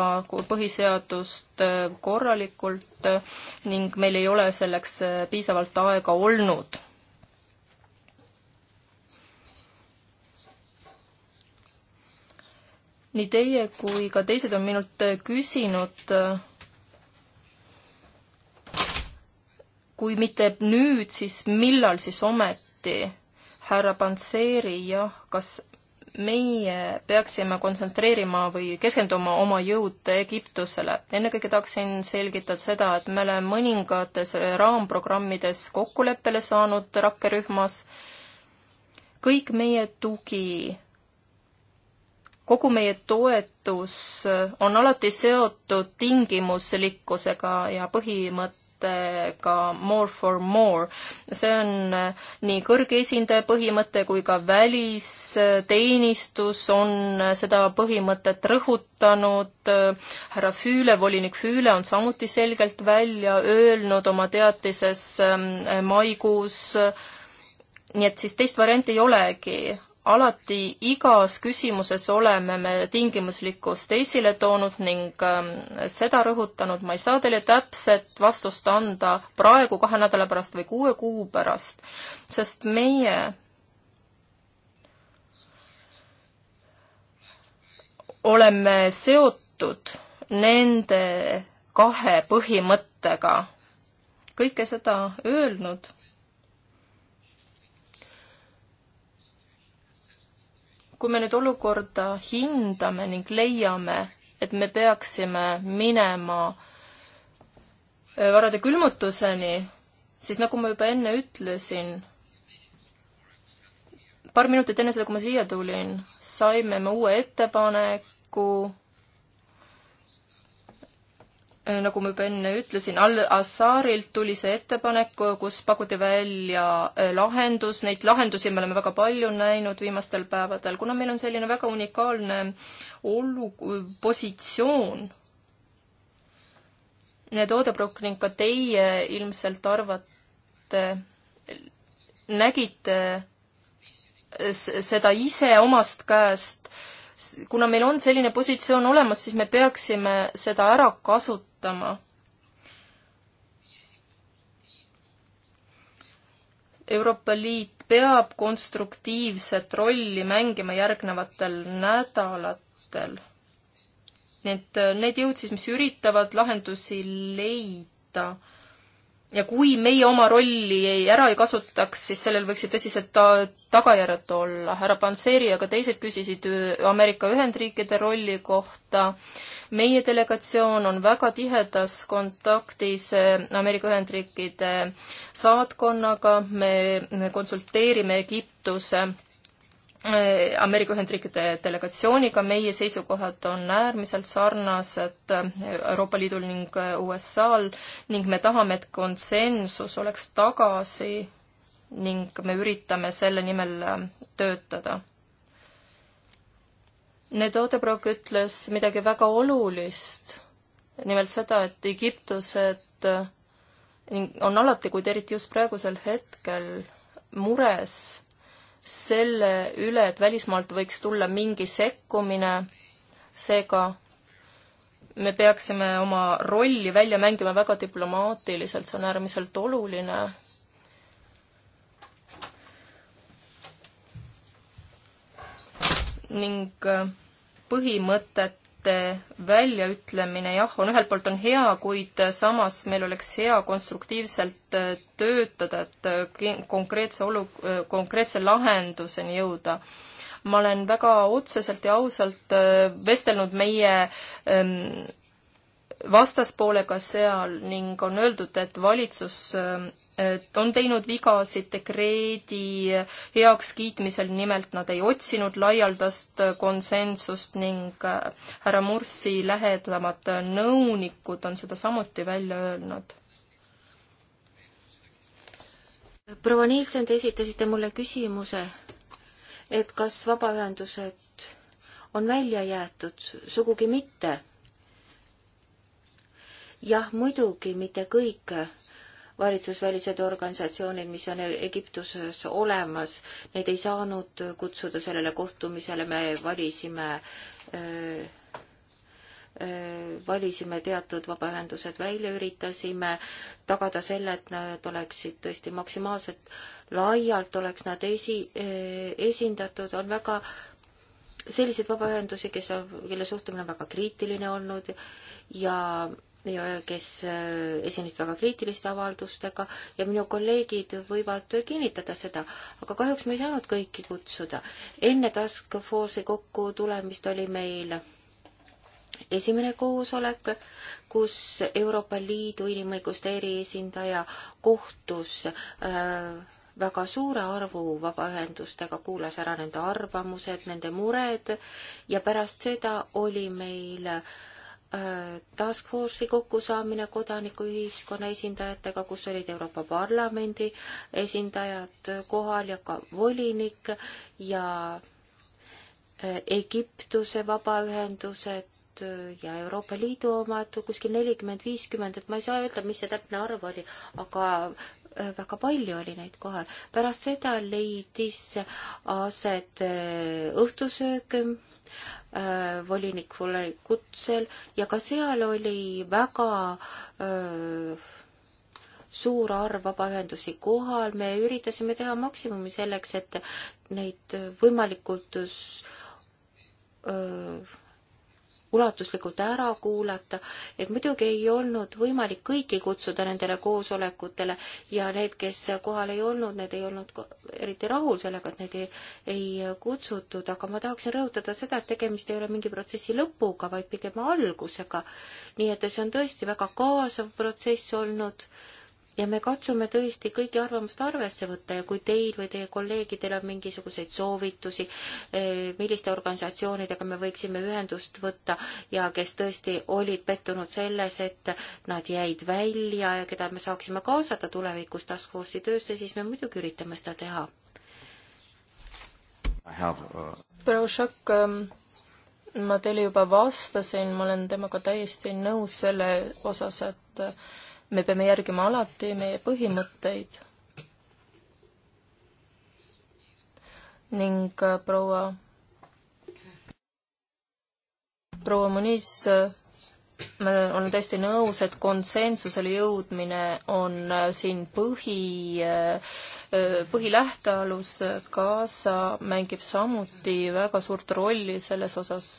põhiseadust äh, korralikult ning meil ei ole selleks piisavalt aega olnud nii teie kui ka teised on minult äh, küsinud, äh, kui mitte nüüd, siis millal siis ometi, härra Panseri, jah, kas meie peaksime kontsentreerima või keskenduma oma jõud Egiptusele. ennekõike tahaksin selgitada seda, et me oleme mõningates raamprogrammides kokkuleppele saanud rakkerühmas. kõik meie tugi kogu meie toetus äh, on alati seotud tingimuslikkusega ja põhimõttega, ka more for more. see on äh, nii kõrge esindaja põhimõte kui ka välisteenistus on äh, seda põhimõtet rõhutanud. härra Füüle, volinik Füüle on samuti selgelt välja öelnud oma teatises ähm, maikuus. nii et siis teist varianti ei olegi alati igas küsimuses oleme me tingimuslikkust esile toonud ning ähm, seda rõhutanud. ma ei saa teile täpset vastust anda praegu, kahe nädala pärast või kuue kuu pärast, sest meie oleme seotud nende kahe põhimõttega. kõike seda öelnud kui me nüüd olukorda hindame ning leiame, et me peaksime minema äh, varade külmutuseni, siis nagu ma juba enne ütlesin, paar minutit enne seda, kui ma siia tulin, saime me uue ettepaneku Äh, nagu ma juba enne ütlesin, Al-Assarilt tuli see ettepanek, kus pakuti välja äh, lahendus, neid lahendusi me oleme väga palju näinud viimastel päevadel, kuna meil on selline väga unikaalne olu-, positsioon. Need Odebrück ning ka teie ilmselt arvate, nägite äh, seda ise omast käest, kuna meil on selline positsioon olemas, siis me peaksime seda ära kasutama kasutama. Euroopa Liit peab konstruktiivset rolli mängima järgnevatel nädalatel. nii et need jõud siis, mis üritavad lahendusi leida ja kui meie oma rolli ei, ära ei kasutaks, siis sellel võiksid tõsised ta-, tagajärjed olla. härra Panseri ja ka teised küsisid Ameerika Ühendriikide rolli kohta. meie delegatsioon on väga tihedas kontaktis eh, Ameerika Ühendriikide saatkonnaga, me konsulteerime Egiptuse Äh, Ameerika Ühendriikide delegatsiooniga, meie seisukohad on äärmiselt sarnased äh, Euroopa Liidul ning äh, USA-l ning me tahame, et konsensus oleks tagasi ning me üritame selle nimel töötada. Ned Odebrock ütles midagi väga olulist, nimelt seda, et Egiptused on alati, kuid eriti just praegusel hetkel mures selle üle, et välismaalt võiks tulla mingi sekkumine, seega me peaksime oma rolli välja mängima väga diplomaatiliselt, see on äärmiselt oluline. ning põhimõtet mõtte väljaütlemine, jah, on ühelt poolt on hea, kuid samas meil oleks hea konstruktiivselt äh, töötada, et äh, konkreetse olu, äh, konkreetse lahenduseni jõuda. ma olen väga otseselt ja ausalt vestelnud meie ähm, vastaspoolega seal ning on öeldud, et valitsus ähm, on teinud vigasid dekreedi heakskiitmisel, nimelt nad ei otsinud laialdast konsensust ning äh, härra Mursi lähedamad nõunikud on seda samuti välja öelnud. proua Nielsen, te esitasite mulle küsimuse, et kas vabaühendused on välja jäetud, sugugi mitte. jah, muidugi mitte kõik valitsusvälised organisatsioonid, mis on Egiptuses olemas, neid ei saanud kutsuda sellele kohtumisele, me valisime öö, valisime teatud vabaühendused välja, üritasime tagada selle, et nad oleksid tõesti maksimaalselt laialt, oleks nad esi, esindatud, on väga selliseid vabaühendusi, kes on, kelle suhtumine on väga kriitiline olnud ja kes äh, esinesid väga kriitiliste avaldustega ja minu kolleegid võivad kinnitada seda, aga kahjuks me ei saanud kõiki kutsuda. enne task force'i kokkutulemist oli meil esimene koosolek, kus Euroopa Liidu inimõiguste eriesindaja kohtus äh, väga suure arvu vabaühendustega, kuulas ära nende arvamused, nende mured ja pärast seda oli meil äh, task force'i kokkusaamine kodanikuühiskonna esindajatega, kus olid Euroopa Parlamendi esindajad kohal ja ka volinik ja äh, Egiptuse vabaühendused ja Euroopa Liidu omad, kuskil nelikümmend, viiskümmend, et ma ei saa öelda, mis see täpne arv oli, aga äh, väga palju oli neid kohal. pärast seda leidis aset äh, õhtusöök Äh, volinik Fulleri kutsel ja ka seal oli väga öö, äh, suur arv vabaühendusi kohal, me üritasime teha maksimumi selleks, et neid võimalikult öö, äh, ulatuslikult ära kuulata, et muidugi ei olnud võimalik kõiki kutsuda nendele koosolekutele ja need, kes kohal ei olnud, need ei olnud eriti rahul sellega, et neid ei, ei kutsutud, aga ma tahaksin rõhutada seda, et tegemist ei ole mingi protsessi lõpuga, vaid pigem algusega. nii et see on tõesti väga kaasav protsess olnud ja me katsume tõesti kõigi arvamust arvesse võtta ja kui teil või teie kolleegidel on mingisuguseid soovitusi, eh, milliste organisatsioonidega me võiksime ühendust võtta ja kes tõesti olid pettunud selles, et nad jäid välja ja keda me saaksime kaasata tulevikus task force'i töösse, siis me muidugi üritame seda teha. Uh, proua Šakk ähm, ma teile juba vastasin, ma olen temaga täiesti nõus selle osas, et me peame järgima alati meie põhimõtteid. ning äh, proua, proua Muniz, äh, ma olen täiesti nõus, et konsensusele jõudmine on äh, siin põhi, põhilähtealus, Gaza mängib samuti väga suurt rolli selles osas,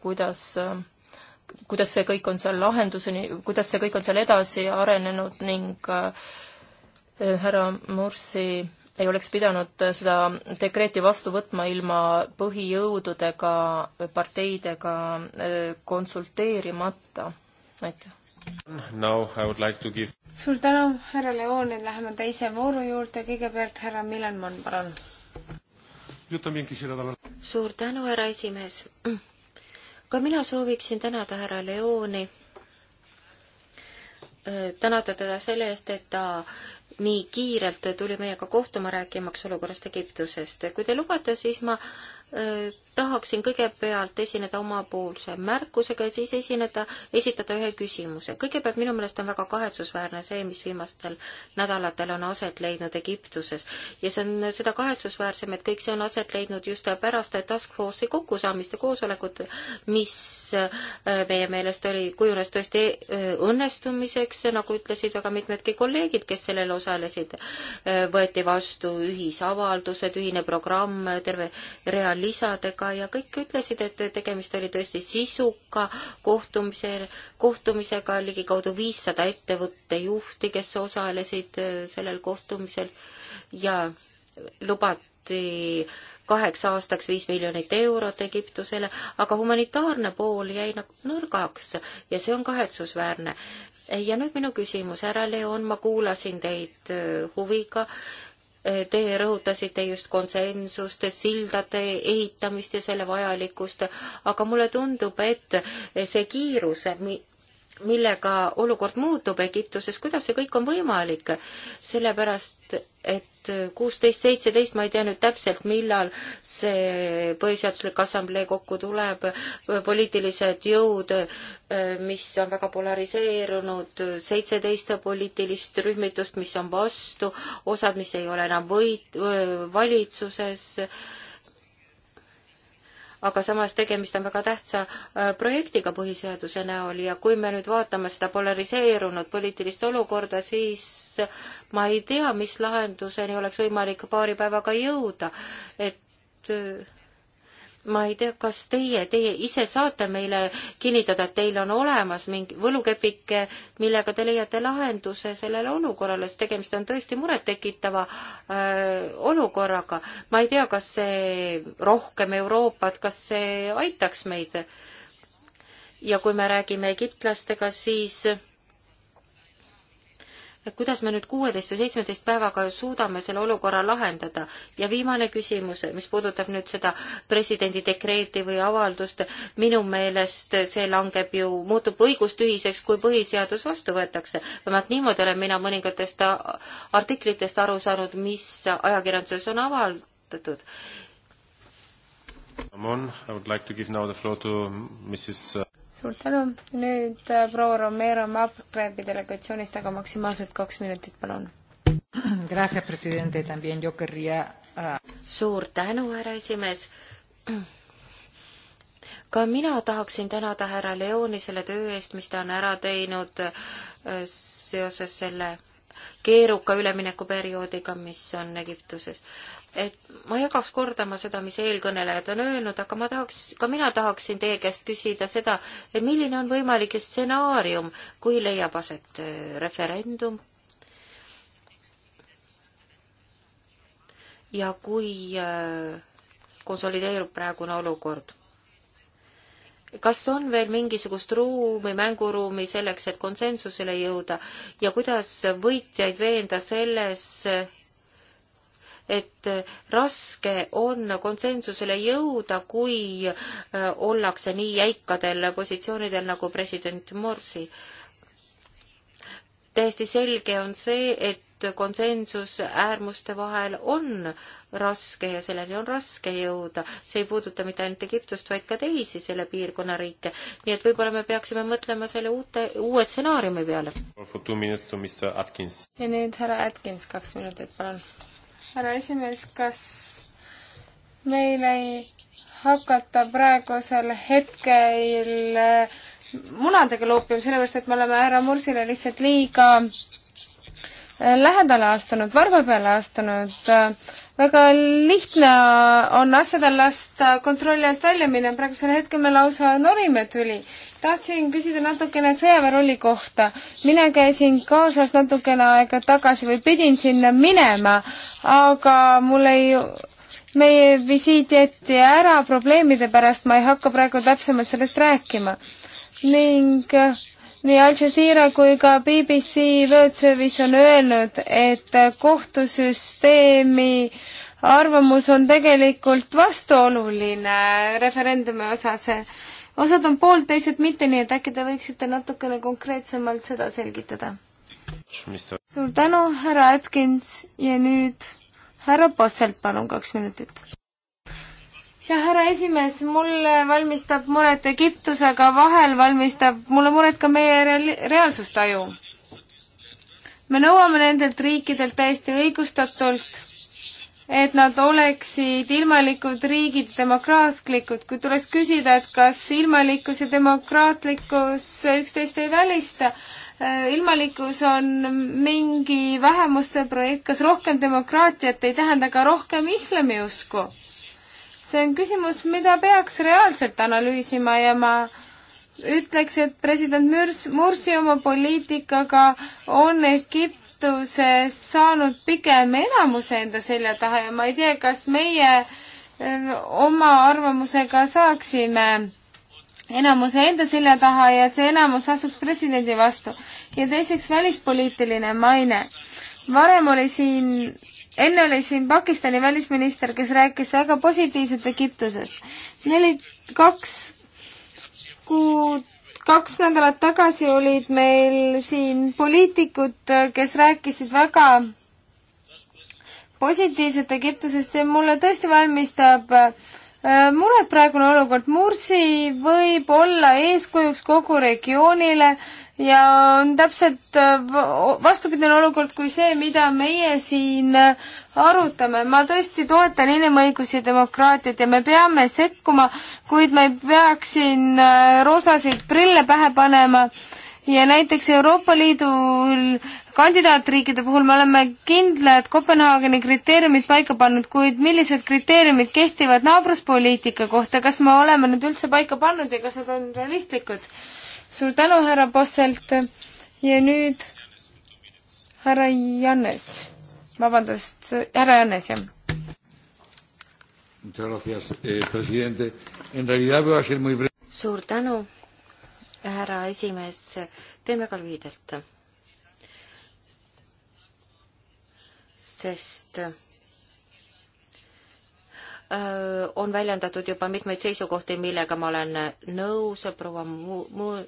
kuidas kuidas see kõik on seal lahenduseni, kuidas see kõik on seal edasi arenenud ning äh, härra Mursi ei oleks pidanud äh, seda dekreeti vastu võtma ilma põhijõududega, parteidega äh, konsulteerimata. aitäh. Now I would like to give suur tänu, härra Leon, nüüd läheme teise vooru juurde, kõigepealt härra Milan Mann, palun. suur tänu, härra esimees ka mina sooviksin tänada härra Leoni, äh, tänada teda selle eest, et ta nii kiirelt tuli meiega kohtuma rääkimaks olukorrast Egiptusest. kui te lubate, siis ma äh, tahaksin kõigepealt esineda omapoolse märkusega ja siis esineda, esitada ühe küsimuse. kõigepealt minu meelest on väga kahetsusväärne see, mis viimastel nädalatel on aset leidnud Egiptuses ja see on seda kahetsusväärsem, et kõik see on aset leidnud just pärast task force'i kokkusaamist ja koosolekut, mis äh, meie meelest oli, kujunes tõesti äh, õnnestumiseks, nagu ütlesid väga mitmedki kolleegid, kes sellel osalesid. Äh, võeti vastu ühisavaldused, ühine programm, terve rea lisadega Kalleriga ja kõik ütlesid, et tegemist oli tõesti sisuka kohtumise, kohtumisega, ligikaudu viissada ettevõtte juhti, kes osalesid äh, sellel kohtumisel ja lubati kaheks aastaks viis miljonit eurot Egiptusele, aga humanitaarne pool jäi nagu nõrgaks ja see on kahetsusväärne. ja nüüd minu küsimus, härra Leon, ma kuulasin teid äh, huviga Teie rõhutasite just konsensust, sildade ehitamist ja selle vajalikkust, aga mulle tundub, et see kiirus, millega olukord muutub Egiptuses, kuidas see kõik on võimalik, sellepärast et kuusteist, seitseteist, ma ei tea nüüd täpselt, millal see Põhiseaduslik Assamblee kokku tuleb, poliitilised jõud, mis on väga polariseerunud, seitseteist poliitilist rühmitust, mis on vastu, osad, mis ei ole enam võit-, valitsuses äh,, aga samas tegemist on väga tähtsa äh, projektiga põhiseaduse näol ja kui me nüüd vaatame seda polariseerunud poliitilist olukorda, siis ma ei tea, mis lahenduseni oleks võimalik paari päevaga jõuda, et äh, ma ei tea, kas teie, teie ise saate meile kinnitada, et teil on olemas mingi võlukepike, millega te leiate lahenduse sellele olukorrale, sest tegemist on tõesti murettekitava äh, olukorraga. ma ei tea, kas see rohkem Euroopat, kas see aitaks meid? ja kui me räägime egiptlastega, siis kuidas me nüüd kuueteist või seitsmeteist päevaga suudame selle olukorra lahendada? ja viimane küsimus, mis puudutab nüüd seda presidendi dekreeti või avaldust, minu meelest see langeb ju, muutub õigustühiseks, kui põhiseadus vastu võetakse. vähemalt niimoodi olen mina mõningatest artiklitest aru saanud, mis ajakirjanduses on avaldatud. Ramon, I would like to give now the floor to Mrs suur tänu, nüüd äh, proua Romero Maprebi delegatsioonist, aga maksimaalselt kaks minutit, palun. Ah, suur tänu, härra esimees. ka mina tahaksin tänada härra Leoni selle töö eest, mis ta on ära teinud äh, seoses selle keeruka üleminekuperioodiga, mis on Egiptuses et ma ei hakkaks kordama seda, mis eelkõnelejad on öelnud, aga ma tahaks, ka mina tahaksin teie käest küsida seda, et milline on võimalik stsenaarium, kui leiab aset äh, referendum ja kui äh, konsolideerub praegune olukord. kas on veel mingisugust ruumi, mänguruumi selleks, et konsensusele jõuda ja kuidas võitjaid veenda selles, et raske on konsensusele jõuda, kui äh, ollakse nii jäikadel positsioonidel nagu president Morsi. täiesti selge on see, et konsensus äärmuste vahel on raske ja selleni on raske jõuda. see ei puuduta mitte ainult Egiptust, vaid ka teisi selle piirkonna riike. nii et võib-olla me peaksime mõtlema selle uute, uue stsenaariumi peale. ja nüüd härra Atkins, kaks minutit, palun härra esimees, kas meil ei hakata praegusel hetkel munadega loopima, sellepärast et me oleme härra Mursile lihtsalt liiga lähedale astunud, varba peale astunud. väga lihtne on asjadel lasta kontrolli alt välja minna, praegusel hetkel me lausa norime tüli. tahtsin küsida natukene sõjaväerolli kohta. mina käisin kaasas natukene aega tagasi või pidin sinna minema, aga mul ei meie visiit jäeti ära probleemide pärast, ma ei hakka praegu täpsemalt sellest rääkima. ning äh, nii Al Jazeera kui ka BBC World Service on öelnud, et kohtusüsteemi arvamus on tegelikult vastuoluline referendumi osas. osad on poolt, teised mitte, nii et äkki te võiksite natukene konkreetsemalt seda selgitada? suur tänu, härra Atkins ja nüüd härra Posselt, palun kaks minutit jah, härra esimees, mulle valmistab muret Egiptus, aga vahel valmistab mulle muret ka meie real-, reaalsustaju. me nõuame nendelt riikidelt täiesti õigustatult, et nad oleksid ilmalikud riigid, demokraatlikud. kui tuleks küsida, et kas ilmalikkus ja demokraatlikkus üksteist ei välista, äh, ilmalikkus on mingi vähemuste projekt, kas rohkem demokraatiat ei tähenda ka rohkem islamiusku? see on küsimus, mida peaks reaalselt analüüsima ja ma ütleks, et president Mürs-, Mursi oma poliitikaga on Egiptuses saanud pigem enamuse enda selja taha ja ma ei tea, kas meie eh, oma arvamusega saaksime enamuse enda selja taha ja et see enamus asuks presidendi vastu. ja teiseks välispoliitiline maine. varem oli siin enne oli siin Pakistani välisminister, kes rääkis väga positiivselt Egiptusest. neli, kaks kuud, kaks nädalat tagasi olid meil siin poliitikud, kes rääkisid väga positiivselt Egiptusest ja mulle tõesti valmistab äh, muret praegune olukord. Mursi võib olla eeskujuks kogu regioonile, ja on täpselt äh, vastupidine olukord kui see, mida meie siin äh, arutame. ma tõesti toetan inimõigusi ja demokraatiat ja me peame sekkuma, kuid ma ei peaks siin äh, roosasid prille pähe panema ja näiteks Euroopa Liidul kandidaatriikide puhul me oleme kindlad Kopenhaageni kriteeriumid paika pannud, kuid millised kriteeriumid kehtivad naabruspoliitika kohta, kas me oleme need üldse paika pannud ja kas nad on realistlikud? suur tänu, härra Posselt ja nüüd härra Jannes, vabandust, härra Jannes, jah. Eh, suur tänu, härra esimees, teen väga lühidalt. sest äh, on väljendatud juba mitmeid seisukohti, millega ma olen nõus, proua Mu-, Mu-,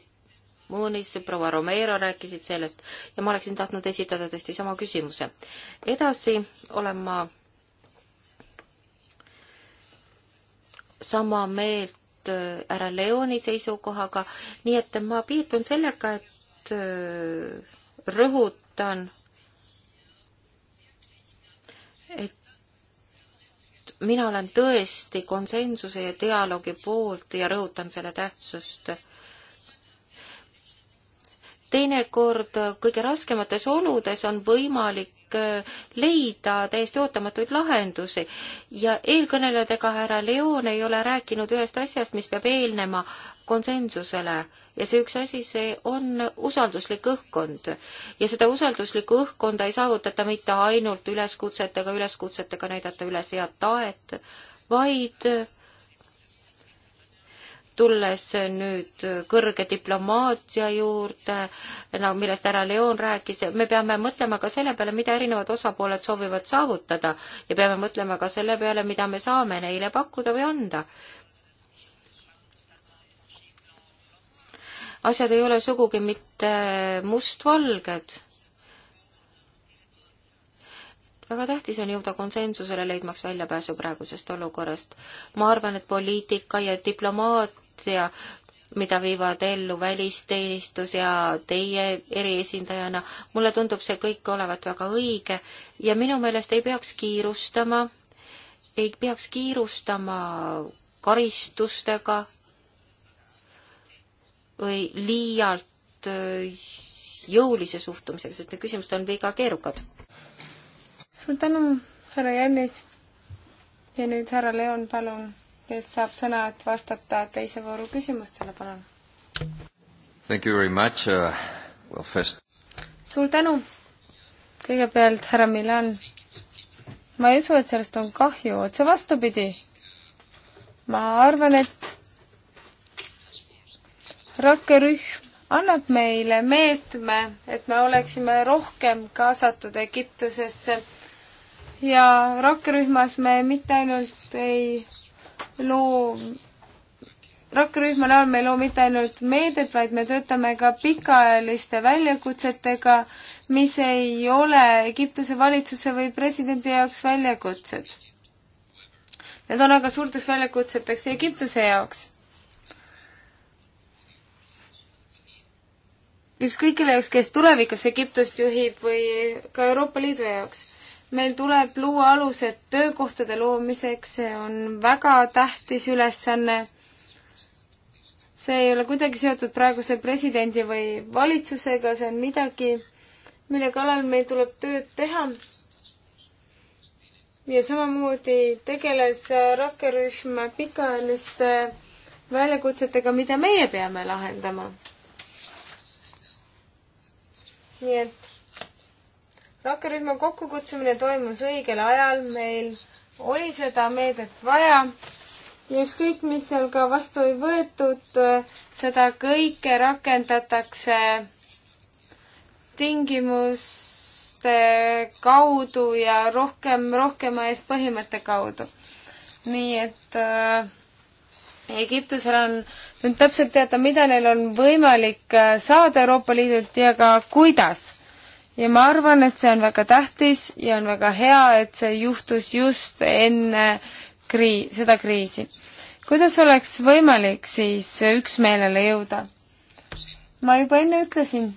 Moonis, proua Romero rääkisid sellest ja ma oleksin tahtnud esitada tõesti sama küsimuse. edasi olen ma sama meelt äh, härra Leoni seisukohaga, nii et ma piirdun sellega, et äh, rõhutan, et mina olen tõesti konsensuse ja dialoogi poolt ja rõhutan selle tähtsust teinekord kõige raskemates oludes on võimalik äh, leida täiesti ootamatuid lahendusi ja eelkõnelejatega härra Leon ei ole rääkinud ühest asjast, mis peab eelnema konsensusele ja see üks asi, see on usalduslik õhkkond. ja seda usalduslikku õhkkonda ei saavutata mitte ainult üleskutsetega, üleskutsetega näidata üles head tahet, vaid tulles nüüd kõrge diplomaatia juurde, no millest härra Leon rääkis, me peame mõtlema ka selle peale, mida erinevad osapooled soovivad saavutada ja peame mõtlema ka selle peale, mida me saame neile pakkuda või anda. asjad ei ole sugugi mitte mustvalged väga tähtis on jõuda konsensusele, leidmaks väljapääsu praegusest olukorrast. ma arvan, et poliitika ja diplomaatia, mida viivad ellu välisteenistus ja teie eriesindajana, mulle tundub see kõik olevat väga õige ja minu meelest ei peaks kiirustama, ei peaks kiirustama karistustega või liialt äh, jõulise suhtumisega, sest need küsimused on liiga keerukad suur tänu, härra Jannis. ja nüüd härra Leon, palun, kes saab sõna, et vastata teise vooru küsimustele, palun. Thank you very much uh,, well first. suur tänu. kõigepealt härra Milan. ma ei usu, et sellest on kahju, otse vastupidi. ma arvan, et rakkerühm annab meile meetme, et me oleksime rohkem kaasatud Egiptusesse ja rakkerühmas me mitte ainult ei loo, rakkerühma näol me ei loo mitte ainult meedet, vaid me töötame ka pikaajaliste väljakutsetega, mis ei ole Egiptuse valitsuse või presidendi jaoks väljakutsed. Need on aga suurteks väljakutseteks Egiptuse jaoks. ükskõik kelle jaoks, kes tulevikus Egiptust juhib või ka Euroopa Liidu jaoks meil tuleb luua alused töökohtade loomiseks, see on väga tähtis ülesanne. see ei ole kuidagi seotud praeguse presidendi või valitsusega, see on midagi, mille kallal meil tuleb tööd teha. ja samamoodi tegeles rakkerühm pikaajaliste väljakutsetega, mida meie peame lahendama. nii et rakkerühma kokkukutsumine toimus õigel ajal, meil oli seda meedet vaja ja ükskõik, mis seal ka vastu ei võetud, seda kõike rakendatakse tingimuste kaudu ja rohkem, rohkema ees põhimõtte kaudu. nii et äh, Egiptusel on nüüd täpselt teada, mida neil on võimalik äh, saada Euroopa Liidult ja ka kuidas ja ma arvan, et see on väga tähtis ja on väga hea, et see juhtus just enne krii-, seda kriisi. kuidas oleks võimalik siis üksmeelele jõuda? ma juba enne ütlesin,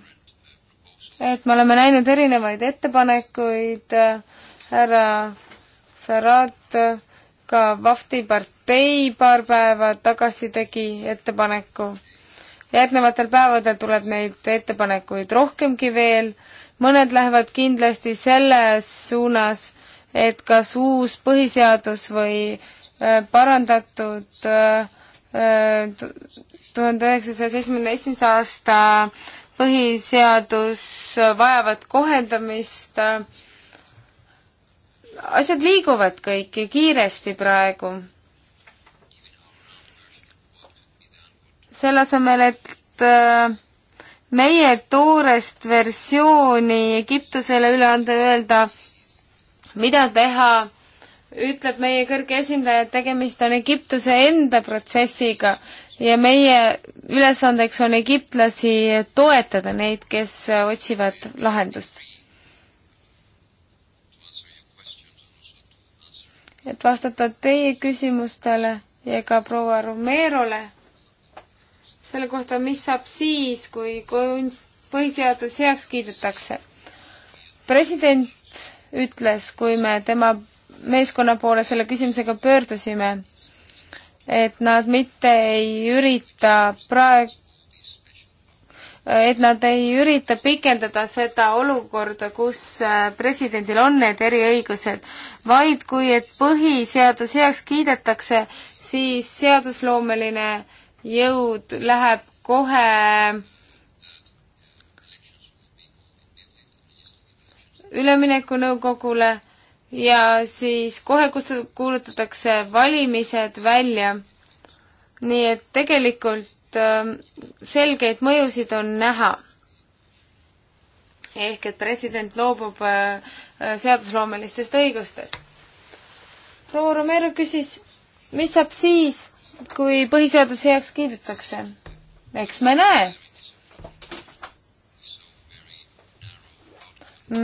et me oleme näinud erinevaid ettepanekuid härra Sarat ka Vafti partei paar päeva tagasi tegi ettepaneku. järgnevatel päevadel tuleb neid ettepanekuid rohkemgi veel mõned lähevad kindlasti selles suunas, et kas uus põhiseadus või äh, parandatud äh, äh, tuhande üheksasaja seitsmekümne esimese aasta põhiseadus vajavad kohendamist. asjad liiguvad kõik ju kiiresti praegu. selle asemel, et meie toorest versiooni Egiptusele üle anda, öelda, mida teha, ütleb meie kõrge esindaja, et tegemist on Egiptuse enda protsessiga ja meie ülesandeks on egiptlasi toetada neid, kes otsivad lahendust. et vastata teie küsimustele ja ka proua Romerole selle kohta, mis saab siis, kui kunst, põhiseadus heaks kiidetakse. president ütles, kui me tema meeskonna poole selle küsimusega pöördusime, et nad mitte ei ürita praegu et nad ei ürita pikendada seda olukorda, kus äh, presidendil on need eriõigused, vaid kui, et põhiseadus heaks kiidetakse, siis seadusloomeline äh, jõud läheb kohe üleminekunõukogule ja siis kohe kutsu-, kuulutatakse valimised välja. nii et tegelikult äh, selgeid mõjusid on näha. ehk et president loobub äh, äh seadusloomelistest õigustest. proua Romero küsis, mis saab siis, kui põhiseadus heaks kiidetakse. eks me näe.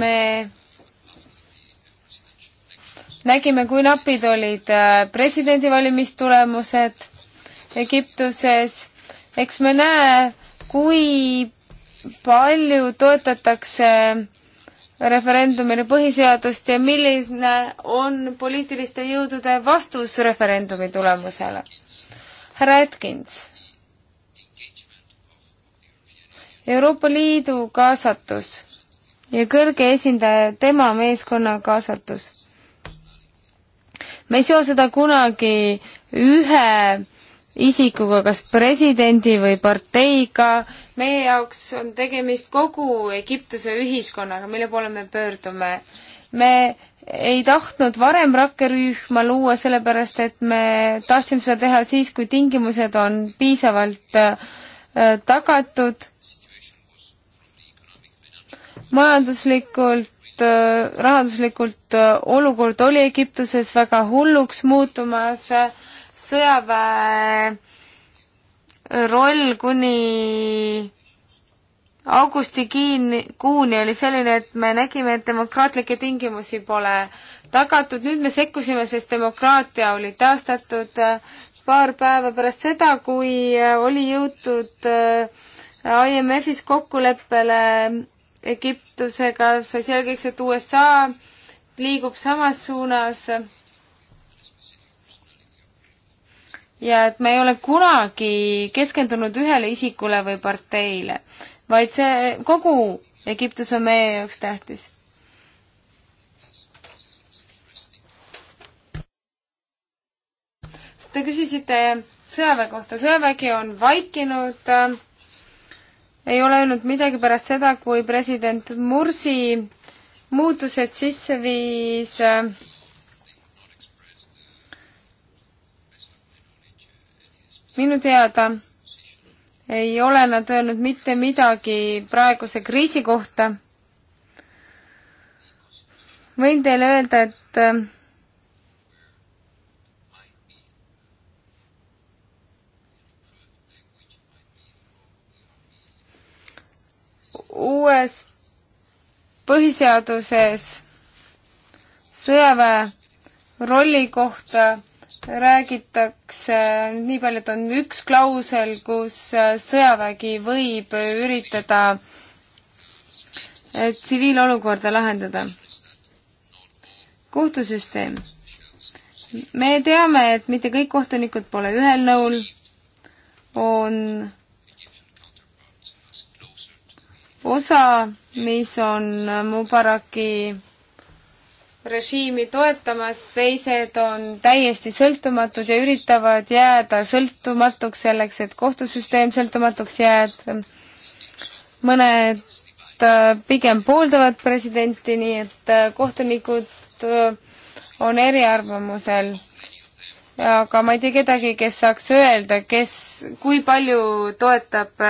me nägime, kui napid olid äh, presidendivalimistulemused Egiptuses. eks me näe, kui palju toetatakse referendumil põhiseadust ja milline on poliitiliste jõudude vastus referendumi tulemusele. härra Atkins. Euroopa Liidu kaasatus ja kõrge esindaja, tema meeskonna kaasatus. me ei seo seda kunagi ühe isikuga, kas presidendi või parteiga. meie jaoks on tegemist kogu Egiptuse ühiskonnaga, mille poole me pöördume. me ei tahtnud varem rakkerühma luua, sellepärast et me tahtsime seda teha siis, kui tingimused on piisavalt äh, tagatud. majanduslikult äh, rahanduslikult äh, olukord oli Egiptuses väga hulluks muutumas, sõjaväe roll kuni augusti kiin-, kuuni oli selline, et me nägime, et demokraatlikke tingimusi pole tagatud, nüüd me sekkusime, sest demokraatia oli taastatud äh, paar päeva pärast seda, kui äh, oli jõutud äh, IMF-is kokkuleppele Egiptusega, sai selgeks, et USA liigub samas suunas ja et me ei ole kunagi keskendunud ühele isikule või parteile, vaid see kogu Egiptus on meie jaoks tähtis. Te küsisite sõjaväe kohta, sõjavägi on vaikinud äh,, ei ole öelnud midagi pärast seda, kui president Mursi muutused sisse viis äh, minu teada ei ole nad öelnud mitte midagi praeguse kriisi kohta. võin teile öelda, et äh, uues põhiseaduses sõjaväe rolli kohta räägitakse nii palju, et on üks klausel, kus äh, sõjavägi võib üritada äh, tsiviilolukorda lahendada. kohtusüsteem. me teame, et mitte kõik kohtunikud pole ühel nõul, on osa, mis on Mubaraki režiimi toetamas, teised on täiesti sõltumatud ja üritavad jääda sõltumatuks selleks, et kohtusüsteem sõltumatuks jääb. mõned äh, pigem pooldavad presidenti, nii et äh, kohtunikud äh, on eriarvamusel. aga ma ei tea kedagi, kes saaks öelda, kes, kui palju toetab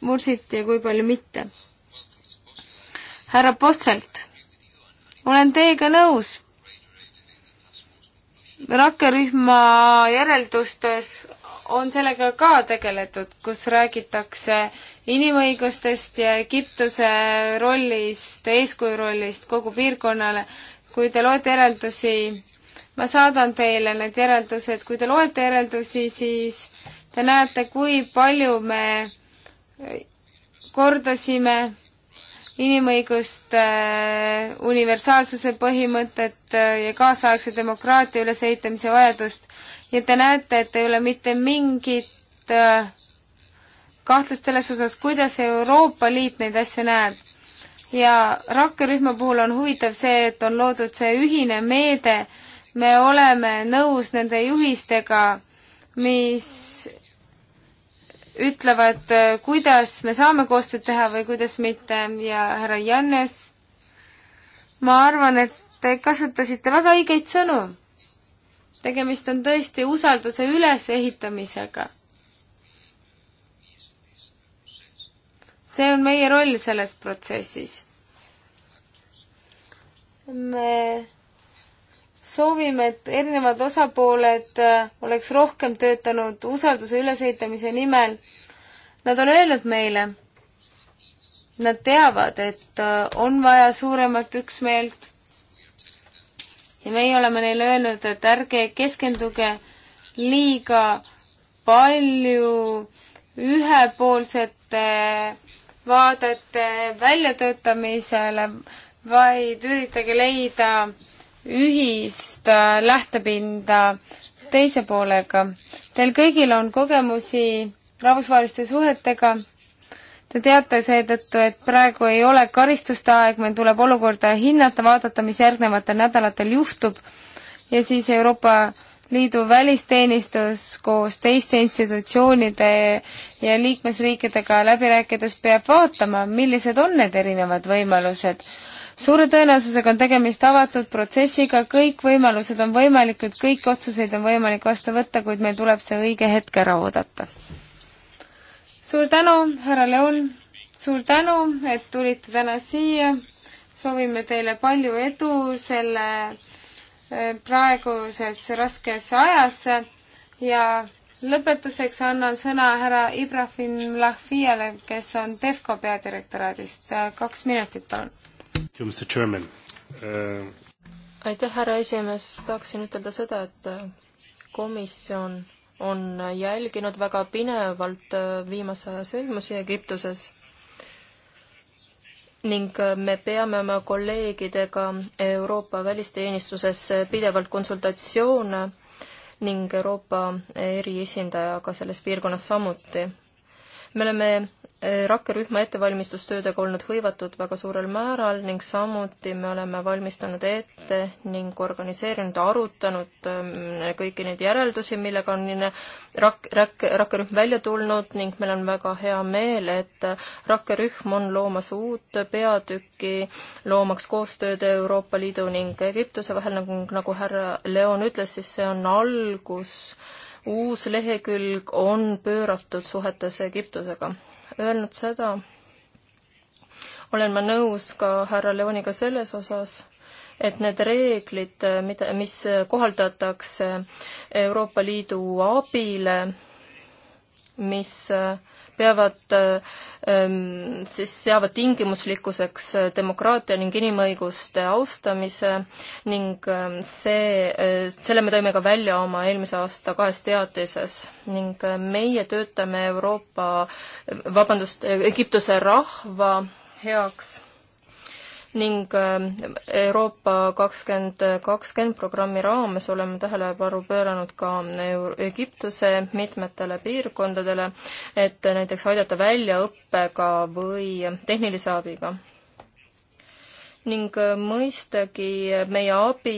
Mursit ja kui palju mitte. härra Posselt olen teiega nõus. rakkerühma järeldustes on sellega ka tegeletud, kus räägitakse inimõigustest ja Egiptuse rollist, eeskuju rollist kogu piirkonnale. kui te loete järeldusi, ma saadan teile need järeldused, kui te loete järeldusi, siis te näete, kui palju me kordasime inimõiguste universaalsuse põhimõtet ja kaasaegse demokraatia ülesehitamise vajadust ja te näete, et ei ole mitte mingit äh, kahtlust selles osas, kuidas Euroopa Liit neid asju näeb. ja rakkerühma puhul on huvitav see, et on loodud see ühine meede, me oleme nõus nende juhistega, mis ütlevad, äh, kuidas me saame koostööd teha või kuidas mitte ja härra Jannes, ma arvan, et te kasutasite väga õigeid sõnu. tegemist on tõesti usalduse ülesehitamisega. see on meie roll selles protsessis. me soovime, et erinevad osapooled äh, oleks rohkem töötanud usalduse ülesehitamise nimel. Nad on öelnud meile, nad teavad, et äh, on vaja suuremat üksmeelt ja meie oleme neile öelnud, et ärge keskenduge liiga palju ühepoolsete vaadete väljatöötamisele, vaid üritage leida äh, ühist äh, lähtepinda teise poolega. Teil kõigil on kogemusi rahvusvaheliste suhetega. Te teate seetõttu, et praegu ei ole karistuste aeg, meil tuleb olukorda hinnata, vaadata, mis järgnevatel nädalatel juhtub ja siis Euroopa Liidu välisteenistus koos teiste institutsioonide ja liikmesriikidega läbi rääkides peab vaatama, millised on need erinevad võimalused suure tõenäosusega on tegemist avatud protsessiga, kõik võimalused on võimalikud, kõik otsuseid on võimalik vastu võtta, kuid meil tuleb see õige hetk ära oodata. suur tänu, härra Leon, suur tänu, et tulite täna siia, soovime teile palju edu selle eh, praeguses raskes ajas ja lõpetuseks annan sõna härra Ibrahim Lahfijale, kes on Defco peadirektoraadist. kaks minutit, palun Uh, aitäh, härra esimees, tahaksin ütelda seda, et äh, komisjon on jälginud väga pinevalt äh, viimase aja sündmusi Egiptuses ning äh, me peame oma kolleegidega Euroopa välisteenistuses pidevalt konsultatsioone ning Euroopa eriesindajaga selles piirkonnas samuti. me oleme rakkerühma ettevalmistustöödega olnud hõivatud väga suurel määral ning samuti me oleme valmistanud ette ning organiseerinud, arutanud ähm, kõiki neid järeldusi, millega on rak-, rak-, rakkerühm välja tulnud ning meil on väga hea meel, et rakkerühm on loomas uut peatükki, loomaks koostööd Euroopa Liidu ning Egiptuse vahel, nagu, nagu härra Leon ütles, siis see on algus uus lehekülg on pööratud suhetes Egiptusega öelnud seda, olen ma nõus ka härra Leoniga selles osas, et need reeglid, mida, mis kohaldatakse Euroopa Liidu abile, mis äh, peavad ähm, siis seavad tingimuslikkuseks äh, demokraatia ning inimõiguste austamise ning ähm, see, äh, selle me tõime ka välja oma eelmise aasta kahes teatises ning äh, meie töötame Euroopa, vabandust, Egiptuse rahva heaks ning äh, Euroopa kakskümmend kakskümmend programmi raames oleme tähelepanu pööranud ka Egiptuse mitmetele piirkondadele, et näiteks aidata väljaõppega või tehnilise abiga ning äh, mõistagi meie abi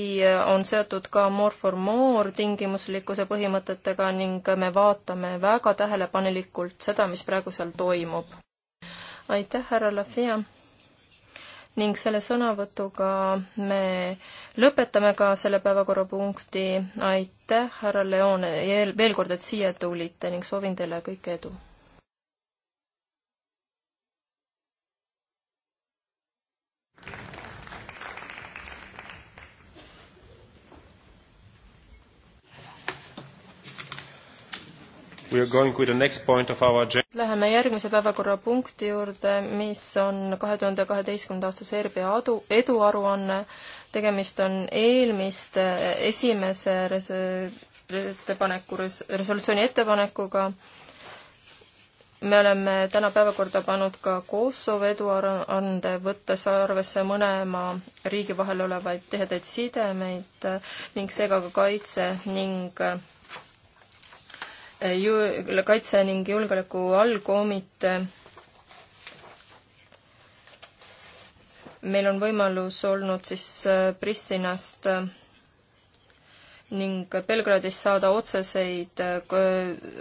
on seotud ka more for more tingimuslikkuse põhimõtetega ning me vaatame väga tähelepanelikult seda, mis praegu seal toimub. aitäh, härra Lafia! ning selle sõnavõtuga me lõpetame ka selle päevakorrapunkti. aitäh, härra Leone, veel kord, et siia tulite ning soovin teile kõike edu! Läheme järgmise päevakorrapunkti juurde, mis on kahe tuhande kaheteistkümnenda aasta Serbia adu, eduaruanne. tegemist on eelmiste, esimese res-, ettepaneku res-, resolutsiooni ettepanekuga. me oleme täna päevakorda pannud ka Kosovo eduaruande, võttes arvesse mõlema riigi vahel olevaid tihedaid sidemeid ning seega ka kaitse ning ju-, kaitse ning julgeoleku allkomitee. meil on võimalus olnud siis äh, Prissinast äh, ning Belgradist saada otseseid, äh,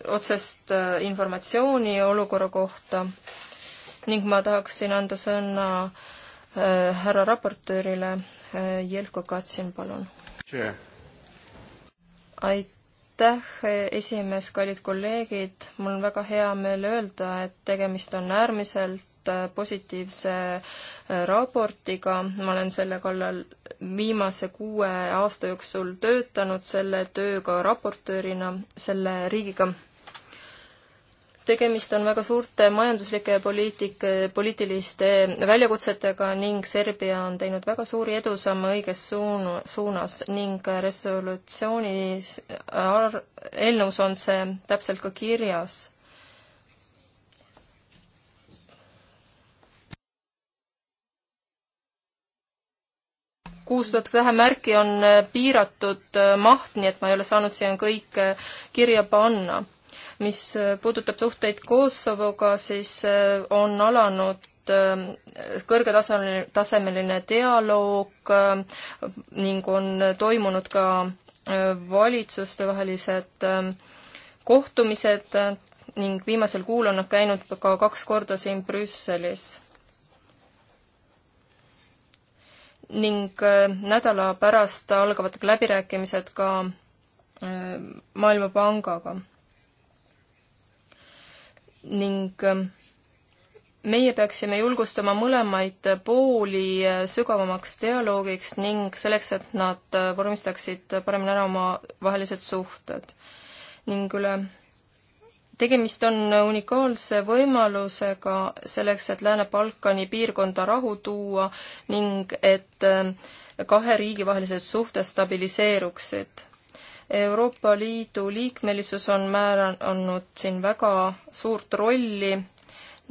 otsest informatsiooni olukorra kohta ning ma tahaksin anda sõna härra raportöörile Jelko Katsin, palun. aitäh aitäh, esimees, kallid kolleegid, mul on väga hea meel öelda, et tegemist on äärmiselt äh, positiivse äh, raportiga, ma olen selle kallal viimase kuue aasta jooksul töötanud selle tööga raportöörina selle riigiga tegemist on väga suurte majanduslike ja poliitik, poliitiliste väljakutsetega ning Serbia on teinud väga suuri edusamme õiges suun-, suunas ning resolutsioonis, eelnõus on see täpselt ka kirjas. kuus tuhat tähemärki on piiratud maht, nii et ma ei ole saanud siia kõike kirja panna mis äh, puudutab suhteid Kosovoga, siis äh, on alanud äh, kõrgetasemeline dialoog ning on toimunud ka valitsustevahelised kohtumised ning viimasel kuul on nad käinud ka kaks korda siin Brüsselis. ning nädala pärast algavad läbirääkimised ka Maailmapangaga ning ähm, meie peaksime julgustama mõlemaid pooli äh, sügavamaks dialoogiks ning selleks, et nad äh, vormistaksid paremini ära omavahelised suhted. ning üle äh, tegemist on unikaalse võimalusega selleks, et Lääne-Balkani piirkonda rahu tuua ning et kahe riigi vahelised suhted stabiliseeruksid Euroopa Liidu liikmelisus on määranud siin väga suurt rolli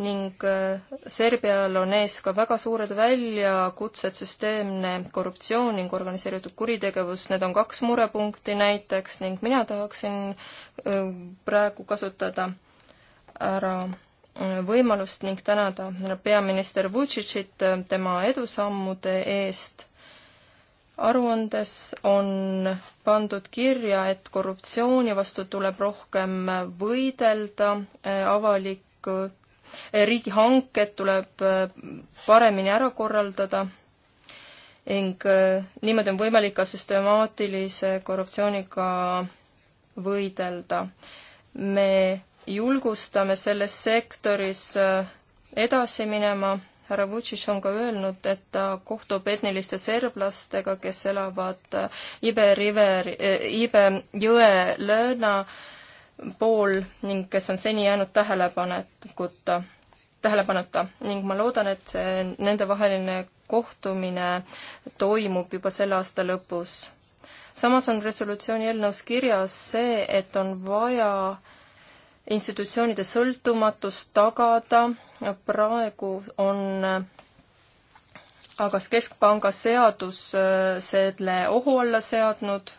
ning äh, Serbial on ees ka väga suured väljakutsed, süsteemne korruptsioon ning organiseeritud kuritegevus, need on kaks murepunkti näiteks ning mina tahaksin äh, praegu kasutada ära äh, võimalust ning tänada peaminister Vučićit tema edusammude eest aruandes on pandud kirja, et korruptsiooni vastu tuleb rohkem võidelda, eh, avalikku, eh, riigihanked tuleb eh, paremini ära korraldada ning niimoodi on võimalik ka süstemaatilise korruptsiooniga võidelda. me julgustame selles sektoris edasi minema härra Vutšiš on ka öelnud, et ta kohtub etniliste serblastega, kes elavad Ibe River, eh, Ibe jõe lõõna pool ning kes on seni jäänud tähelepanekuta, tähelepanuta ning ma loodan, et see nendevaheline kohtumine toimub juba selle aasta lõpus. samas on resolutsiooni eelnõus kirjas see, et on vaja institutsioonide sõltumatus tagada praegu on aga Keskpanga seadus äh, selle ohu alla seadnud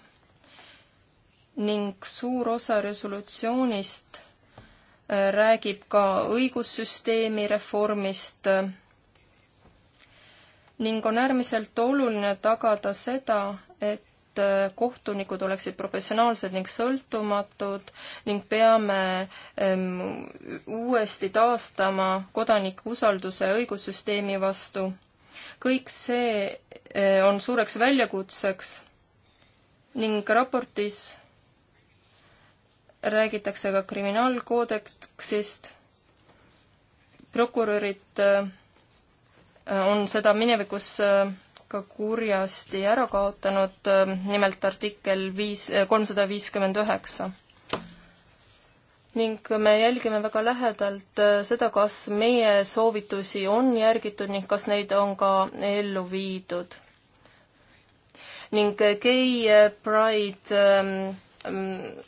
ning suur osa resolutsioonist äh, räägib ka õigussüsteemi reformist ning on äärmiselt oluline tagada seda, et et äh, kohtunikud oleksid professionaalsed ning sõltumatud ning peame ähm, uuesti taastama kodanike usalduse õigussüsteemi vastu. kõik see äh, on suureks väljakutseks ning raportis räägitakse ka kriminaalkoodeksist, prokurörid äh, on seda minevikus äh, ka kurjasti ära kaotanud, äh, nimelt artikkel viis, äh, kolmsada viiskümmend üheksa. ning me jälgime väga lähedalt äh, seda, kas meie soovitusi on järgitud ning kas neid on ka ellu viidud. ning gei pride ähm, mm,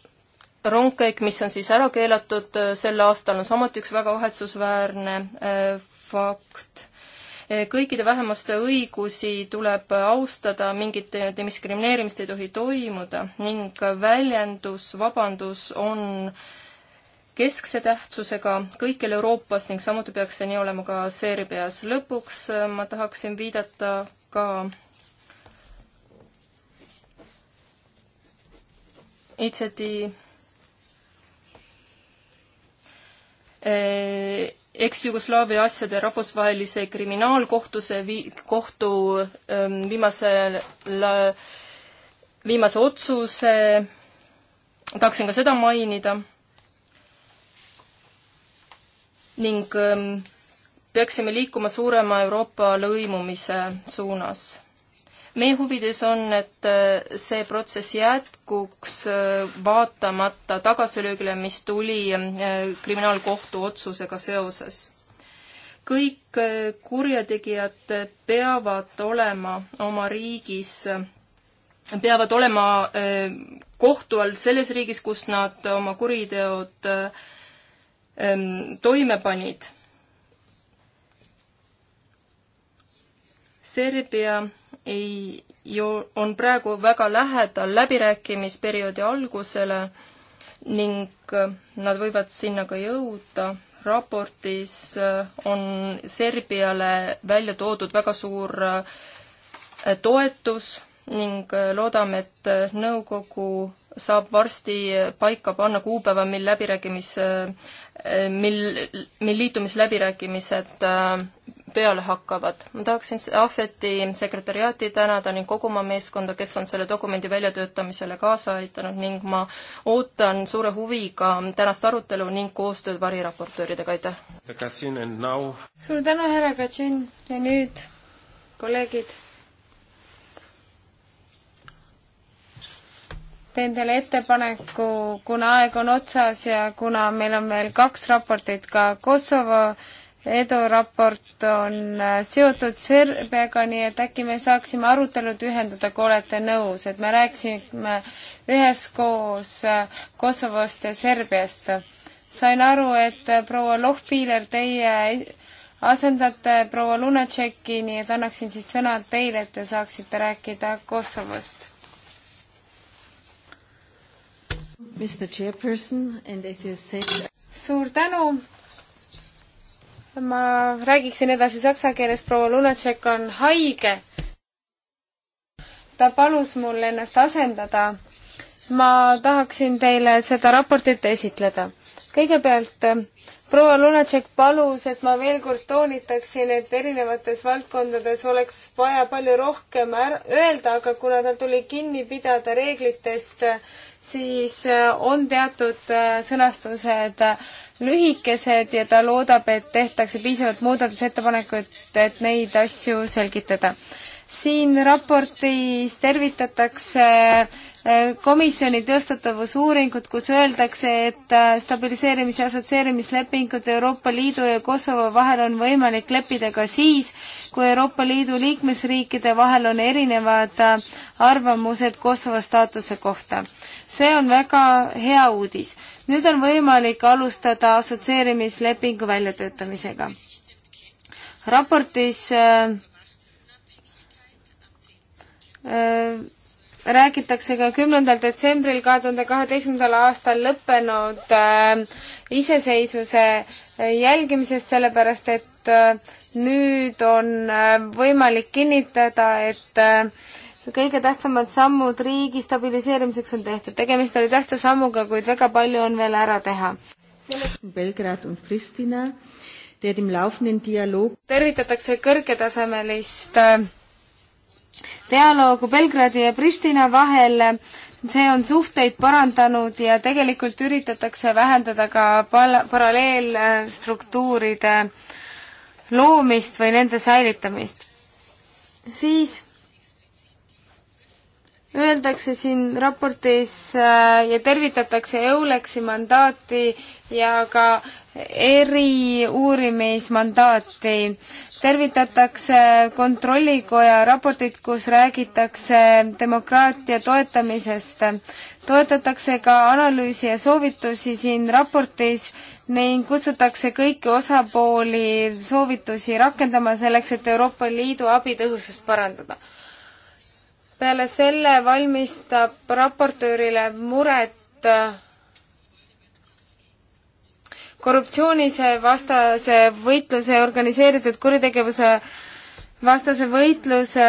rongkäik, mis on siis ära keelatud sel aastal, on samuti üks väga kahetsusväärne äh, fakt kõikide vähemuste õigusi tuleb austada, mingit diskrimineerimist ei tohi toimuda ning väljendus, vabandus on keskse tähtsusega kõikjal Euroopas ning samuti peaks see nii olema ka Serbias. lõpuks äh, ma tahaksin viidata ka ICT äh, eks-Jugoslaavia asjade rahvusvahelise kriminaalkohtuse vi-, kohtu ähm, viimasel, viimase otsuse, tahaksin ka seda mainida, ning ähm, peaksime liikuma suurema Euroopa lõimumise suunas meie huvides on, et äh, see protsess jätkuks äh, vaatamata tagasilöögile, mis tuli äh, kriminaalkohtu otsusega seoses. kõik kurjategijad peavad olema oma riigis, peavad olema kohtu all selles riigis, kus nad oma kuriteod ähm, toime panid. Serbia ei ju, on praegu väga lähedal läbirääkimisperioodi algusele ning nad võivad sinna ka jõuda. raportis äh, on Serbiale välja toodud väga suur äh, toetus ning äh, loodame, et nõukogu saab varsti paika panna kuupäeva, mil läbirääkimis, mil, mil liitumisläbirääkimised peale hakkavad. ma tahaksin Ahveti sekretäriaati tänada ning kogu oma meeskonda, kes on selle dokumendi väljatöötamisele kaasa aidanud ning ma ootan suure huviga tänast arutelu ning koostööd variraportööridega, aitäh! suur tänu, härra Katšin ja nüüd kolleegid. teen teile ettepaneku, kuna aeg on otsas ja kuna meil on veel kaks raportit ka Kosovo Edo raport on äh, seotud Serbiaga, nii et äkki me saaksime arutelud ühendada, kui olete nõus, et me rääkisime üheskoos äh, Kosovost ja Serbiast. sain aru, et äh, proua Lohpiiler, teie asendate proua Lunatšeki, nii et annaksin siis sõna teile, et te saaksite rääkida Kosovost. suur tänu ma räägiksin edasi saksa keeles, proua Lunatšek on haige. ta palus mul ennast asendada. ma tahaksin teile seda raportit esitleda. kõigepealt eh, proua Lunatšek palus, et ma veel kord toonitaksin, et erinevates valdkondades oleks vaja palju rohkem ära, öelda, aga kuna tal tuli kinni pidada reeglitest, siis eh, on teatud eh, sõnastused lühikesed ja ta loodab, et tehtakse piisavalt muudatusettepanekuid, et neid asju selgitada siin raportis tervitatakse eh, komisjoni teostatavusuuringut, kus öeldakse, et eh, stabiliseerimis- ja assotsieerimislepingut Euroopa Liidu ja Kosovo vahel on võimalik leppida ka siis, kui Euroopa Liidu liikmesriikide vahel on erinevad eh, arvamused Kosovo staatuse kohta. see on väga hea uudis. nüüd on võimalik alustada assotsieerimislepingu väljatöötamisega. raportis äh, Äh, räägitakse ka kümnendal detsembril kahe tuhande kaheteistkümnendal aastal lõppenud äh, iseseisvuse äh, jälgimisest, sellepärast et äh, nüüd on äh, võimalik kinnitada, et äh, kõige tähtsamad sammud riigi stabiliseerimiseks on tehtud. tegemist oli tähtsa sammuga, kuid väga palju on veel ära teha. Belgrad und Pristina, der im laufenden Dialog tervitatakse kõrgetasemelist äh, dialoogu Belgradi ja Pristina vahel, see on suhteid parandanud ja tegelikult üritatakse vähendada ka pal-, paralleelstruktuuride loomist või nende säilitamist. siis öeldakse siin raportis äh, ja tervitatakse EULEX-i mandaati ja ka eriuurimismandaati. tervitatakse Kontrollikoja raportit, kus räägitakse demokraatia toetamisest. toetatakse ka analüüsi ja soovitusi siin raportis ning kutsutakse kõiki osapooli soovitusi rakendama selleks, et Euroopa Liidu abi tõhusust parandada peale selle valmistab raportöörile muret korruptsioonise vastase võitluse, organiseeritud kuritegevuse vastase võitluse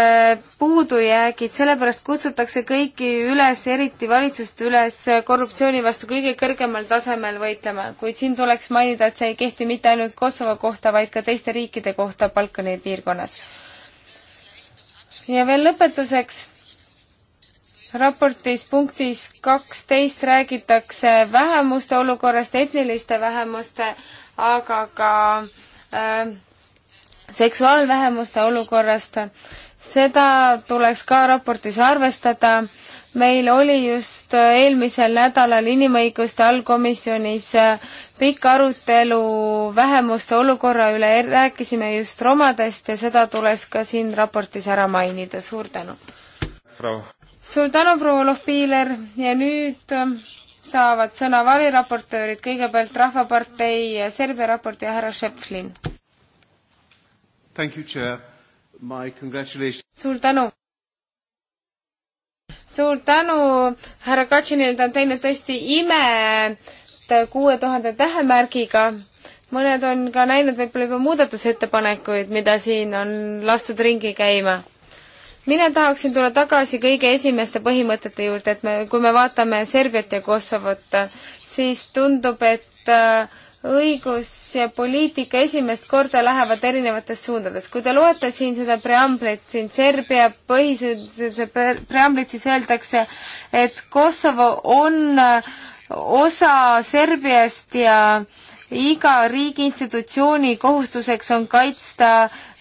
puudujäägid, sellepärast kutsutakse kõiki üles, eriti valitsust üles, korruptsiooni vastu kõige kõrgemal tasemel võitlema. kuid siin tuleks mainida, et see ei kehti mitte ainult Kosovo kohta, vaid ka teiste riikide kohta Balkani piirkonnas. ja veel lõpetuseks raportis punktis kaksteist räägitakse vähemuste olukorrast, etniliste vähemuste, aga ka äh, seksuaalvähemuste olukorrast. seda tuleks ka raportis arvestada. meil oli just eelmisel nädalal inimõiguste allkomisjonis äh, pikk arutelu vähemuste olukorra üle, rääkisime just romadest ja seda tuleks ka siin raportis ära mainida. suur tänu! Frau suur tänu, proua Lohpiiler ja nüüd ähm, saavad sõna variraportöörid, kõigepealt Rahvapartei Serbia raporti ja härra Šeflin. suur tänu! suur tänu, härra Katšinil, ta on teinud tõesti ime kuue tuhande tähemärgiga. mõned on ka näinud võib-olla juba muudatusettepanekuid, mida siin on lastud ringi käima mina tahaksin tulla tagasi kõige esimeste põhimõtete juurde, et me, kui me vaatame Serbiat ja Kosovot, siis tundub, et äh, õigus ja poliitika esimest korda lähevad erinevates suundades. kui te loete siin seda preamblit, siin Serbia põhiseaduse preamblit, siis öeldakse, et Kosovo on äh, osa Serbiast ja äh, iga riigi institutsiooni kohustuseks on kaitsta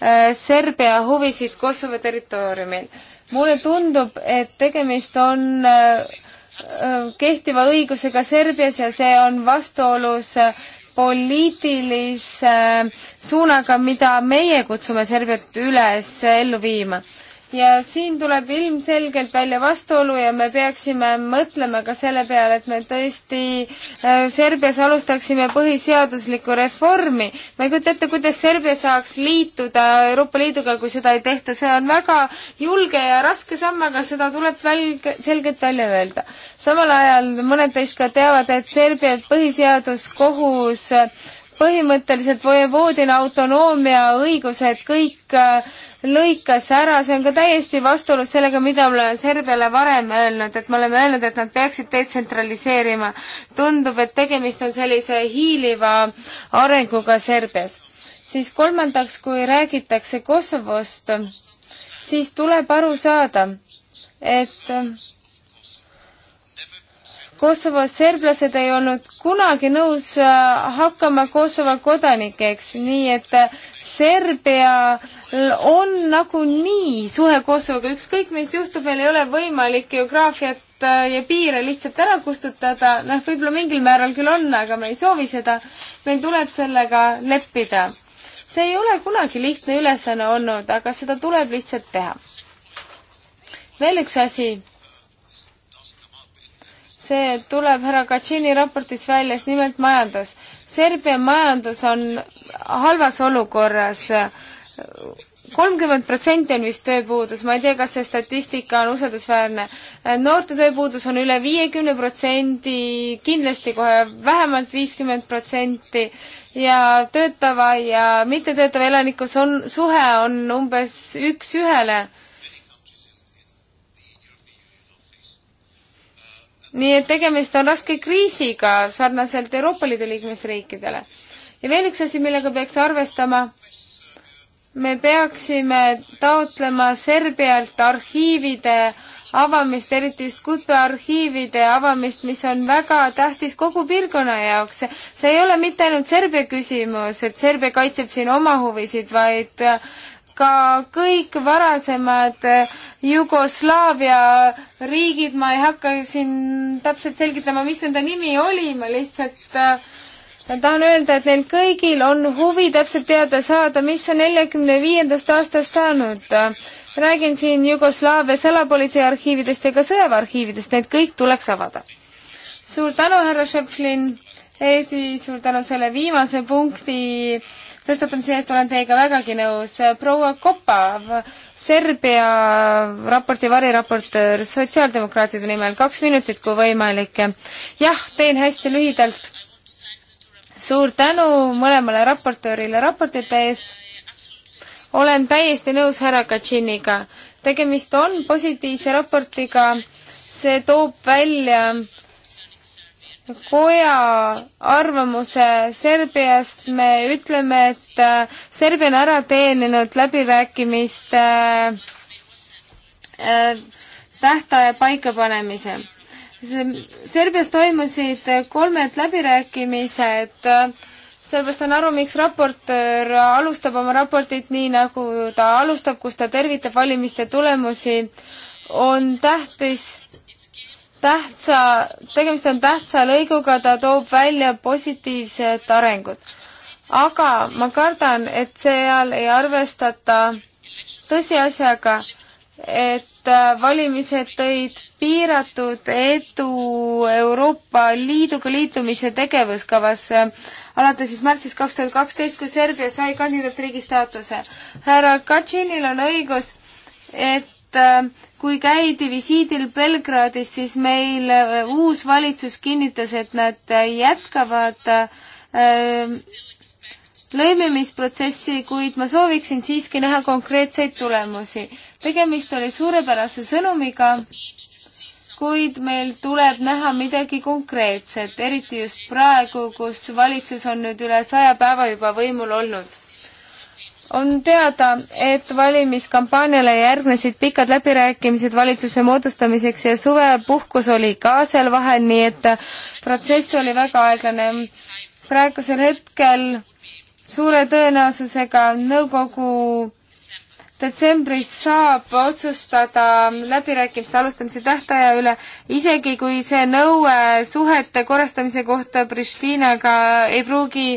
äh, Serbia huvisid Kosovo territooriumil. mulle tundub, et tegemist on äh, äh, kehtiva õigusega Serbias ja see on vastuolus poliitilise suunaga, mida meie kutsume Serbiat üles ellu viima ja siin tuleb ilmselgelt välja vastuolu ja me peaksime mõtlema ka selle peale, et me tõesti äh, Serbias alustaksime põhiseaduslikku reformi. ma ei kujuta ette, kuidas Serbia saaks liituda Euroopa Liiduga, kui seda ei tehta, see on väga julge ja raske samm, aga seda tuleb välge, selgelt välja öelda. samal ajal mõned teist ka teavad, et Serbia põhiseaduskohus äh, põhimõtteliselt voodina autonoomia õigused kõik äh, lõikas ära, see on ka täiesti vastuolus sellega, mida me oleme Serbiale varem öelnud, et me oleme öelnud, et nad peaksid detsentraliseerima. tundub, et tegemist on sellise hiiliva arenguga Serbias. siis kolmandaks, kui räägitakse Kosovost, siis tuleb aru saada, et Kosovo serblased ei olnud kunagi nõus äh, hakkama Kosovo kodanikeks, nii et äh, Serbia on nagunii suhe Kosovoga, ükskõik mis juhtub, meil ei ole võimalik geograafiat äh, ja piire lihtsalt ära kustutada, noh, võib-olla mingil määral küll on, aga me ei soovi seda. meil tuleb sellega leppida. see ei ole kunagi lihtne ülesanne olnud, aga seda tuleb lihtsalt teha. veel üks asi see tuleb härra Kaczini raportis väljas, nimelt majandus. Serbia majandus on halvas olukorras. kolmkümmend protsenti on vist tööpuudus, ma ei tea, kas see statistika on usaldusväärne. noorte tööpuudus on üle viiekümne protsendi, kindlasti kohe vähemalt viiskümmend protsenti ja töötava ja mittetöötava elaniku on, suhe on umbes üks ühele nii et tegemist on raske kriisiga sarnaselt Euroopa Liidu liikmesriikidele. ja veel üks asi, millega peaks arvestama, me peaksime taotlema Serbialt arhiivide avamist, eriti Skutbe arhiivide avamist, mis on väga tähtis kogu piirkonna jaoks. see ei ole mitte ainult Serbia küsimus, et Serbia kaitseb siin oma huvisid, vaid ka kõik varasemad eh, Jugoslaavia riigid, ma ei hakka siin täpselt selgitama, mis nende nimi oli, ma lihtsalt ma eh, tahan öelda, et neil kõigil on huvi täpselt teada saada, mis on neljakümne viiendast aastast saanud. räägin siin Jugoslaavia salapolitsei arhiividest ja ka sõjaväearhiividest, need kõik tuleks avada. suur tänu, härra Šeflin, Eesti, suur tänu selle viimase punkti äh, tõstatamise eest, olen teiega vägagi nõus. proua Kopav, Serbia raporti variraportöör sotsiaaldemokraatide nimel, kaks minutit, kui võimalik. jah, teen hästi lühidalt. suur tänu mõlemale raportöörile raportite eest olen täiesti nõus härra Kacziniga. tegemist on positiivse raportiga, see toob välja koja arvamuse Serbiast me ütleme, et äh, Serbia on ära teeninud läbirääkimiste äh, tähtaja paikapanemise. Serbias toimusid kolmed läbirääkimised, sellepärast saan aru, miks raportöör alustab oma raportit nii, nagu ta alustab, kus ta tervitab valimiste tulemusi, on tähtis tähtsa, tegemist on tähtsa lõiguga, ta toob välja positiivsed arengud. aga ma kardan, et seal ei arvestata tõsiasjaga, et äh, valimised tõid piiratud edu Euroopa Liiduga liitumise tegevuskavasse alates siis märtsist kaks tuhat kaksteist, kui Serbia sai kandidaatriigi staatuse. härra Kaczynil on õigus, et Äh, kui käidi visiidil Belgradis, siis meil äh, uus valitsus kinnitas, et nad äh, jätkavad lõimimisprotsessi, kuid ma sooviksin siiski näha konkreetseid tulemusi. tegemist oli suurepärase sõnumiga, kuid meil tuleb näha midagi konkreetset, eriti just praegu, kus valitsus on nüüd üle saja päeva juba võimul olnud on teada, et valimiskampaaniale järgnesid pikad läbirääkimised valitsuse moodustamiseks ja suvepuhkus oli ka seal vahel, nii et protsess oli väga aeglane. praegusel hetkel suure tõenäosusega nõukogu detsembris saab otsustada läbirääkimiste alustamise tähtaja üle, isegi kui see nõue suhete korrastamise kohta Pristinaga ei pruugi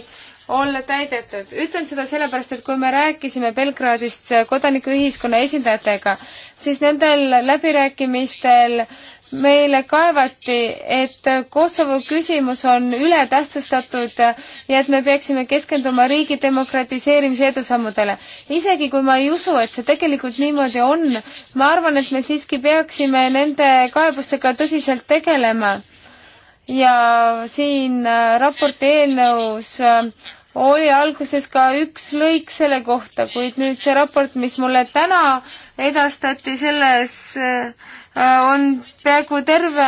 olla täidetud. ütlen seda sellepärast, et kui me rääkisime Belgradist kodanikuühiskonna esindajatega, siis nendel läbirääkimistel meile kaevati, et Kosovo küsimus on ületähtsustatud ja et me peaksime keskenduma riigi demokratiseerimise edusammudele. isegi kui ma ei usu, et see tegelikult niimoodi on, ma arvan, et me siiski peaksime nende kaebustega tõsiselt tegelema. ja siin äh, raporti eelnõus äh, oli alguses ka üks lõik selle kohta, kuid nüüd see raport, mis mulle täna edastati, selles äh, on peaaegu terve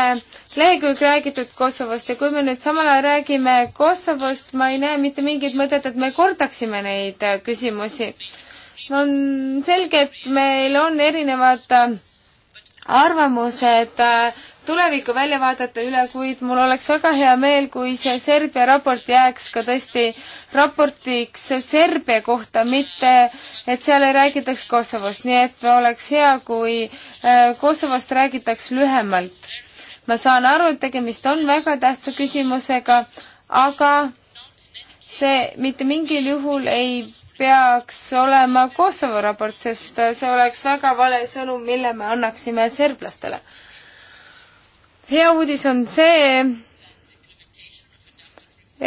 lehekülg räägitud Kosovost ja kui me nüüd samal ajal räägime Kosovost, ma ei näe mitte mingit mõtet, et me kordaksime neid äh, küsimusi. on selge, et meil on erinevad äh, arvamused äh, tuleviku väljavaadete üle, kuid mul oleks väga hea meel, kui see Serbia raport jääks ka tõesti raportiks Serbia kohta, mitte et seal ei räägitaks Kosovost, nii et oleks hea, kui äh, Kosovost räägitaks lühemalt. ma saan aru, et tegemist on väga tähtsa küsimusega, aga see mitte mingil juhul ei peaks olema Kosovo raport, sest see oleks väga vale sõnum, mille me annaksime serblastele. hea uudis on see,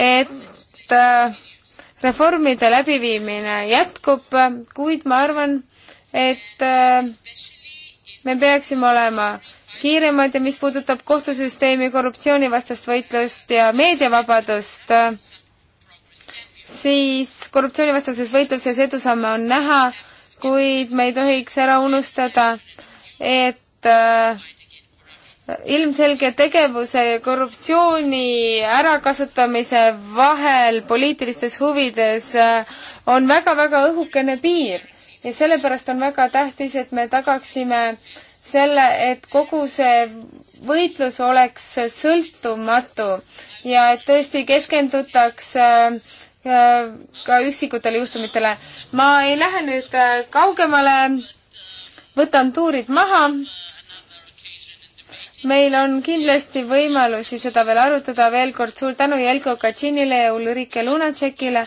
et äh, reformide läbiviimine jätkub, kuid ma arvan, et äh, me peaksime olema kiiremad ja mis puudutab kohtusüsteemi, korruptsioonivastast võitlust ja meediavabadust, siis korruptsioonivastases võitluses edusamme on näha, kuid me ei tohiks ära unustada, et äh, ilmselge tegevuse ja korruptsiooni ärakasutamise vahel poliitilistes huvides äh, on väga-väga õhukene piir ja sellepärast on väga tähtis, et me tagaksime selle, et kogu see võitlus oleks sõltumatu ja et tõesti keskendutaks äh, ka üksikutele juhtumitele. ma ei lähe nüüd äh, kaugemale, võtan tuurid maha. meil on kindlasti võimalusi seda veel arutada, veel kord suur tänu Jelko Katšinile ja Ulrike Lunatšekile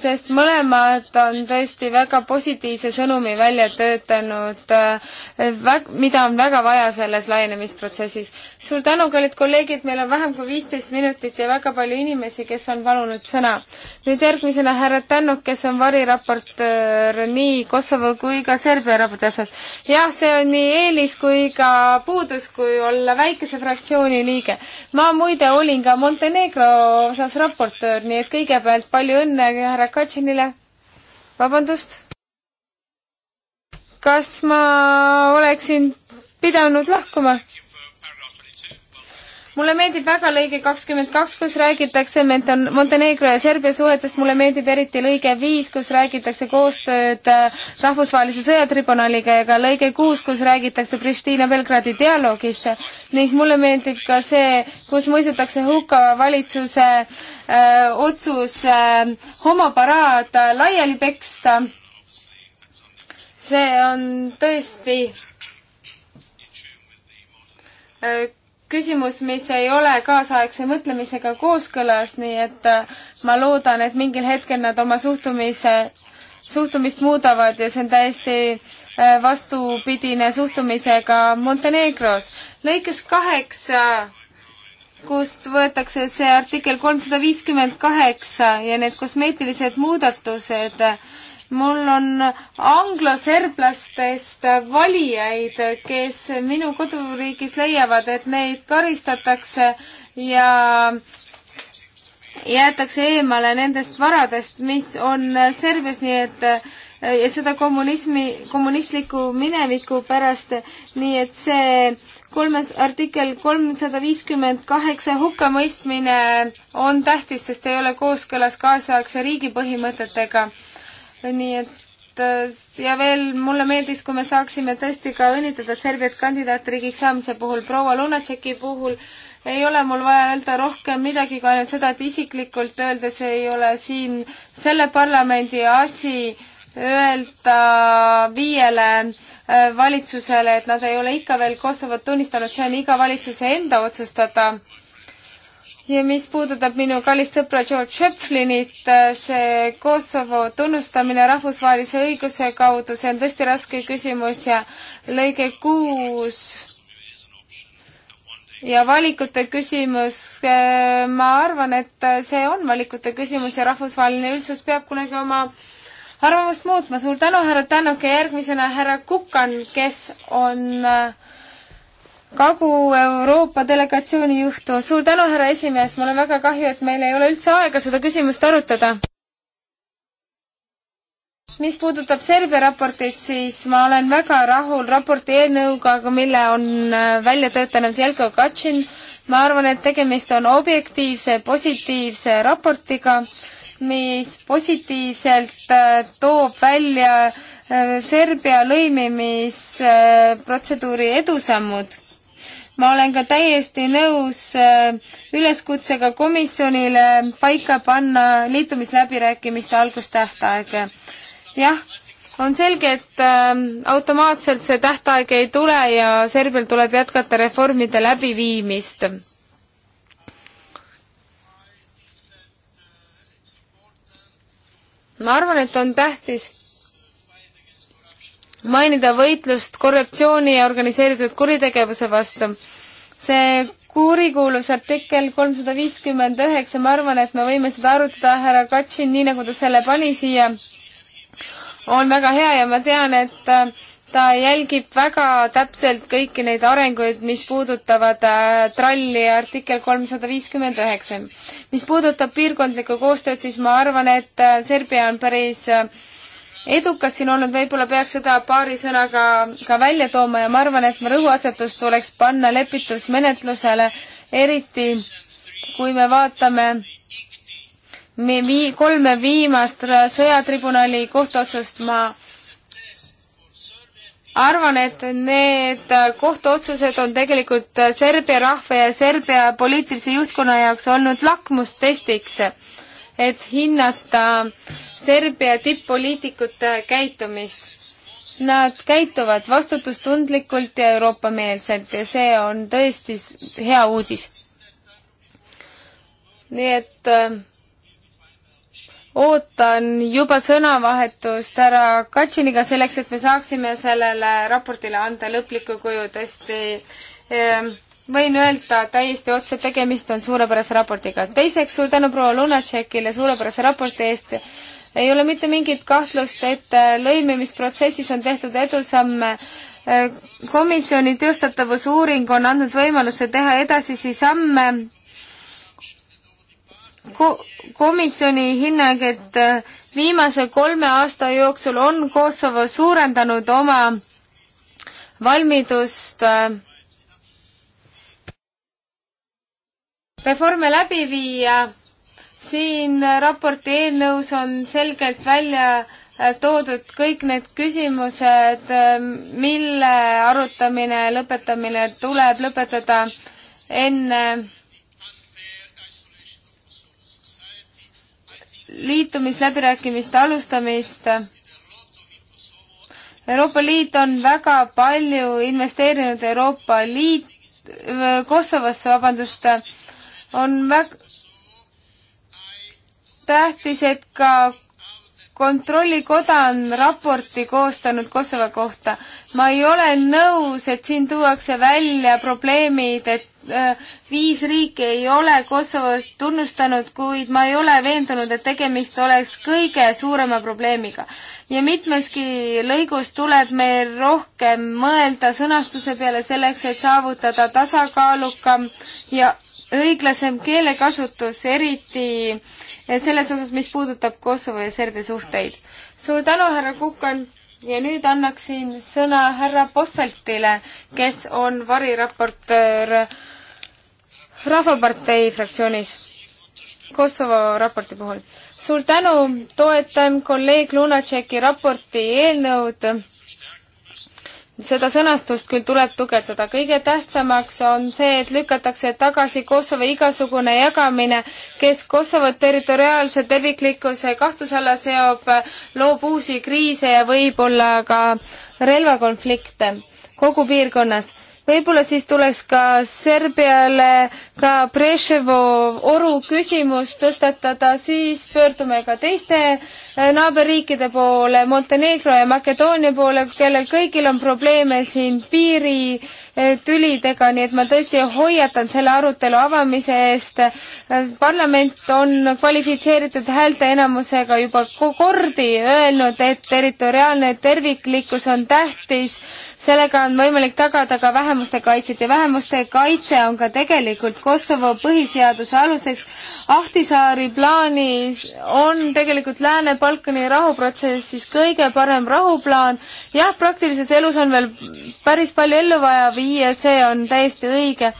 sest mõlemad on tõesti väga positiivse sõnumi välja töötanud, äh, mida on väga vaja selles laienemisprotsessis. suur tänu, kallid kolleegid, meil on vähem kui viisteist minutit ja väga palju inimesi, kes on palunud sõna. nüüd järgmisena härra Tännuk, kes on variraportöör nii Kosovo kui ka Serbia raporti osas. jah, see on nii eelis kui ka puudus, kui olla väikese fraktsiooni liige. ma muide olin ka Montenegro osas raportöör, nii et kõigepealt palju õnne, härra Katšinile. vabandust. kas ma oleksin pidanud lahkuma? mulle meeldib väga lõige kakskümmend kaks, kus räägitakse Montenegro ja Serbia suhetest, mulle meeldib eriti lõige viis, kus räägitakse koostööd äh, rahvusvahelise sõjatribunaliga ja ka lõige kuus, kus räägitakse Pristina-Belgradi dialoogist ning mulle meeldib ka see, kus mõistetakse hukka valitsuse öö, äh, otsus öö, äh, homoparaad laiali peksta. see on tõesti öö, küsimus, mis ei ole kaasaegse mõtlemisega kooskõlas, nii et äh, ma loodan, et mingil hetkel nad oma suhtumise, suhtumist muudavad ja see on täiesti äh, vastupidine suhtumisega Montenegros. lõikes kaheksa, kust võetakse see artikkel kolmsada viiskümmend kaheksa ja need kosmeetilised muudatused, mul on angloserblastest valijaid, kes minu koduriigis leiavad, et neid karistatakse ja jäetakse eemale nendest varadest, mis on Serbias, nii et ja seda kommunismi, kommunistliku mineviku pärast, nii et see kolmes artikkel kolmsada viiskümmend kaheksa hukkamõistmine on tähtis, sest ei ole kooskõlas kaasaegse riigi põhimõtetega nii et äh, ja veel mulle meeldis, kui me saaksime tõesti ka õnnitleda Serbiat kandidaatriigiks saamise puhul, proua Lunatšeki puhul ei ole mul vaja öelda rohkem midagi kui ainult seda, et isiklikult öeldes ei ole siin selle parlamendi asi öelda viiele äh, valitsusele, et nad ei ole ikka veel Kosovot tunnistanud, see on iga valitsuse enda otsustada ja mis puudutab minu kallist sõpra George Sheplinit, see Kosovo tunnustamine rahvusvahelise õiguse kaudu, see on tõesti raske küsimus ja lõige kuus ja valikute küsimus, äh, ma arvan, et see on valikute küsimus ja rahvusvaheline üldsus peab kunagi oma arvamust muutma. suur tänu, härra Tänuk ja järgmisena härra Kukan, kes on äh, Kagu-Euroopa delegatsiooni juhtu. suur tänu, härra esimees, mul on väga kahju, et meil ei ole üldse aega seda küsimust arutada. mis puudutab Serbia raportit, siis ma olen väga rahul raporti eelnõuga, mille on äh, välja töötanud Jelko Katšin. ma arvan, et tegemist on objektiivse, positiivse raportiga, mis positiivselt äh, toob välja äh, Serbia lõimimisprotseduuri edusammud ma olen ka täiesti nõus äh, üleskutsega komisjonile paika panna liitumisläbirääkimiste algustähtaeg. jah, on selge, et ähm, automaatselt see tähtaeg ei tule ja Serbial tuleb jätkata reformide läbiviimist. ma arvan, et on tähtis mainida võitlust korruptsiooni ja organiseeritud kuritegevuse vastu. see kurikuulus artikkel kolmsada viiskümmend üheksa, ma arvan, et me võime seda arutada, härra Katšin, nii nagu ta selle pani siia, on väga hea ja ma tean, et äh, ta jälgib väga täpselt kõiki neid arenguid, mis puudutavad äh, tralli artikkel kolmsada viiskümmend üheksa. mis puudutab piirkondlikku koostööd, siis ma arvan, et äh, Serbia on päris äh, edukas siin olnud, võib-olla peaks seda paari sõnaga ka välja tooma ja ma arvan, et rõhuasetus tuleks panna lepitusmenetlusele, eriti kui me vaatame me vii-, kolme viimast sõjatribunali kohtuotsust, ma arvan, et need kohtuotsused on tegelikult Serbia rahva ja Serbia poliitilise juhtkonna jaoks olnud lakmustestiks, et hinnata äh, Serbia tipp-poliitikute käitumist. Nad käituvad vastutustundlikult ja Euroopa-meelselt ja see on tõesti hea uudis. nii et äh, ootan juba sõnavahetust härra Katšiniga selleks, et me saaksime sellele raportile anda lõpliku kuju tõesti ehm, võin öelda täiesti otse, tegemist on suurepärase raportiga. teiseks suur tänu proua Lunatšekile suurepärase raporti eest ei ole mitte mingit kahtlust, et äh, lõimimisprotsessis on tehtud edusamme. Äh, komisjoni teostatavusuuring on andnud võimaluse teha edasisi samme Ko. komisjoni hinnang, et äh, viimase kolme aasta jooksul on Kosovo suurendanud oma valmidust reforme läbi viia siin raporti eelnõus on selgelt välja äh, toodud kõik need küsimused, äh, mille arutamine, lõpetamine tuleb lõpetada enne liitumisläbirääkimiste alustamist. Euroopa Liit on väga palju investeerinud Euroopa Liit, äh, Kosovosse, vabandust, on väga tähtis, et ka kontrollikoda on raporti koostanud Kosovo kohta. ma ei ole nõus, et siin tuuakse välja probleemid, et Äh, viis riiki ei ole Kosovot tunnustanud, kuid ma ei ole veendunud, et tegemist oleks kõige suurema probleemiga. ja mitmeski lõigus tuleb meil rohkem mõelda sõnastuse peale selleks, et saavutada tasakaalukam ja õiglasem keelekasutus, eriti selles osas, mis puudutab Kosovo ja Serbia suhteid. suur tänu, härra Kukan! ja nüüd annaksin sõna härra Posseltile, kes on variraportöör Rahvapartei fraktsioonis Kosovo raporti puhul. suur tänu, toetan kolleeg Lunatšeki raporti eelnõud. seda sõnastust küll tuleb tugevdada. kõige tähtsamaks on see, et lükatakse tagasi Kosovo igasugune jagamine, kes Kosovot territoriaalse terviklikkuse kahtluse alla seob, loob uusi kriise ja võib-olla ka relvakonflikte kogu piirkonnas võib-olla siis tuleks ka Serbiale ka Brežnevo oru küsimus tõstatada, siis pöördume ka teiste eh, naaberriikide poole, Montenegro ja Makedoonia poole, kellel kõigil on probleeme siin piiritülidega, eh, nii et ma tõesti hoiatan selle arutelu avamise eest. parlament on kvalifitseeritud häälteenamusega juba kordi öelnud, et territoriaalne terviklikkus on tähtis sellega on võimalik tagada ka vähemuste kaitset ja vähemuste kaitse on ka tegelikult Kosovo põhiseaduse aluseks. Ahtisaari plaanis on tegelikult Lääne-Balkani rahuprotsessis kõige parem rahuplaan. jah, praktilises elus on veel päris palju ellu vaja viia, see on täiesti õige.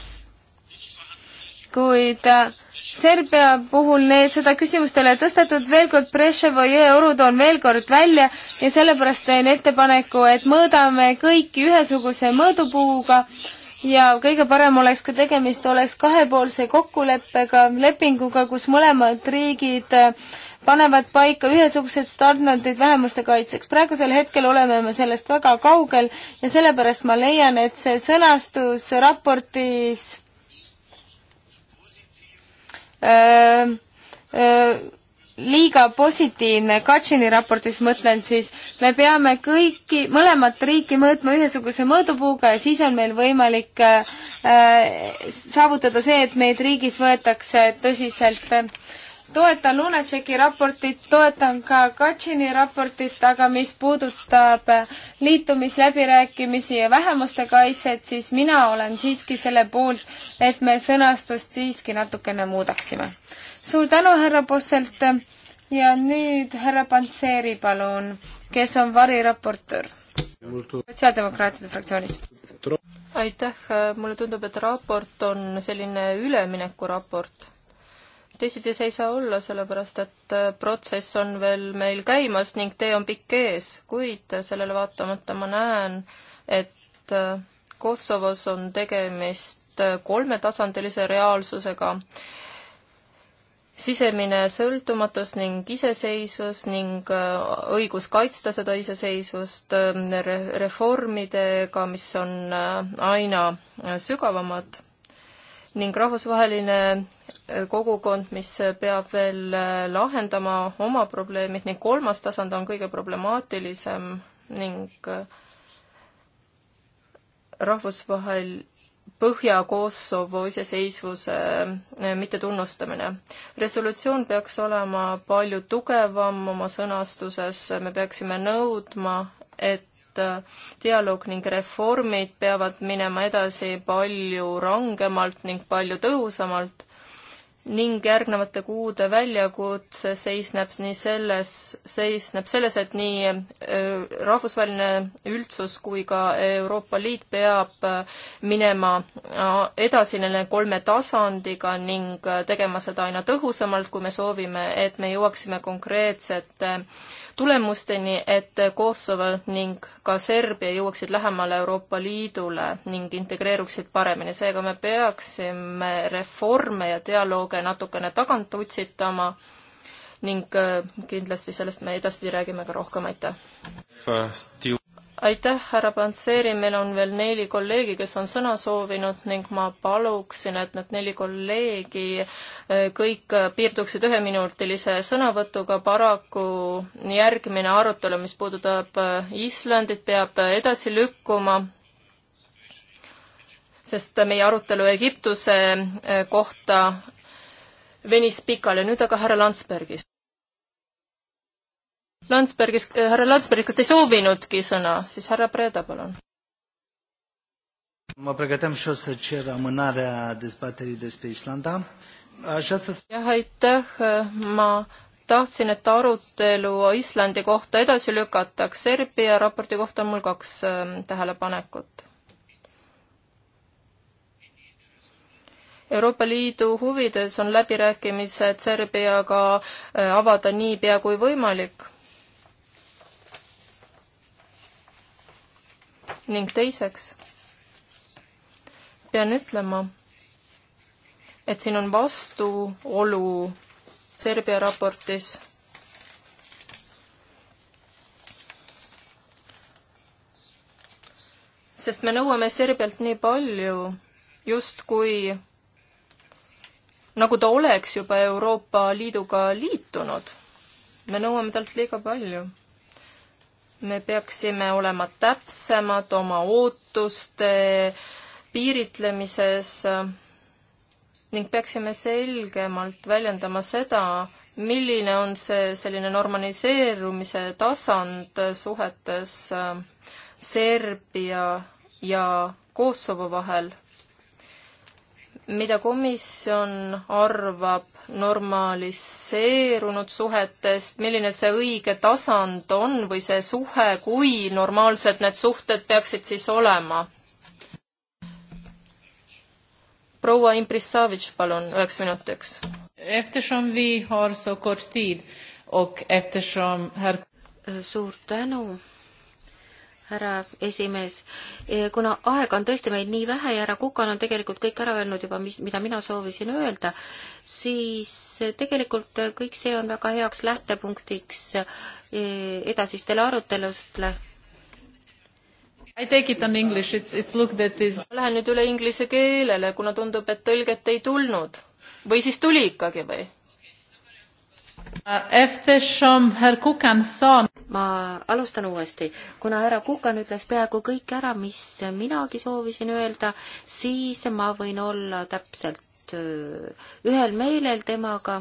kuid äh, Serbia puhul need, seda küsimust ei ole tõstetud, veel kord Brežnevo jõeoru toon veel kord välja ja sellepärast teen ettepaneku, et mõõdame kõiki ühesuguse mõõdupuuga ja kõige parem oleks, kui tegemist oleks kahepoolse kokkuleppega, lepinguga, kus mõlemad riigid äh, panevad paika ühesugused standardid vähemuste kaitseks. praegusel hetkel oleme me sellest väga kaugel ja sellepärast ma leian, et see sõnastus raportis Äh, äh, liiga positiivne Katšini raportis, mõtlen siis, me peame kõiki, mõlemat riiki mõõtma ühesuguse mõõdupuuga ja siis on meil võimalik äh, äh saavutada see, et meid riigis võetakse tõsiselt toetan Lunatšeki raportit, toetan ka Katšini raportit, aga mis puudutab liitumisläbirääkimisi ja vähemuste kaitset, siis mina olen siiski selle poolt, et me sõnastust siiski natukene muudaksime. suur tänu, härra Posselt ja nüüd härra Pantseri, palun, kes on variraportöör sotsiaaldemokraatide fraktsioonis. aitäh, mulle tundub, et raport on selline üleminekuraport teisiti see ei saa olla, sellepärast et äh, protsess on veel meil käimas ning tee on pikk ees, kuid sellele vaatamata ma näen, et äh, Kosovos on tegemist äh, kolmetasandilise reaalsusega. sisemine sõltumatus ning iseseisvus ning õigus kaitsta seda iseseisvust ähm, reformidega, mis on aina sügavamad ning rahvusvaheline äh, kogukond, mis äh, peab veel äh, lahendama oma probleemid ning kolmas tasand on kõige problemaatilisem ning rahvusvahel Põhja-Kosovo iseseisvuse mittetunnustamine. resolutsioon peaks olema palju tugevam oma sõnastuses, me peaksime nõudma, et Äh, dialoog ning reformid peavad minema edasi palju rangemalt ning palju tõhusamalt ning järgnevate kuude väljakutse seisneb nii selles, seisneb selles, et nii äh, rahvusvaheline üldsus kui ka Euroopa Liit peab äh, minema edasi nende kolme tasandiga ning tegema seda aina tõhusamalt, kui me soovime, et me jõuaksime konkreetsete tulemusteni, et Kosovo ning ka Serbia jõuaksid lähemale Euroopa Liidule ning integreeruksid paremini, seega me peaksime reforme ja dialoog natukene tagant utsitama ning äh, kindlasti sellest me edaspidi räägime ka rohkem, aitäh! aitäh, härra Panseri, meil on veel neli kolleegi, kes on sõna soovinud ning ma paluksin, et need neli kolleegi eh, kõik piirduksid üheminutilise sõnavõtuga. paraku järgmine arutelu, mis puudutab eh, Islandit, peab eh, edasi lükkuma, sest meie arutelu Egiptuse kohta venis pikali. nüüd aga härra Landsbergist. Landsbergis, härra Landsberg, kas te ei soovinudki sõna, siis härra Preda, palun. Mă pregăteam și eu să cer amânarea dezbaterii despre Islanda. Așa să... Jah, aitäh, ma tahtsin, et arutelu Islandi kohta edasi lükataks. Serbia raporti kohta on mul kaks ähm, tähelepanekut. Euroopa Liidu huvides on läbirääkimised Serbiaga äh, avada niipea kui võimalik ning teiseks pean ütlema, et siin on vastuolu Serbia raportis. sest me nõuame Serbialt nii palju, justkui nagu ta oleks juba Euroopa Liiduga liitunud. me nõuame talt liiga palju me peaksime olema täpsemad oma ootuste piiritlemises ning peaksime selgemalt väljendama seda, milline on see selline normaliseerumise tasand suhetes Serbia ja Kosovo vahel mida komisjon arvab normaliseerunud suhetest, milline see õige tasand on või see suhe, kui normaalsed need suhted peaksid siis olema? proua Imbrissavitš, palun, üheks minutiks. suur tänu härra esimees. Eh, kuna aega on tõesti meil nii vähe ja härra Kukan on tegelikult kõik ära öelnud juba, mis, mida mina soovisin öelda, siis tegelikult kõik see on väga heaks lähtepunktiks eh, edasistele arutelustele. I take it on english, it's, it's look that is. Lähen nüüd üle inglise keelele, kuna tundub, et tõlget ei tulnud. või siis tuli ikkagi või? Eftersom uh, herr Kukan sa ma alustan uuesti. kuna härra Kukan ütles peaaegu kõik ära, mis minagi soovisin öelda, siis ma võin olla täpselt äh, ühel meelel temaga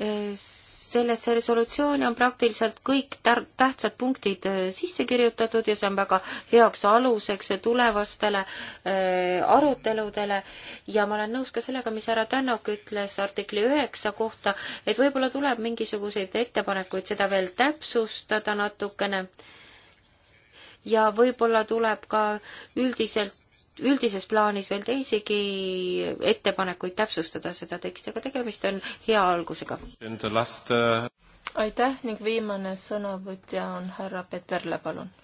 S äh, sellesse resolutsiooni on praktiliselt kõik tähtsad punktid äh, sisse kirjutatud ja see on väga heaks aluseks tulevastele äh, aruteludele ja ma olen nõus ka sellega, mis härra Tänak ütles artikli üheksa kohta, et võib-olla tuleb mingisuguseid ettepanekuid seda veel täpsustada natukene ja võib-olla tuleb ka üldiselt üldises plaanis veel teisigi ettepanekuid täpsustada seda teksti, aga tegemist on hea algusega. Uh, aitäh ning viimane sõnavõtja on härra Peterle, palun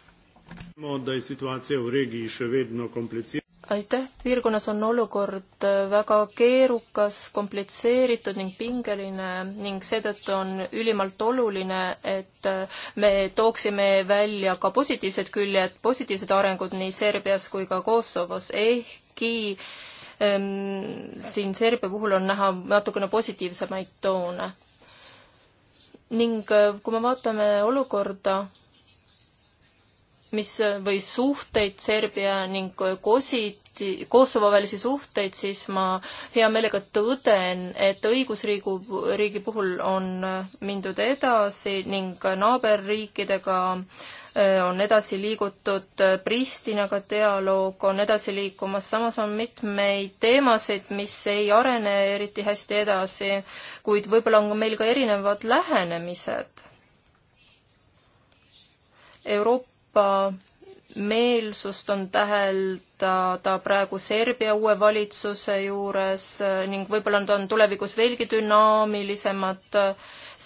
aitäh, piirkonnas on olukord äh, väga keerukas, komplitseeritud ning pingeline ning seetõttu on ülimalt oluline, et äh, me tooksime välja ka positiivsed küljed, positiivsed arengud nii Serbias kui ka Kosovos, ehkki ähm, siin Serbia puhul on näha natukene positiivsemaid toone. ning äh, kui me vaatame olukorda, mis või suhteid Serbia ning Kositi, Kosovo välisi suhteid, siis ma hea meelega tõden, et õigusriigu, riigi puhul on mindud edasi ning naaberriikidega äh, on edasi liigutud, Pristinaga dialoog on edasi liikumas, samas on mitmeid teemasid, mis ei arene eriti hästi edasi, kuid võib-olla on meil ka erinevad lähenemised. Euroopa Euroopa meelsust on täheldada praegu Serbia uue valitsuse juures ning võib-olla nad on tulevikus veelgi dünaamilisemad.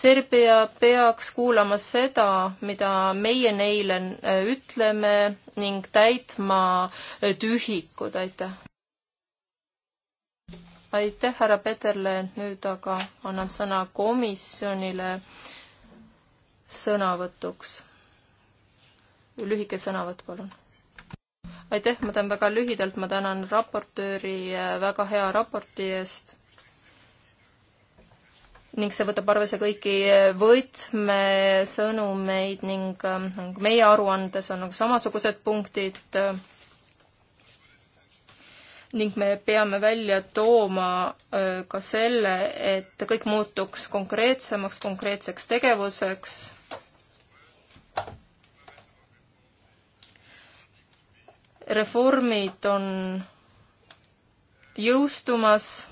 Serbia peaks kuulama seda, mida meie neile äh, ütleme ning täitma äh, tühikud, aitäh. aitäh, härra Peterle, nüüd aga annan sõna komisjonile sõnavõtuks lühike sõnavõtt, palun. aitäh, ma teen väga lühidalt, ma tänan raportööri äh, väga hea raporti eest ning see võtab arvesse kõiki äh, võtmesõnumeid ning äh, nagu meie aruandes on nagu samasugused punktid ning me peame välja tooma ka selle, et kõik muutuks konkreetsemaks, konkreetseks tegevuseks reformid on jõustumas,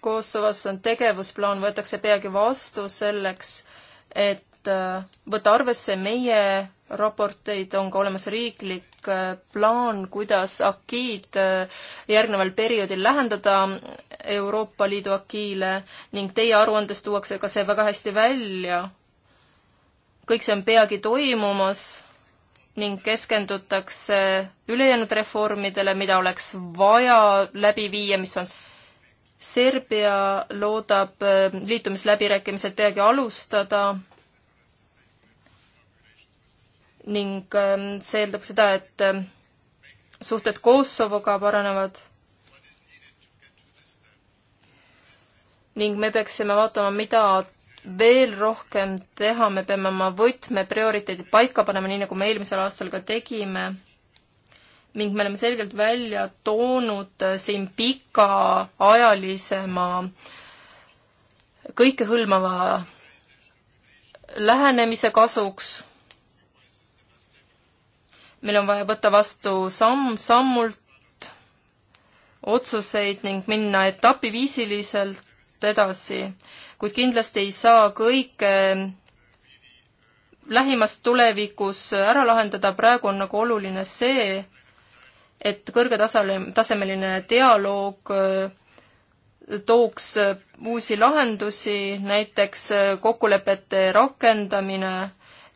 Kosovos on tegevusplaan, võetakse peagi vastu selleks, et äh, võtta arvesse meie raporteid, on ka olemas riiklik äh, plaan, kuidas akiid äh, järgneval perioodil lähendada Euroopa Liidu akiile ning teie aruandes tuuakse ka see väga hästi välja. kõik see on peagi toimumas ning keskendutakse ülejäänud reformidele, mida oleks vaja läbi viia, mis on Serbia loodab äh, liitumisläbirääkimised peagi alustada ning ähm, see eeldab seda, et ähm, suhted Kosovoga paranevad. ning me peaksime vaatama, mida veel rohkem teha, me peame oma võtmeprioriteedid paika panema, nii nagu me eelmisel aastal ka tegime. ning me oleme selgelt välja toonud äh, siin pikaajalisema, kõikehõlmava lähenemise kasuks. meil on vaja võtta vastu samm-sammult otsuseid ning minna etapiviisiliselt edasi, kuid kindlasti ei saa kõike eh, lähimas tulevikus ära lahendada, praegu on nagu oluline see, et kõrgetasemeline dialoog eh, tooks eh, uusi lahendusi, näiteks kokkulepete rakendamine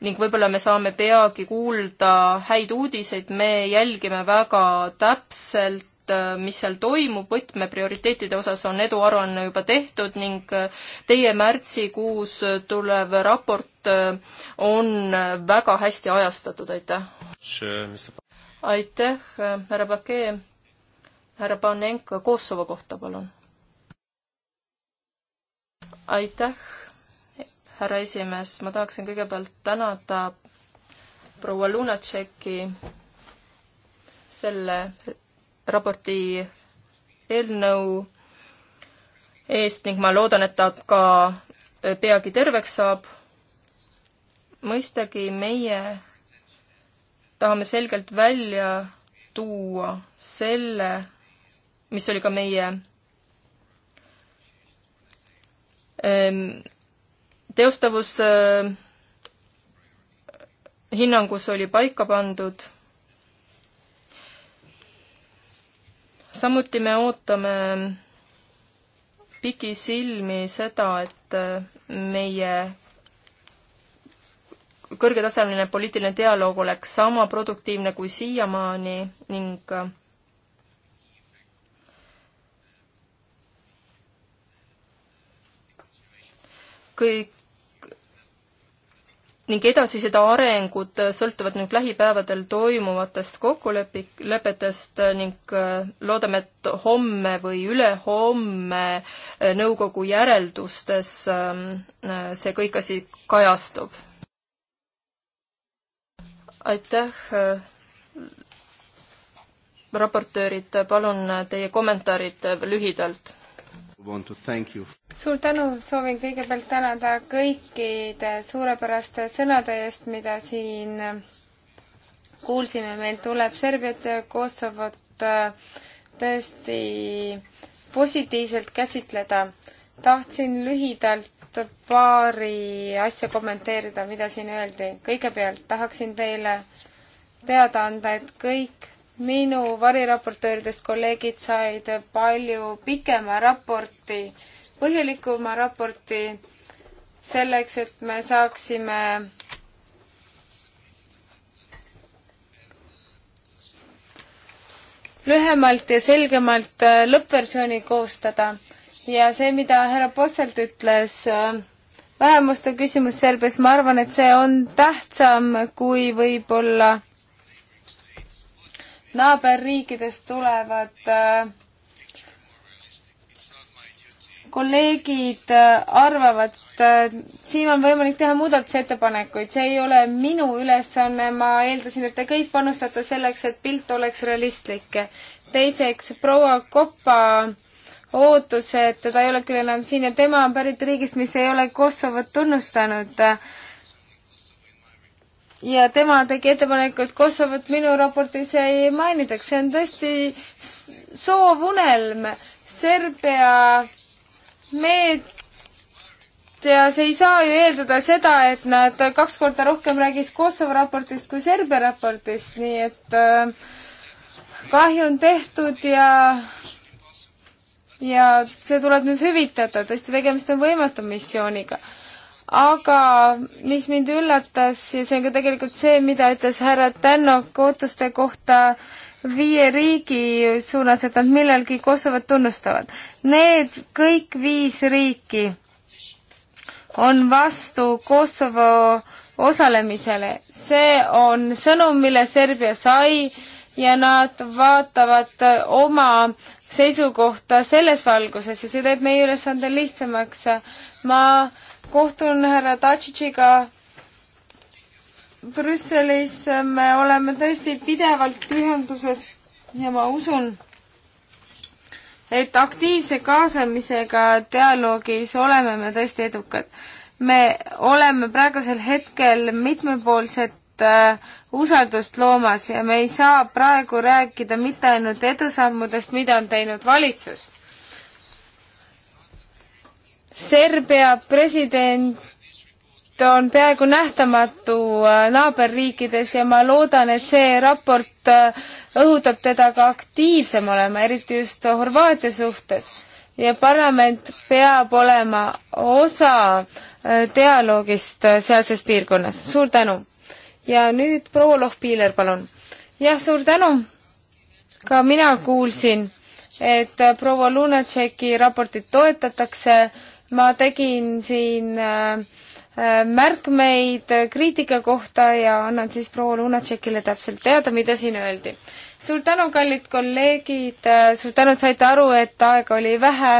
ning võib-olla me saame peagi kuulda häid uudiseid, me jälgime väga täpselt Äh, mis seal toimub, võtmeprioriteetide osas on eduaruanne juba tehtud ning äh, teie märtsikuus tulev raport äh, on väga hästi ajastatud, aitäh! aitäh, härra Pakee! härra Panenko Kosovo kohta, palun! aitäh, härra esimees, ma tahaksin kõigepealt tänada proua Lunatšeki selle raporti eelnõu eest ning ma loodan, et ta ka e, peagi terveks saab. mõistagi meie tahame selgelt välja tuua selle, mis oli ka meie teostavus e, hinnangus oli paika pandud samuti me ootame pikisilmi seda, et äh, meie kõrgetasemeline poliitiline dialoog oleks sama produktiivne kui siiamaani ning äh, kõik ning edasised arengud sõltuvad nüüd lähipäevadel toimuvatest kokkulepetest ning äh, loodame, et homme või ülehomme äh, nõukogu järeldustes ähm, äh, see kõik asi kajastub. aitäh, raportöörid, palun teie kommentaarid lühidalt suur tänu, soovin kõigepealt tänada kõikide suurepäraste sõnade eest, mida siin kuulsime, meil tuleb Serbiat ja Kosovot äh, tõesti positiivselt käsitleda. tahtsin lühidalt paari asja kommenteerida, mida siin öeldi. kõigepealt tahaksin teile teada anda, et kõik minu variraportööridest kolleegid said palju pikema raporti, põhjalikuma raporti selleks, et me saaksime lühemalt ja selgemalt äh, lõppversiooni koostada. ja see, mida härra Posselt ütles, äh, vähemuste küsimus Serbias, ma arvan, et see on tähtsam kui võib-olla naaberriikidest tulevad äh, kolleegid äh, arvavad, äh, siin on võimalik teha muudatusettepanekuid, see ei ole minu ülesanne, ma eeldasin, et te kõik panustate selleks, et pilt oleks realistlik. teiseks, proua Koppa ootus, et teda ei ole küll enam siin ja tema on pärit riigist, mis ei ole Kosovot tunnustanud ja tema tegi ettepaneku, et Kosovot minu raportis ei mainitaks, see on tõesti soovunelm. Serbia meedias ei saa ju eeldada seda, et nad kaks korda rohkem räägiks Kosovo raportist kui Serbia raportist, nii et äh, kahju on tehtud ja ja see tuleb nüüd hüvitada, tõesti tegemist on võimatu missiooniga aga mis mind üllatas ja see on ka tegelikult see, mida ütles härra Tännok ootuste kohta viie riigi suunas, et nad millalgi Kosovot tunnustavad. Need kõik viis riiki on vastu Kosovo osalemisele. see on sõnum, mille Serbia sai ja nad vaatavad oma seisukohta selles valguses ja see teeb meie ülesande lihtsamaks. ma kohtun härra Tadžitšiga Brüsselis, me oleme tõesti pidevalt ühenduses ja ma usun, et aktiivse kaasamisega dialoogis oleme me tõesti edukad. me oleme praegusel hetkel mitmepoolset äh, usaldust loomas ja me ei saa praegu rääkida mitte ainult edusammudest, mida on teinud valitsus Serbia president on peaaegu nähtamatu äh, naaberriikides ja ma loodan, et see raport äh, õhutab teda ka aktiivsem olema, eriti just Horvaatia suhtes. ja parlament peab olema osa äh, dialoogist sealses piirkonnas. suur tänu! ja nüüd proua Lohpiiler, palun! jah, suur tänu! ka mina kuulsin, et proua Lunatšeki raportit toetatakse ma tegin siin äh, äh, märkmeid kriitika kohta ja annan siis proua Lunatšekile täpselt teada, mida siin öeldi. suur tänu, kallid kolleegid, äh, suur tänu, et saite aru, et aega oli vähe,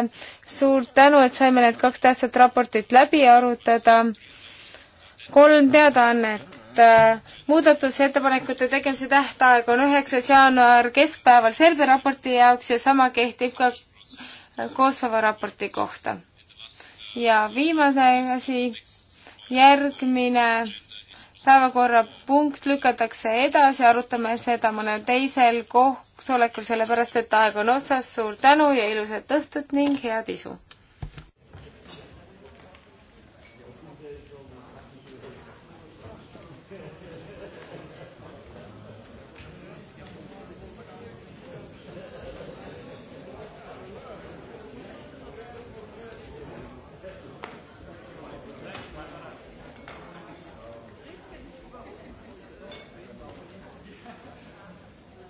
suur tänu, et saime need kaks tähtsat raportit läbi arutada, kolm teadaannet, muudatusettepanekute tegemise tähtaeg on üheksas jaanuar keskpäeval Serbia raporti jaoks ja sama kehtib ka Kosovo raporti kohta ja viimane asi, järgmine päevakorrapunkt lükatakse edasi, arutame seda mõnel teisel kohtusolekul, sellepärast et aeg on otsas. suur tänu ja ilusat õhtut ning head isu!